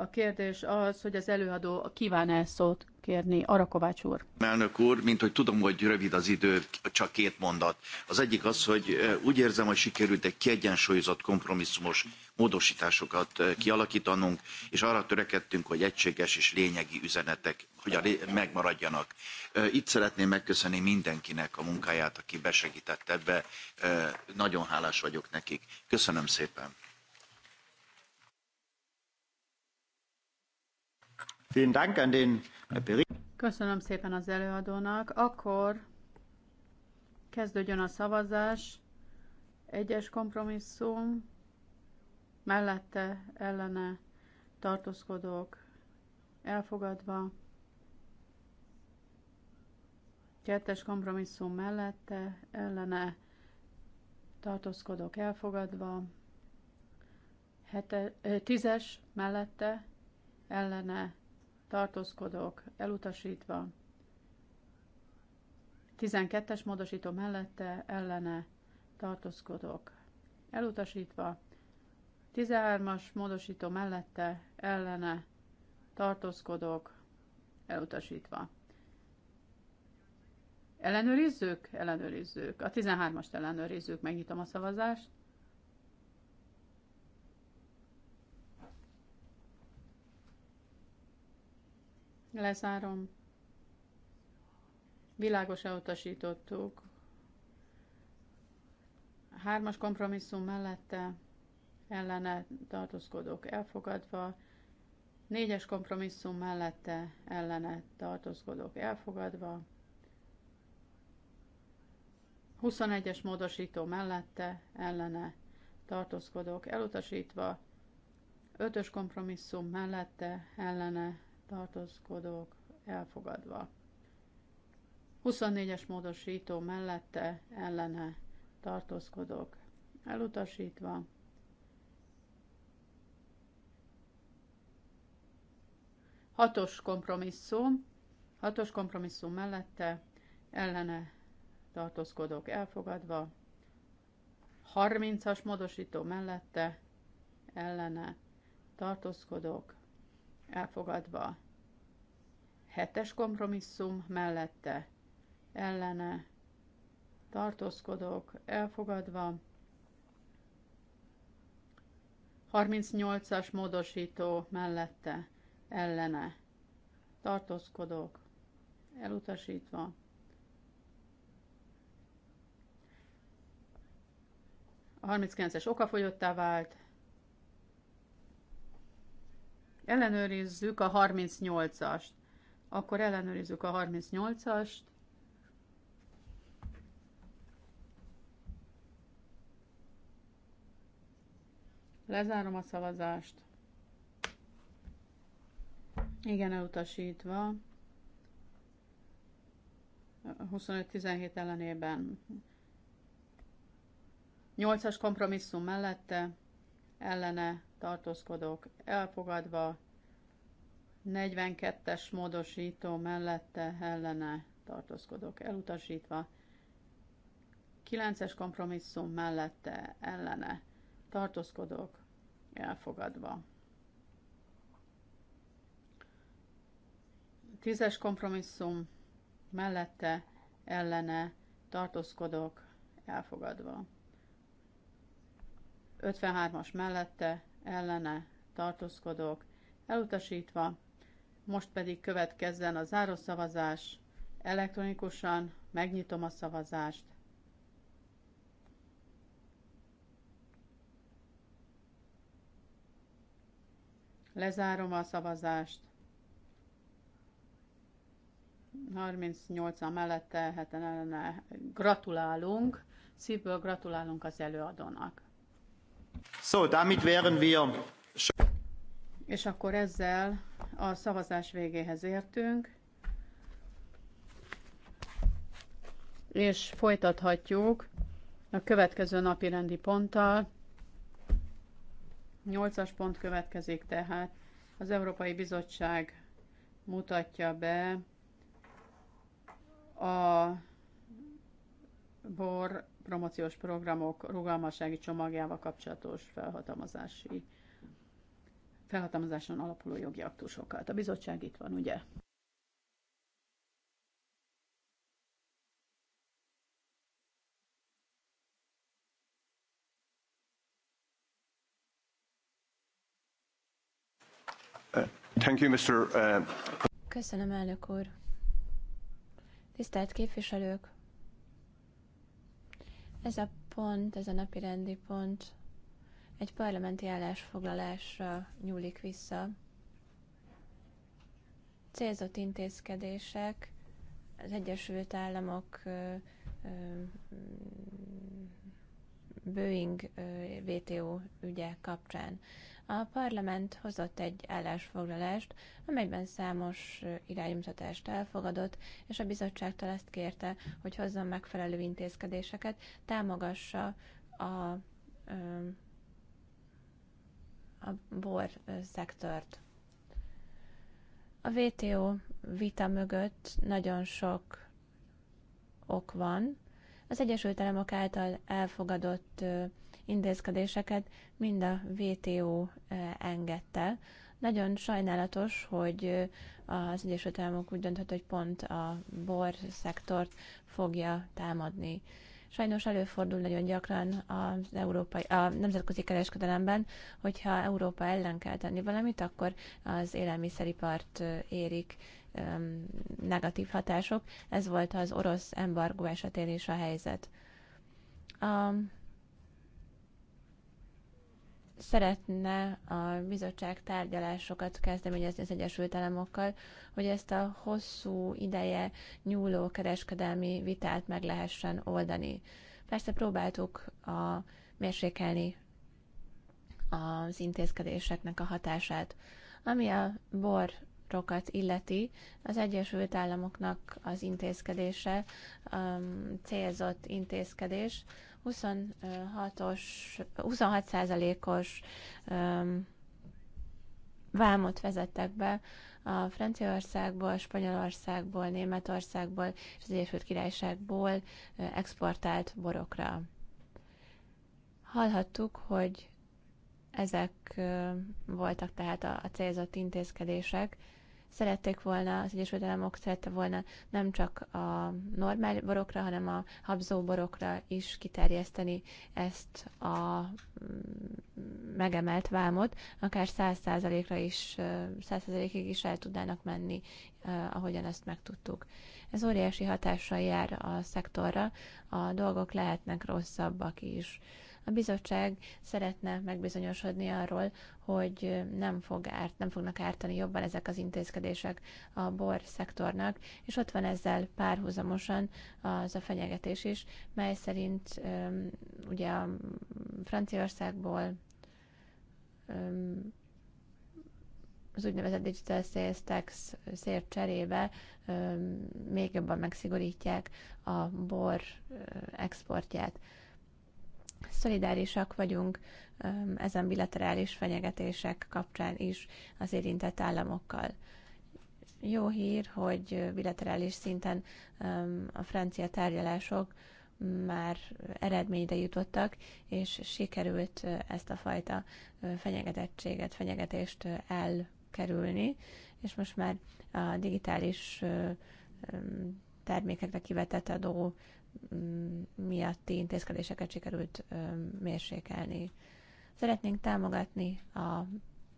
A kérdés az, hogy az előadó kíván-e szót kérni. arakovács Kovács úr. Elnök úr, mint hogy tudom, hogy rövid az idő, csak két mondat. Az egyik az, hogy úgy érzem, hogy sikerült egy kiegyensúlyozott kompromisszumos módosításokat kialakítanunk, és arra törekedtünk, hogy egységes és lényegi üzenetek hogy a, megmaradjanak. Itt szeretném megköszönni mindenkinek a munkáját, aki besegített ebbe. Nagyon hálás vagyok nekik. Köszönöm szépen. Köszönöm szépen az előadónak. Akkor kezdődjön a szavazás. Egyes kompromisszum, mellette, ellene tartózkodók elfogadva. Kettes kompromisszum mellette, ellene tartózkodók elfogadva. Hete, tízes mellette, ellene tartózkodok, elutasítva, 12-es módosító mellette ellene tartózkodok, elutasítva, 13-as módosító mellette ellene tartózkodok, elutasítva. Ellenőrizzük? Ellenőrizzük. A 13-ast ellenőrizzük, megnyitom a szavazást. Lezárom. világos elutasítottuk Hármas kompromisszum mellette ellene tartózkodok elfogadva, négyes kompromisszum mellette ellene tartózkodok elfogadva, 21-es módosító mellette ellene tartózkodok elutasítva, 5-ös kompromisszum mellette ellene tartózkodók elfogadva. 24-es módosító mellette ellene tartózkodók elutasítva. Hatos kompromisszum, hatos kompromisszum mellette ellene tartózkodók elfogadva. 30-as módosító mellette ellene tartózkodók elfogadva. Hetes kompromisszum mellette, ellene, tartózkodók, elfogadva. 38-as módosító mellette, ellene, tartózkodók, elutasítva. A 39-es okafogyottá vált, Ellenőrizzük a 38-ast. Akkor ellenőrizzük a 38-ast. Lezárom a szavazást. Igen, elutasítva. 25-17 ellenében. 8-as kompromisszum mellette, ellene tartózkodók elfogadva, 42-es módosító mellette ellene tartózkodók elutasítva, 9-es kompromisszum mellette ellene tartózkodók elfogadva. 10-es kompromisszum mellette ellene tartózkodók elfogadva. 53-as mellette ellene tartózkodók elutasítva. Most pedig következzen a zárószavazás. szavazás. Elektronikusan megnyitom a szavazást. Lezárom a szavazást. 38-an mellette, heten ellene. Gratulálunk, szívből gratulálunk az előadónak. So, damit wären wir... És akkor ezzel a szavazás végéhez értünk, és folytathatjuk a következő napi rendi ponttal. Nyolcas pont következik tehát. Az Európai Bizottság mutatja be a bor promóciós programok rugalmassági csomagjával kapcsolatos felhatalmazási felhatalmazáson alapuló jogi aktusokat. A bizottság itt van, ugye? Uh, thank you, Mr. Uh, Köszönöm, elnök úr. Tisztelt képviselők! Ez a pont, ez a napi rendi pont egy parlamenti állásfoglalásra nyúlik vissza. Célzott intézkedések az Egyesült Államok Boeing VTO ügye kapcsán. A parlament hozott egy állásfoglalást, amelyben számos iránymutatást elfogadott, és a bizottságtól azt kérte, hogy hozzon megfelelő intézkedéseket, támogassa a, a bor szektort. A WTO vita mögött nagyon sok ok van. Az Egyesült Államok által elfogadott intézkedéseket mind a WTO eh, engedte. Nagyon sajnálatos, hogy eh, az Egyesült Államok úgy döntött, hogy pont a bor szektort fogja támadni. Sajnos előfordul nagyon gyakran az európai, a nemzetközi kereskedelemben, hogyha Európa ellen kell tenni valamit, akkor az élelmiszeripart eh, érik um, negatív hatások. Ez volt az orosz embargó esetén is a helyzet. A szeretne a bizottság tárgyalásokat kezdeményezni az Egyesült Államokkal, hogy ezt a hosszú ideje nyúló kereskedelmi vitát meg lehessen oldani. Persze próbáltuk a mérsékelni az intézkedéseknek a hatását. Ami a bor rokat illeti, az Egyesült Államoknak az intézkedése um, célzott intézkedés, 26-os, 26%-os vámot vezettek be a Franciaországból, Spanyolországból, Németországból és az Egyesült Királyságból exportált borokra. Hallhattuk, hogy ezek voltak tehát a célzott intézkedések, szerették volna, az Egyesült Államok szerette volna nem csak a normál borokra, hanem a habzó borokra is kiterjeszteni ezt a mm, megemelt vámot, akár 100%-ra is, 100%-ig is el tudnának menni, ahogyan ezt megtudtuk. Ez óriási hatással jár a szektorra, a dolgok lehetnek rosszabbak is. A bizottság szeretne megbizonyosodni arról, hogy nem, fog árt, nem fognak ártani jobban ezek az intézkedések a bor szektornak, és ott van ezzel párhuzamosan az a fenyegetés is, mely szerint ugye a Franciaországból az úgynevezett digital sales tax szért cserébe még jobban megszigorítják a bor exportját. Szolidárisak vagyunk ezen bilaterális fenyegetések kapcsán is az érintett államokkal. Jó hír, hogy bilaterális szinten a francia tárgyalások már eredményre jutottak, és sikerült ezt a fajta fenyegetettséget, fenyegetést elkerülni, és most már a digitális termékekre kivetett adó miatti intézkedéseket sikerült mérsékelni. Szeretnénk támogatni a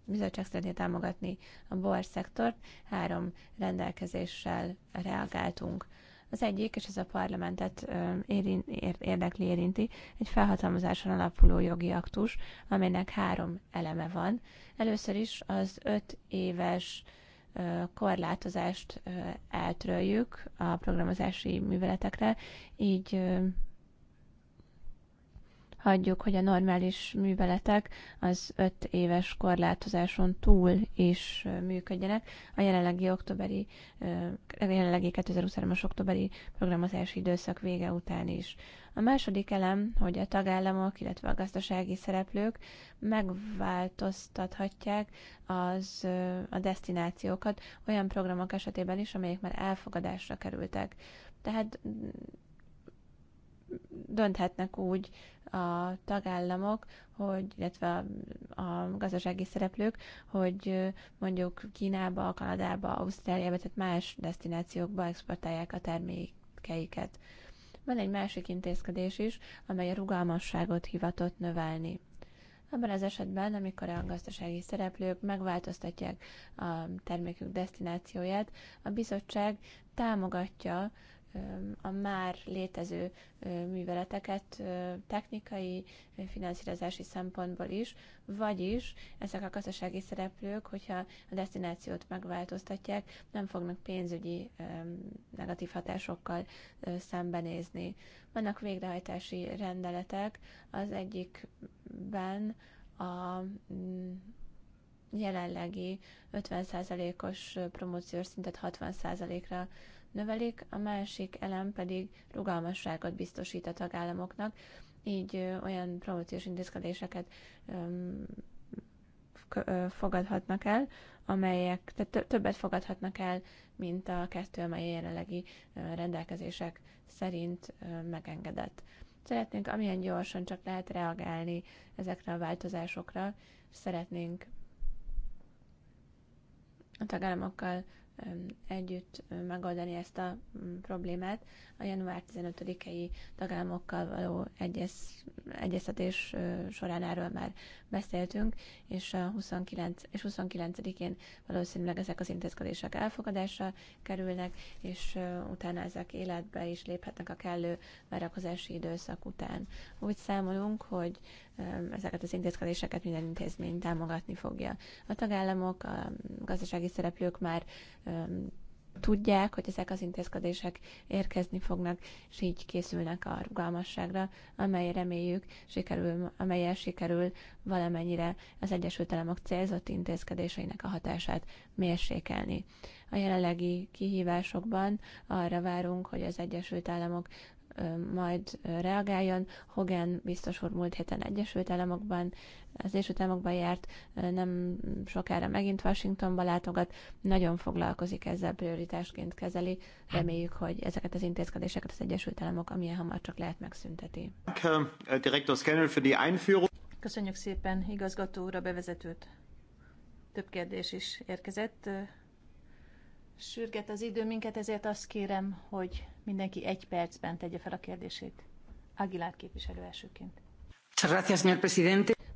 bizottság szeretné támogatni a bor szektort, három rendelkezéssel reagáltunk. Az egyik, és ez a parlamentet érin, érdekli, érinti, egy felhatalmazáson alapuló jogi aktus, amelynek három eleme van. Először is az öt éves korlátozást eltöröljük a programozási műveletekre, így hagyjuk, hogy a normális műveletek az öt éves korlátozáson túl is működjenek. A jelenlegi októberi, a jelenlegi 2023-as októberi programozási időszak vége után is. A második elem, hogy a tagállamok, illetve a gazdasági szereplők megváltoztathatják az, a destinációkat olyan programok esetében is, amelyek már elfogadásra kerültek. Tehát dönthetnek úgy a tagállamok, hogy, illetve a, a gazdasági szereplők, hogy mondjuk Kínába, Kanadába, Ausztráliába, tehát más destinációkba exportálják a termékeiket. Van egy másik intézkedés is, amely a rugalmasságot hivatott növelni. Abban az esetben, amikor a gazdasági szereplők megváltoztatják a termékük destinációját, a bizottság támogatja a már létező műveleteket technikai, finanszírozási szempontból is, vagyis ezek a gazdasági szereplők, hogyha a destinációt megváltoztatják, nem fognak pénzügyi negatív hatásokkal szembenézni. Vannak végrehajtási rendeletek, az egyikben a mm, jelenlegi 50%-os promóciós szintet 60%-ra növelik, a másik elem pedig rugalmasságot biztosít a tagállamoknak, így olyan promóciós intézkedéseket fogadhatnak el, amelyek tehát többet fogadhatnak el, mint a kettő, amely jelenlegi rendelkezések szerint megengedett. Szeretnénk amilyen gyorsan csak lehet reagálni ezekre a változásokra, szeretnénk a tagállamokkal együtt megoldani ezt a problémát. A január 15-i tagállamokkal való egyez, egyeztetés során erről már beszéltünk, és a 29 és 29-én valószínűleg ezek az intézkedések elfogadásra kerülnek, és utána ezek életbe is léphetnek a kellő várakozási időszak után. Úgy számolunk, hogy ezeket az intézkedéseket minden intézmény támogatni fogja. A tagállamok, a gazdasági szereplők már tudják, hogy ezek az intézkedések érkezni fognak, és így készülnek a rugalmasságra, amely reméljük sikerül, amelyel sikerül valamennyire az Egyesült Államok célzott intézkedéseinek a hatását mérsékelni. A jelenlegi kihívásokban arra várunk, hogy az Egyesült Államok majd reagáljon. Hogan biztos úr múlt héten Egyesült Államokban, az Egyesült Államokban járt, nem sokára megint Washingtonba látogat, nagyon foglalkozik ezzel, prioritásként kezeli. Reméljük, hogy ezeket az intézkedéseket az Egyesült Államok amilyen hamar csak lehet megszünteti. Äh, Köszönjük szépen igazgató úr a bevezetőt. Több kérdés is érkezett. Sürget az idő minket, ezért azt kérem, hogy mindenki egy percben tegye fel a kérdését. Aguilar képviselő elsőként.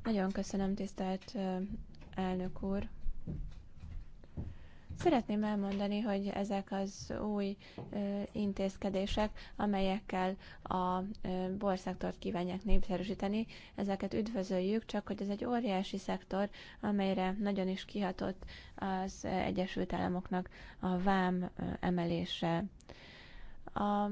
Nagyon köszönöm, tisztelt elnök úr. Szeretném elmondani, hogy ezek az új intézkedések, amelyekkel a borszektort kívánják népszerűsíteni, ezeket üdvözöljük, csak hogy ez egy óriási szektor, amelyre nagyon is kihatott az Egyesült Államoknak a vám emelése a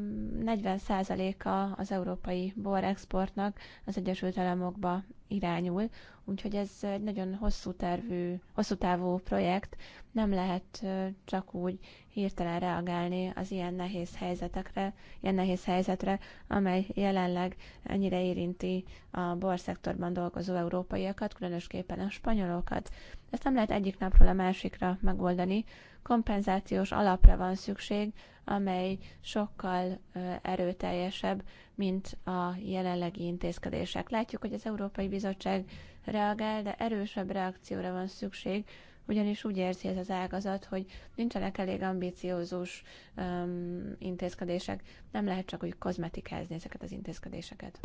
40%-a az európai borexportnak az Egyesült Államokba irányul, úgyhogy ez egy nagyon hosszú, tervű, hosszú távú projekt, nem lehet csak úgy hirtelen reagálni az ilyen nehéz helyzetekre, ilyen nehéz helyzetre, amely jelenleg ennyire érinti a borszektorban dolgozó európaiakat, különösképpen a spanyolokat. Ezt nem lehet egyik napról a másikra megoldani, kompenzációs alapra van szükség, amely sokkal erőteljesebb, mint a jelenlegi intézkedések. Látjuk, hogy az Európai Bizottság reagál, de erősebb reakcióra van szükség, ugyanis úgy érzi ez az ágazat, hogy nincsenek elég ambiciózus um, intézkedések, nem lehet csak úgy kozmetikázni ezeket az intézkedéseket.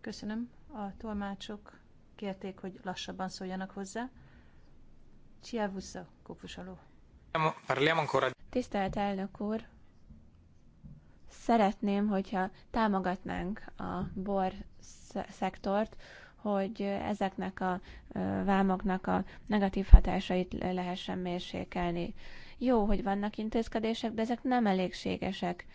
Köszönöm. A tolmácsok kérték, hogy lassabban szóljanak hozzá. Csiavusza, kopusaló. Tisztelt elnök úr! Szeretném, hogyha támogatnánk a bor szektort, hogy ezeknek a vámoknak a negatív hatásait lehessen mérsékelni. Jó, hogy vannak intézkedések, de ezek nem elégségesek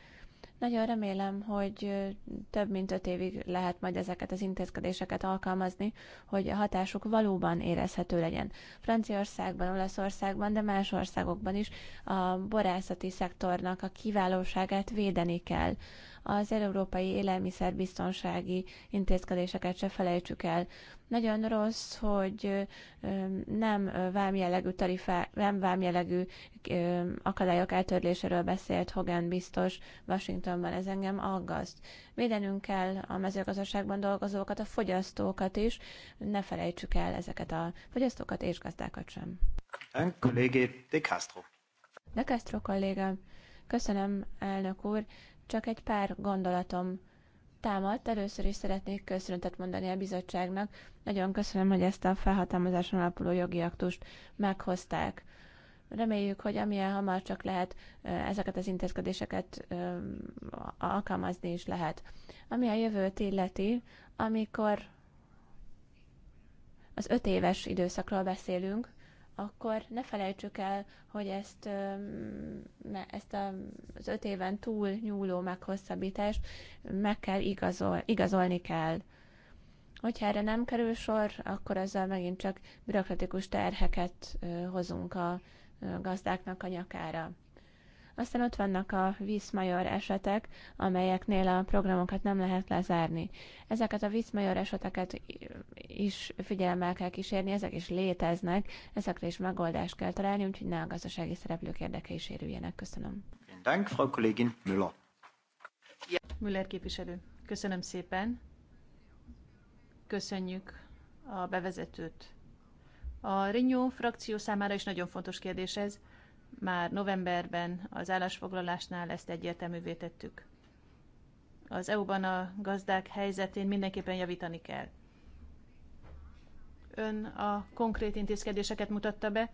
nagyon remélem, hogy több mint öt évig lehet majd ezeket az intézkedéseket alkalmazni, hogy a hatásuk valóban érezhető legyen. Franciaországban, Olaszországban, de más országokban is a borászati szektornak a kiválóságát védeni kell az európai élelmiszerbiztonsági intézkedéseket se felejtsük el. Nagyon rossz, hogy nem vámjellegű, tarifá, nem vámjellegű akadályok eltörléséről beszélt Hogan biztos Washingtonban. Ez engem aggaszt. Védenünk kell a mezőgazdaságban dolgozókat, a fogyasztókat is. Ne felejtsük el ezeket a fogyasztókat és gazdákat sem. De Castro. De Castro kolléga. Köszönöm, elnök úr csak egy pár gondolatom támadt. Először is szeretnék köszönetet mondani a bizottságnak. Nagyon köszönöm, hogy ezt a felhatalmazáson alapuló jogi aktust meghozták. Reméljük, hogy amilyen hamar csak lehet, ezeket az intézkedéseket alkalmazni is lehet. Ami a jövőt illeti, amikor az öt éves időszakról beszélünk, akkor ne felejtsük el, hogy ezt, ezt az öt éven túl nyúló meghosszabbítást meg kell igazol, igazolni kell. Hogyha erre nem kerül sor, akkor ezzel megint csak bürokratikus terheket hozunk a gazdáknak a nyakára. Aztán ott vannak a vízmajor esetek, amelyeknél a programokat nem lehet lezárni. Ezeket a vízmajor eseteket is figyelemmel kell kísérni, ezek is léteznek, ezekre is megoldást kell találni, úgyhogy ne a gazdasági szereplők érdekei sérüljenek. Köszönöm. Dank, Frau Kollegin Müller. Müller képviselő, köszönöm szépen. Köszönjük a bevezetőt. A Renew frakció számára is nagyon fontos kérdés ez már novemberben az állásfoglalásnál ezt egyértelművé tettük. Az EU-ban a gazdák helyzetén mindenképpen javítani kell. Ön a konkrét intézkedéseket mutatta be.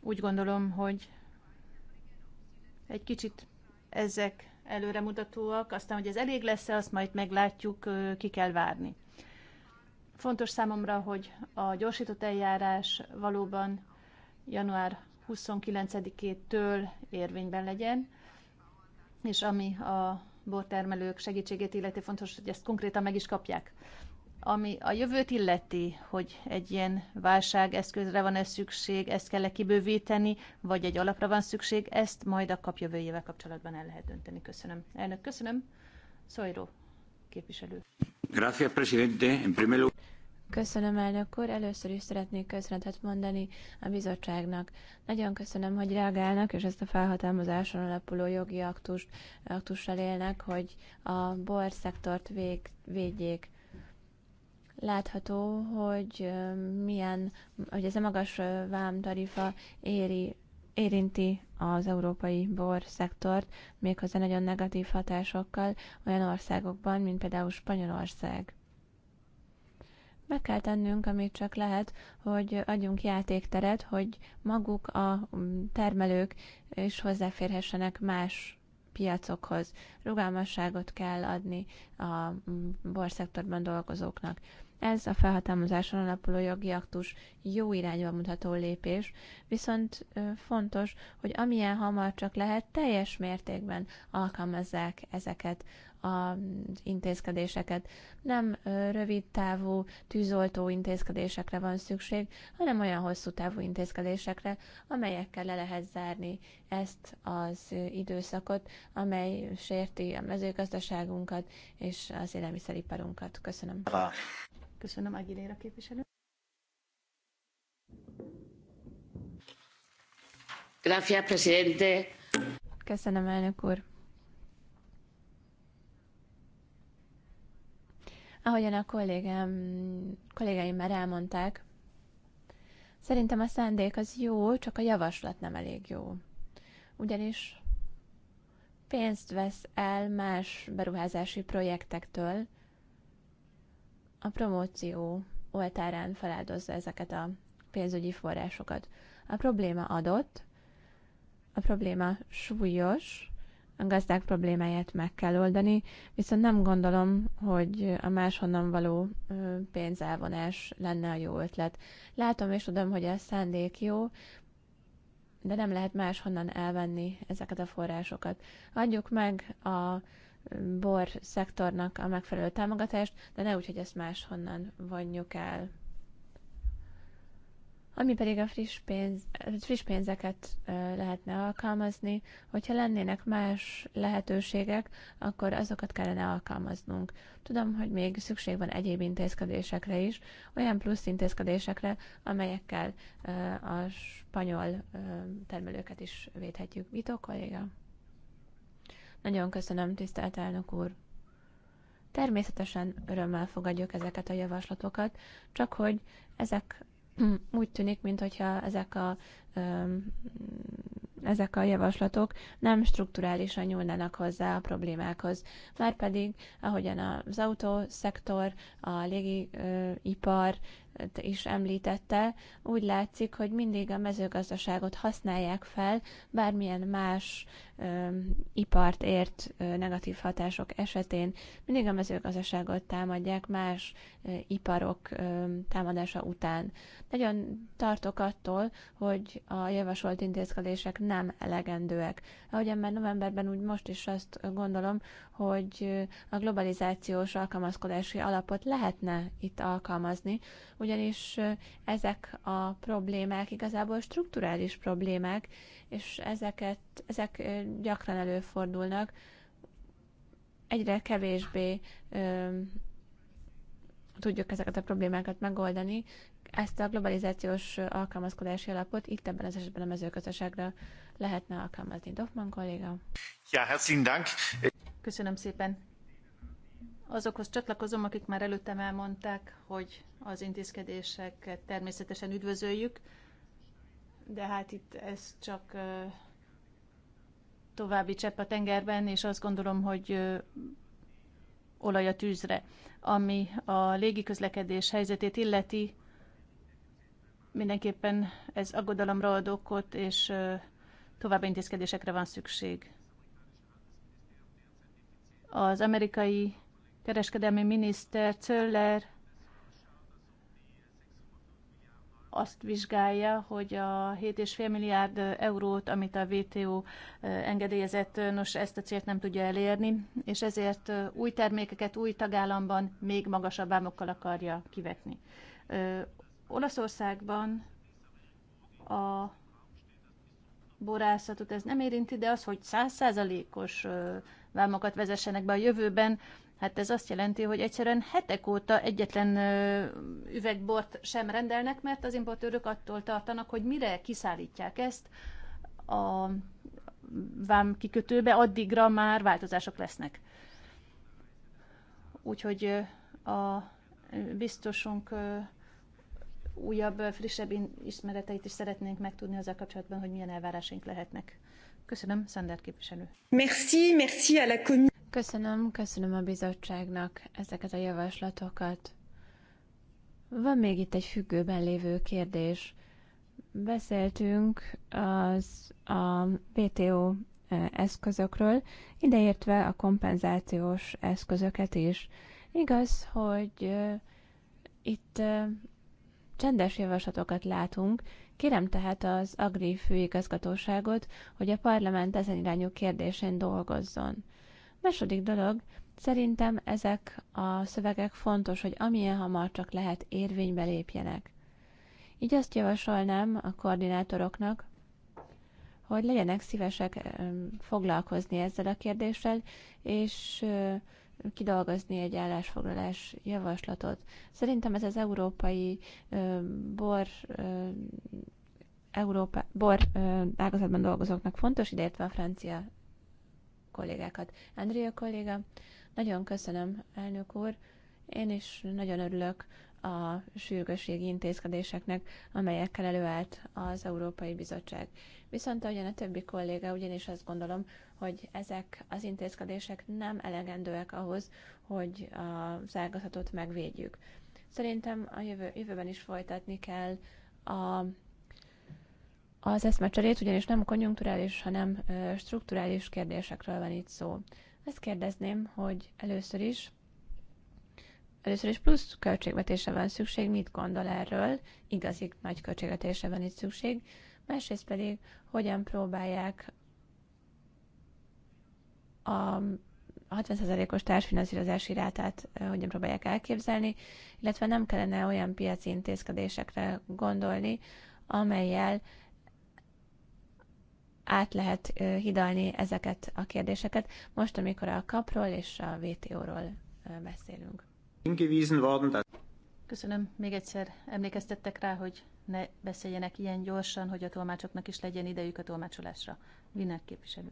Úgy gondolom, hogy egy kicsit ezek előremutatóak, aztán, hogy ez elég lesz-e, azt majd meglátjuk, ki kell várni. Fontos számomra, hogy a gyorsított eljárás valóban január 29-től érvényben legyen, és ami a bortermelők segítségét illeti fontos, hogy ezt konkrétan meg is kapják. Ami a jövőt illeti, hogy egy ilyen eszközre van-e szükség, ezt kell -e kibővíteni, vagy egy alapra van szükség, ezt majd a kap jövőjével kapcsolatban el lehet dönteni. Köszönöm. Elnök, köszönöm. Szajró képviselő. Gracias, presidente. En primer lugar... Köszönöm, elnök úr. Először is szeretnék köszönetet mondani a bizottságnak. Nagyon köszönöm, hogy reagálnak, és ezt a felhatalmazáson alapuló jogi aktust, aktussal élnek, hogy a bor szektort vég, védjék. Látható, hogy milyen, hogy ez a magas vámtarifa éri, érinti az európai bor szektort, méghozzá nagyon negatív hatásokkal olyan országokban, mint például Spanyolország meg kell tennünk, amit csak lehet, hogy adjunk játékteret, hogy maguk a mm, termelők is hozzáférhessenek más piacokhoz. Rugalmasságot kell adni a mm, borszektorban dolgozóknak. Ez a felhatalmazáson alapuló jogi aktus jó irányba mutató lépés, viszont fontos, hogy amilyen hamar csak lehet, teljes mértékben alkalmazzák ezeket az intézkedéseket. Nem rövid távú tűzoltó intézkedésekre van szükség, hanem olyan hosszú távú intézkedésekre, amelyekkel le lehet zárni ezt az időszakot, amely sérti a mezőgazdaságunkat és az élelmiszeriparunkat. Köszönöm. Köszönöm, Aguilera képviselő. Gracias, presidente. Köszönöm, elnök úr. Ahogyan a kollégám, kollégáim már elmondták, szerintem a szándék az jó, csak a javaslat nem elég jó. Ugyanis pénzt vesz el más beruházási projektektől, a promóció oltárán feláldozza ezeket a pénzügyi forrásokat. A probléma adott, a probléma súlyos, a gazdák problémáját meg kell oldani, viszont nem gondolom, hogy a máshonnan való pénzelvonás lenne a jó ötlet. Látom és tudom, hogy a szándék jó, de nem lehet máshonnan elvenni ezeket a forrásokat. Adjuk meg a bor szektornak a megfelelő támogatást, de ne úgy, hogy ezt máshonnan vonjuk el. Ami pedig a friss, pénz, friss pénzeket lehetne alkalmazni, hogyha lennének más lehetőségek, akkor azokat kellene alkalmaznunk. Tudom, hogy még szükség van egyéb intézkedésekre is, olyan plusz intézkedésekre, amelyekkel a spanyol termelőket is védhetjük. Vito kolléga? Nagyon köszönöm, tisztelt elnök úr! Természetesen örömmel fogadjuk ezeket a javaslatokat, csak hogy ezek úgy tűnik, mintha ezek a, ezek a javaslatok nem strukturálisan nyúlnának hozzá a problémákhoz. Márpedig, ahogyan az autószektor, a légiipar is említette, úgy látszik, hogy mindig a mezőgazdaságot használják fel bármilyen más ipart ért negatív hatások esetén mindig a mezőgazdaságot támadják más iparok támadása után. Nagyon tartok attól, hogy a javasolt intézkedések nem elegendőek. Ahogyan már novemberben úgy most is azt gondolom, hogy a globalizációs alkalmazkodási alapot lehetne itt alkalmazni, ugyanis ezek a problémák igazából strukturális problémák, és ezeket, ezek gyakran előfordulnak, egyre kevésbé ö, tudjuk ezeket a problémákat megoldani. Ezt a globalizációs alkalmazkodási alapot itt ebben az esetben a mezőgazdaságra lehetne alkalmazni. Dofman kolléga. Ja, herzlichen Dank. Köszönöm szépen. Azokhoz csatlakozom, akik már előttem elmondták, hogy az intézkedéseket természetesen üdvözöljük, de hát itt ez csak további csepp a tengerben, és azt gondolom, hogy olaj a tűzre. Ami a légiközlekedés helyzetét illeti, mindenképpen ez aggodalomra ad okot, és további intézkedésekre van szükség. Az amerikai kereskedelmi miniszter Zöller azt vizsgálja, hogy a 7,5 milliárd eurót, amit a WTO eh, engedélyezett, eh, nos ezt a célt nem tudja elérni, és ezért eh, új termékeket új tagállamban még magasabb ámokkal akarja kivetni. Olaszországban a borászatot ez nem érinti, de az, hogy százszázalékos vámokat vezessenek be a jövőben, Hát ez azt jelenti, hogy egyszerűen hetek óta egyetlen üvegbort sem rendelnek, mert az importőrök attól tartanak, hogy mire kiszállítják ezt a vám kikötőbe, addigra már változások lesznek. Úgyhogy a biztosunk újabb, frissebb ismereteit is szeretnénk megtudni azzal kapcsolatban, hogy milyen elvárásaink lehetnek. Köszönöm, Szander képviselő. Merci, merci à la Köszönöm, köszönöm a bizottságnak ezeket a javaslatokat. Van még itt egy függőben lévő kérdés. Beszéltünk az a BTO e, eszközökről, ideértve a kompenzációs eszközöket is. Igaz, hogy e, itt e, csendes javaslatokat látunk, Kérem tehát az Agri főigazgatóságot, hogy a parlament ezen irányú kérdésén dolgozzon. Második dolog, szerintem ezek a szövegek fontos, hogy amilyen hamar csak lehet érvénybe lépjenek. Így azt javasolnám a koordinátoroknak, hogy legyenek szívesek foglalkozni ezzel a kérdéssel, és kidolgozni egy állásfoglalás javaslatot. Szerintem ez az európai bor Európa, bor ágazatban dolgozóknak fontos, ideértve a francia kollégákat. Andrea kolléga, nagyon köszönöm, elnök úr. Én is nagyon örülök a sürgőségi intézkedéseknek, amelyekkel előállt az Európai Bizottság. Viszont ahogyan a többi kolléga, ugyanis azt gondolom, hogy ezek az intézkedések nem elegendőek ahhoz, hogy a ágazatot megvédjük. Szerintem a jövő, jövőben is folytatni kell a az eszmecserét, ugyanis nem konjunkturális, hanem strukturális kérdésekről van itt szó. Ezt kérdezném, hogy először is, először is plusz költségvetése van szükség, mit gondol erről, igazi nagy költségvetése van itt szükség, másrészt pedig hogyan próbálják a 60%-os társfinanszírozási rátát hogyan próbálják elképzelni, illetve nem kellene olyan piaci intézkedésekre gondolni, amelyel át lehet hidalni ezeket a kérdéseket most, amikor a kapról és a VTO-ról beszélünk. Köszönöm. Még egyszer emlékeztettek rá, hogy ne beszéljenek ilyen gyorsan, hogy a tolmácsoknak is legyen idejük a tolmácsolásra. Vinnek képviselő.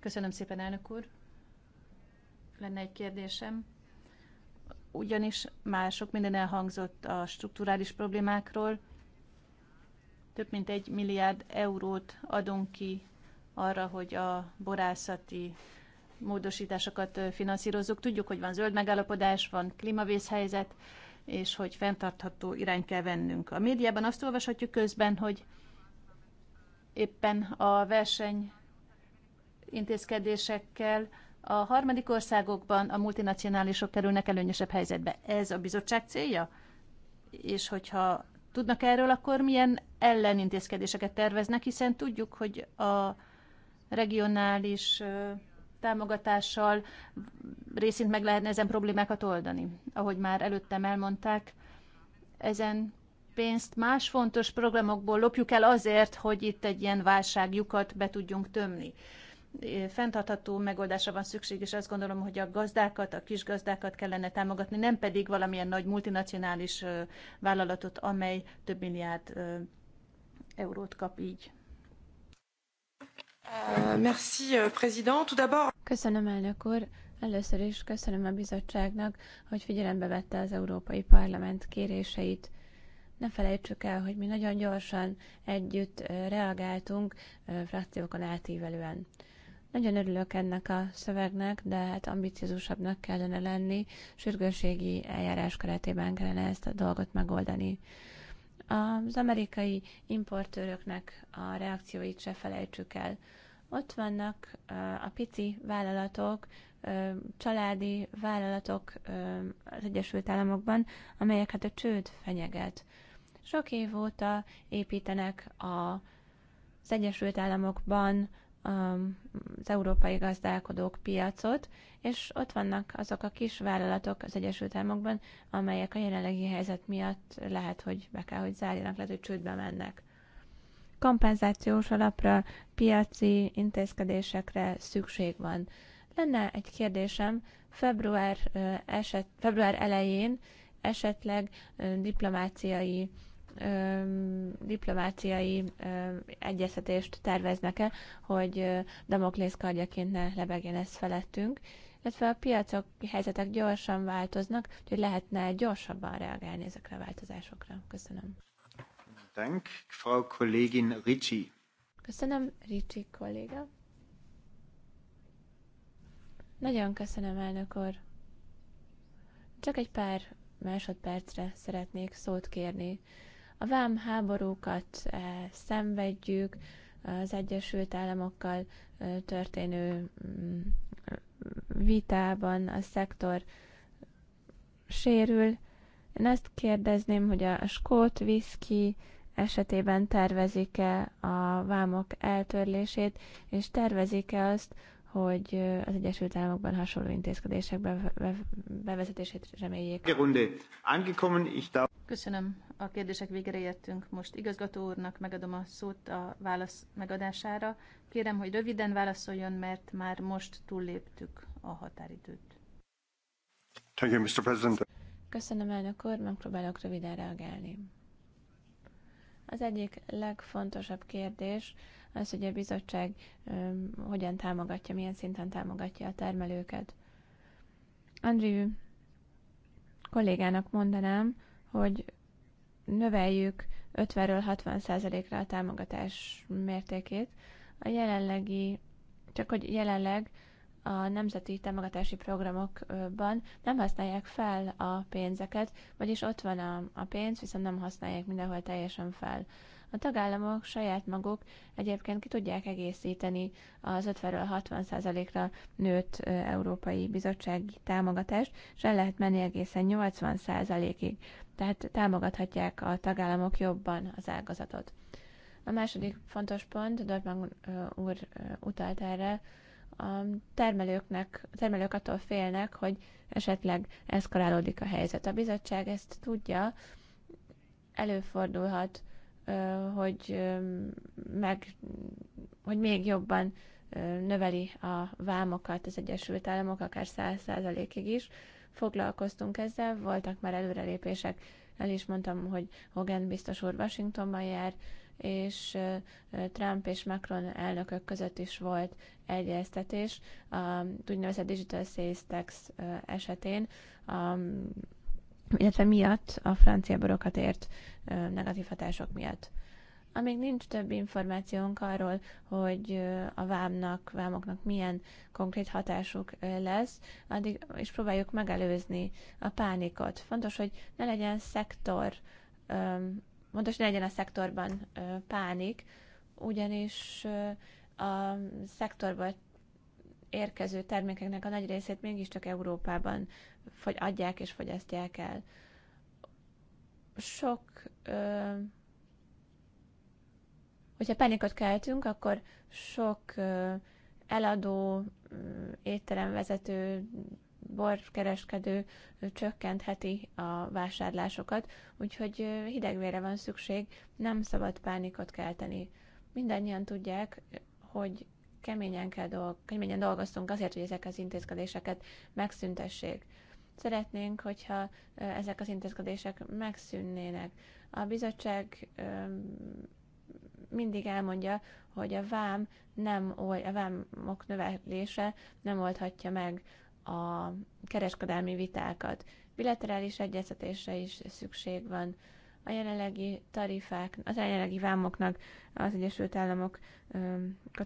Köszönöm szépen, elnök úr. Lenne egy kérdésem. Ugyanis már sok minden elhangzott a strukturális problémákról, több mint egy milliárd eurót adunk ki arra, hogy a borászati módosításokat finanszírozzuk. Tudjuk, hogy van zöld megállapodás, van klímavészhelyzet, és hogy fenntartható irány kell vennünk. A médiában azt olvashatjuk közben, hogy éppen a verseny intézkedésekkel a harmadik országokban a multinacionálisok kerülnek előnyösebb helyzetbe. Ez a bizottság célja? És hogyha tudnak erről, akkor milyen ellenintézkedéseket terveznek, hiszen tudjuk, hogy a regionális támogatással részint meg lehetne ezen problémákat oldani. Ahogy már előttem elmondták, ezen pénzt más fontos programokból lopjuk el azért, hogy itt egy ilyen válságjukat be tudjunk tömni fenntartható megoldásra van szükség, és azt gondolom, hogy a gazdákat, a kis gazdákat kellene támogatni, nem pedig valamilyen nagy multinacionális vállalatot, amely több milliárd eurót kap így. Euh, merci, euh, président. Tout d'abord... Köszönöm, elnök úr. Először is köszönöm a bizottságnak, hogy figyelembe vette az Európai Parlament kéréseit. Ne felejtsük el, hogy mi nagyon gyorsan együtt reagáltunk frakciókon átívelően. Nagyon örülök ennek a szövegnek, de hát ambiciózusabbnak kellene lenni, sürgőségi eljárás keretében kellene ezt a dolgot megoldani. Az amerikai importőröknek a reakcióit se felejtsük el. Ott vannak a pici vállalatok, családi vállalatok az Egyesült Államokban, amelyeket hát a csőd fenyeget. Sok év óta építenek a, az Egyesült Államokban Um, az európai gazdálkodók piacot, és ott vannak azok a kis vállalatok az Egyesült Államokban, amelyek a jelenlegi helyzet miatt lehet, hogy be kell, hogy zárjanak, lehet, hogy csődbe mennek. Kompenzációs alapra, piaci intézkedésekre szükség van. Lenne egy kérdésem, február, eset, február elején esetleg diplomáciai diplomáciai egyeztetést terveznek-e, hogy Damoklész kardjaként ne lebegjen ez felettünk, illetve a piacok helyzetek gyorsan változnak, hogy lehetne gyorsabban reagálni ezekre a változásokra. Köszönöm. Dank, Frau Kollegin Ricci. Köszönöm, Ricci kolléga. Nagyon köszönöm, elnök úr. Csak egy pár másodpercre szeretnék szót kérni. A vám háborúkat eh, szenvedjük, az Egyesült Államokkal eh, történő mm, vitában a szektor sérül. Én azt kérdezném, hogy a skót viszki esetében tervezik-e a vámok eltörlését, és tervezik-e azt, hogy az Egyesült Államokban hasonló intézkedések bevezetését reméljék. Köszönöm. A kérdések végére értünk. Most igazgató úrnak megadom a szót a válasz megadására. Kérem, hogy röviden válaszoljon, mert már most túlléptük a határidőt. Thank you, Mr. President. Köszönöm, elnök úr, megpróbálok röviden reagálni. Az egyik legfontosabb kérdés az, hogy a bizottság hogyan támogatja, milyen szinten támogatja a termelőket. Andrew kollégának mondanám, hogy növeljük 50-ről 60%-ra a támogatás mértékét. A jelenlegi, csak hogy jelenleg a nemzeti támogatási programokban nem használják fel a pénzeket, vagyis ott van a, a pénz, viszont nem használják mindenhol teljesen fel. A tagállamok saját maguk egyébként ki tudják egészíteni az 50-ről 60%-ra nőtt Európai Bizottsági támogatást, és el lehet menni egészen 80%-ig. Tehát támogathatják a tagállamok jobban az ágazatot. A második fontos pont, Dortmund úr utalt erre, a termelőknek, a termelők attól félnek, hogy esetleg eszkalálódik a helyzet. A bizottság ezt tudja, előfordulhat hogy, meg, hogy még jobban növeli a vámokat az Egyesült Államok, akár 100%-ig is. Foglalkoztunk ezzel, voltak már előrelépések, el is mondtam, hogy Hogan biztos úr Washingtonban jár, és Trump és Macron elnökök között is volt egyeztetés a úgynevezett Digital Sales Tax esetén, a illetve miatt, a francia borokat ért negatív hatások miatt. Amíg nincs több információnk arról, hogy a vámnak, vámoknak milyen konkrét hatásuk lesz, addig is próbáljuk megelőzni a pánikot. Fontos, hogy ne legyen szektor, fontos, ne legyen a szektorban pánik, ugyanis a szektorban érkező termékeknek a nagy részét mégiscsak Európában fogy, adják és fogyasztják el. Sok, ö, hogyha pánikot keltünk, akkor sok ö, eladó, étteremvezető, borkereskedő csökkentheti a vásárlásokat, úgyhogy hidegvére van szükség, nem szabad pánikot kelteni. Mindannyian tudják, hogy keményen, kell dolg, keményen dolgoztunk azért, hogy ezek az intézkedéseket megszüntessék. Szeretnénk, hogyha ezek az intézkedések megszűnnének. A bizottság mindig elmondja, hogy a vám nem old, a vámok növelése nem oldhatja meg a kereskedelmi vitákat. Bilaterális egyeztetésre is szükség van a jelenlegi tarifák, az jelenlegi vámoknak, az Egyesült Államok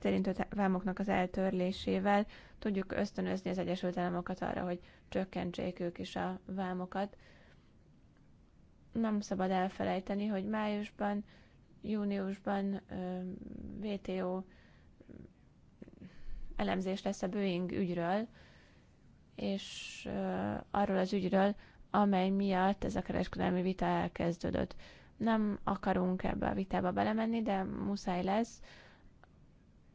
érintő vámoknak az eltörlésével tudjuk ösztönözni az Egyesült Államokat arra, hogy csökkentsék ők is a vámokat. Nem szabad elfelejteni, hogy májusban, júniusban WTO elemzés lesz a Boeing ügyről, és arról az ügyről, amely miatt ez a kereskedelmi vita elkezdődött. Nem akarunk ebbe a vitába belemenni, de muszáj lesz.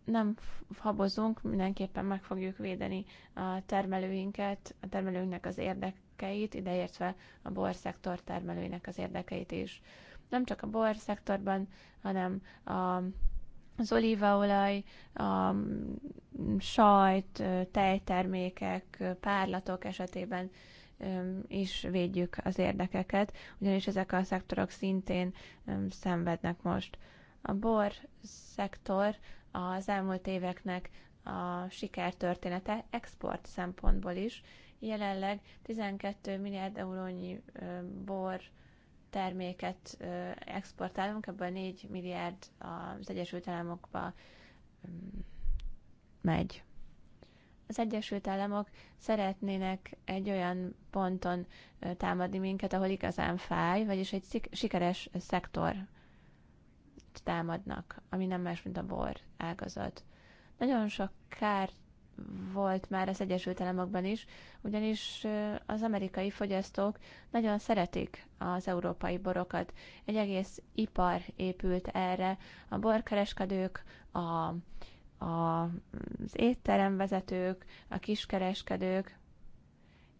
Nem habozunk, mindenképpen meg fogjuk védeni a termelőinket, a termelőinknek az érdekeit, ideértve a borszektor termelőinek az érdekeit is. Nem csak a borszektorban, hanem a az olívaolaj, a sajt, tejtermékek, párlatok esetében is védjük az érdekeket, ugyanis ezek a szektorok szintén szenvednek most. A bor szektor az elmúlt éveknek a sikertörténete export szempontból is. Jelenleg 12 milliárd eurónyi bor terméket exportálunk, ebből 4 milliárd az Egyesült Államokba megy az Egyesült Államok szeretnének egy olyan ponton támadni minket, ahol igazán fáj, vagyis egy szik- sikeres szektor támadnak, ami nem más, mint a bor ágazat. Nagyon sok kár volt már az Egyesült Államokban is, ugyanis az amerikai fogyasztók nagyon szeretik az európai borokat. Egy egész ipar épült erre. A borkereskedők, a az étteremvezetők, a kiskereskedők,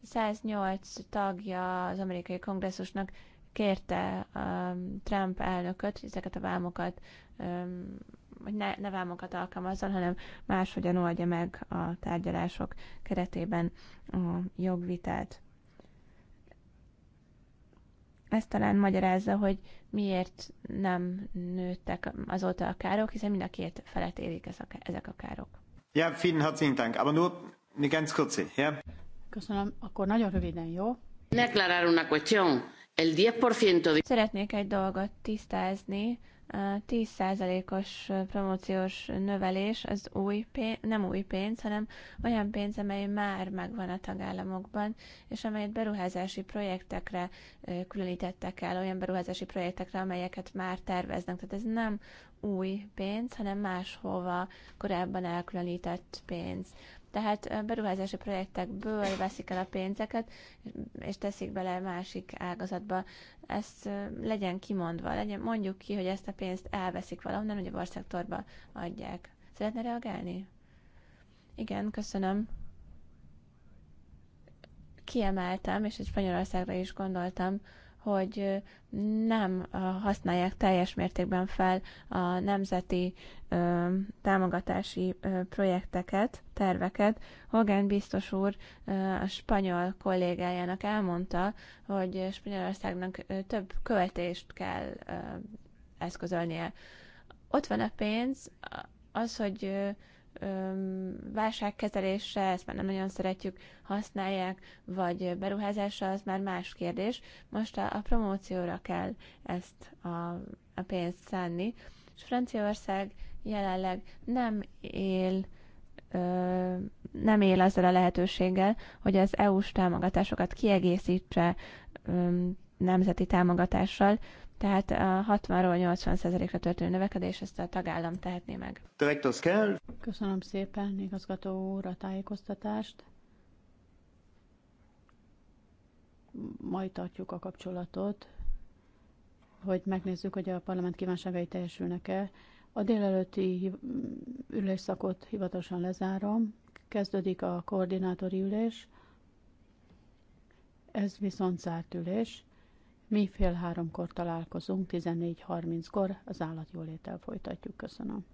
108 tagja az amerikai kongresszusnak kérte a um, Trump elnököt, hogy ezeket a vámokat, um, hogy ne, ne vámokat alkalmazzon, hanem máshogyan oldja meg a tárgyalások keretében a jogvitát. Ez talán magyarázza, hogy miért nem nőttek azóta a károk, hiszen mind a két felet érik ezek a károk. Ja, vielen herzlichen Dank, aber nur eine ganz kurze, ja? Köszönöm, akkor nagyon röviden, jó? Neclarar una cuestión. El 10% Szeretnék egy dolgot tisztázni. 10%-os promóciós növelés az új pénz, nem új pénz, hanem olyan pénz, amely már megvan a tagállamokban, és amelyet beruházási projektekre különítettek el, olyan beruházási projektekre, amelyeket már terveznek. Tehát ez nem új pénz, hanem máshova korábban elkülönített pénz tehát beruházási projektekből veszik el a pénzeket, és teszik bele másik ágazatba. Ezt legyen kimondva, legyen, mondjuk ki, hogy ezt a pénzt elveszik valahonnan, hogy a barszektorba adják. Szeretne reagálni? Igen, köszönöm. Kiemeltem, és egy Spanyolországra is gondoltam, hogy nem használják teljes mértékben fel a nemzeti támogatási projekteket, terveket. Hogan biztos úr a spanyol kollégájának elmondta, hogy Spanyolországnak több követést kell eszközölnie. Ott van a pénz, az, hogy válságkezelésre, ezt már nem nagyon szeretjük, használják, vagy beruházásra, az már más kérdés. Most a, a promócióra kell ezt a, a pénzt szánni, és Franciaország jelenleg nem él ö, nem él azzal a lehetőséggel, hogy az EU-s támogatásokat kiegészítse ö, nemzeti támogatással, tehát a 60-ról 80%-ra történő növekedés ezt a tagállam tehetné meg. Köszönöm szépen, igazgató úr, a tájékoztatást. Majd tartjuk a kapcsolatot, hogy megnézzük, hogy a parlament kívánságai teljesülnek-e. A délelőtti ülésszakot hivatalosan lezárom. Kezdődik a koordinátori ülés. Ez viszont zárt ülés. Mi fél háromkor találkozunk, 14.30-kor az állatjólétel folytatjuk. Köszönöm.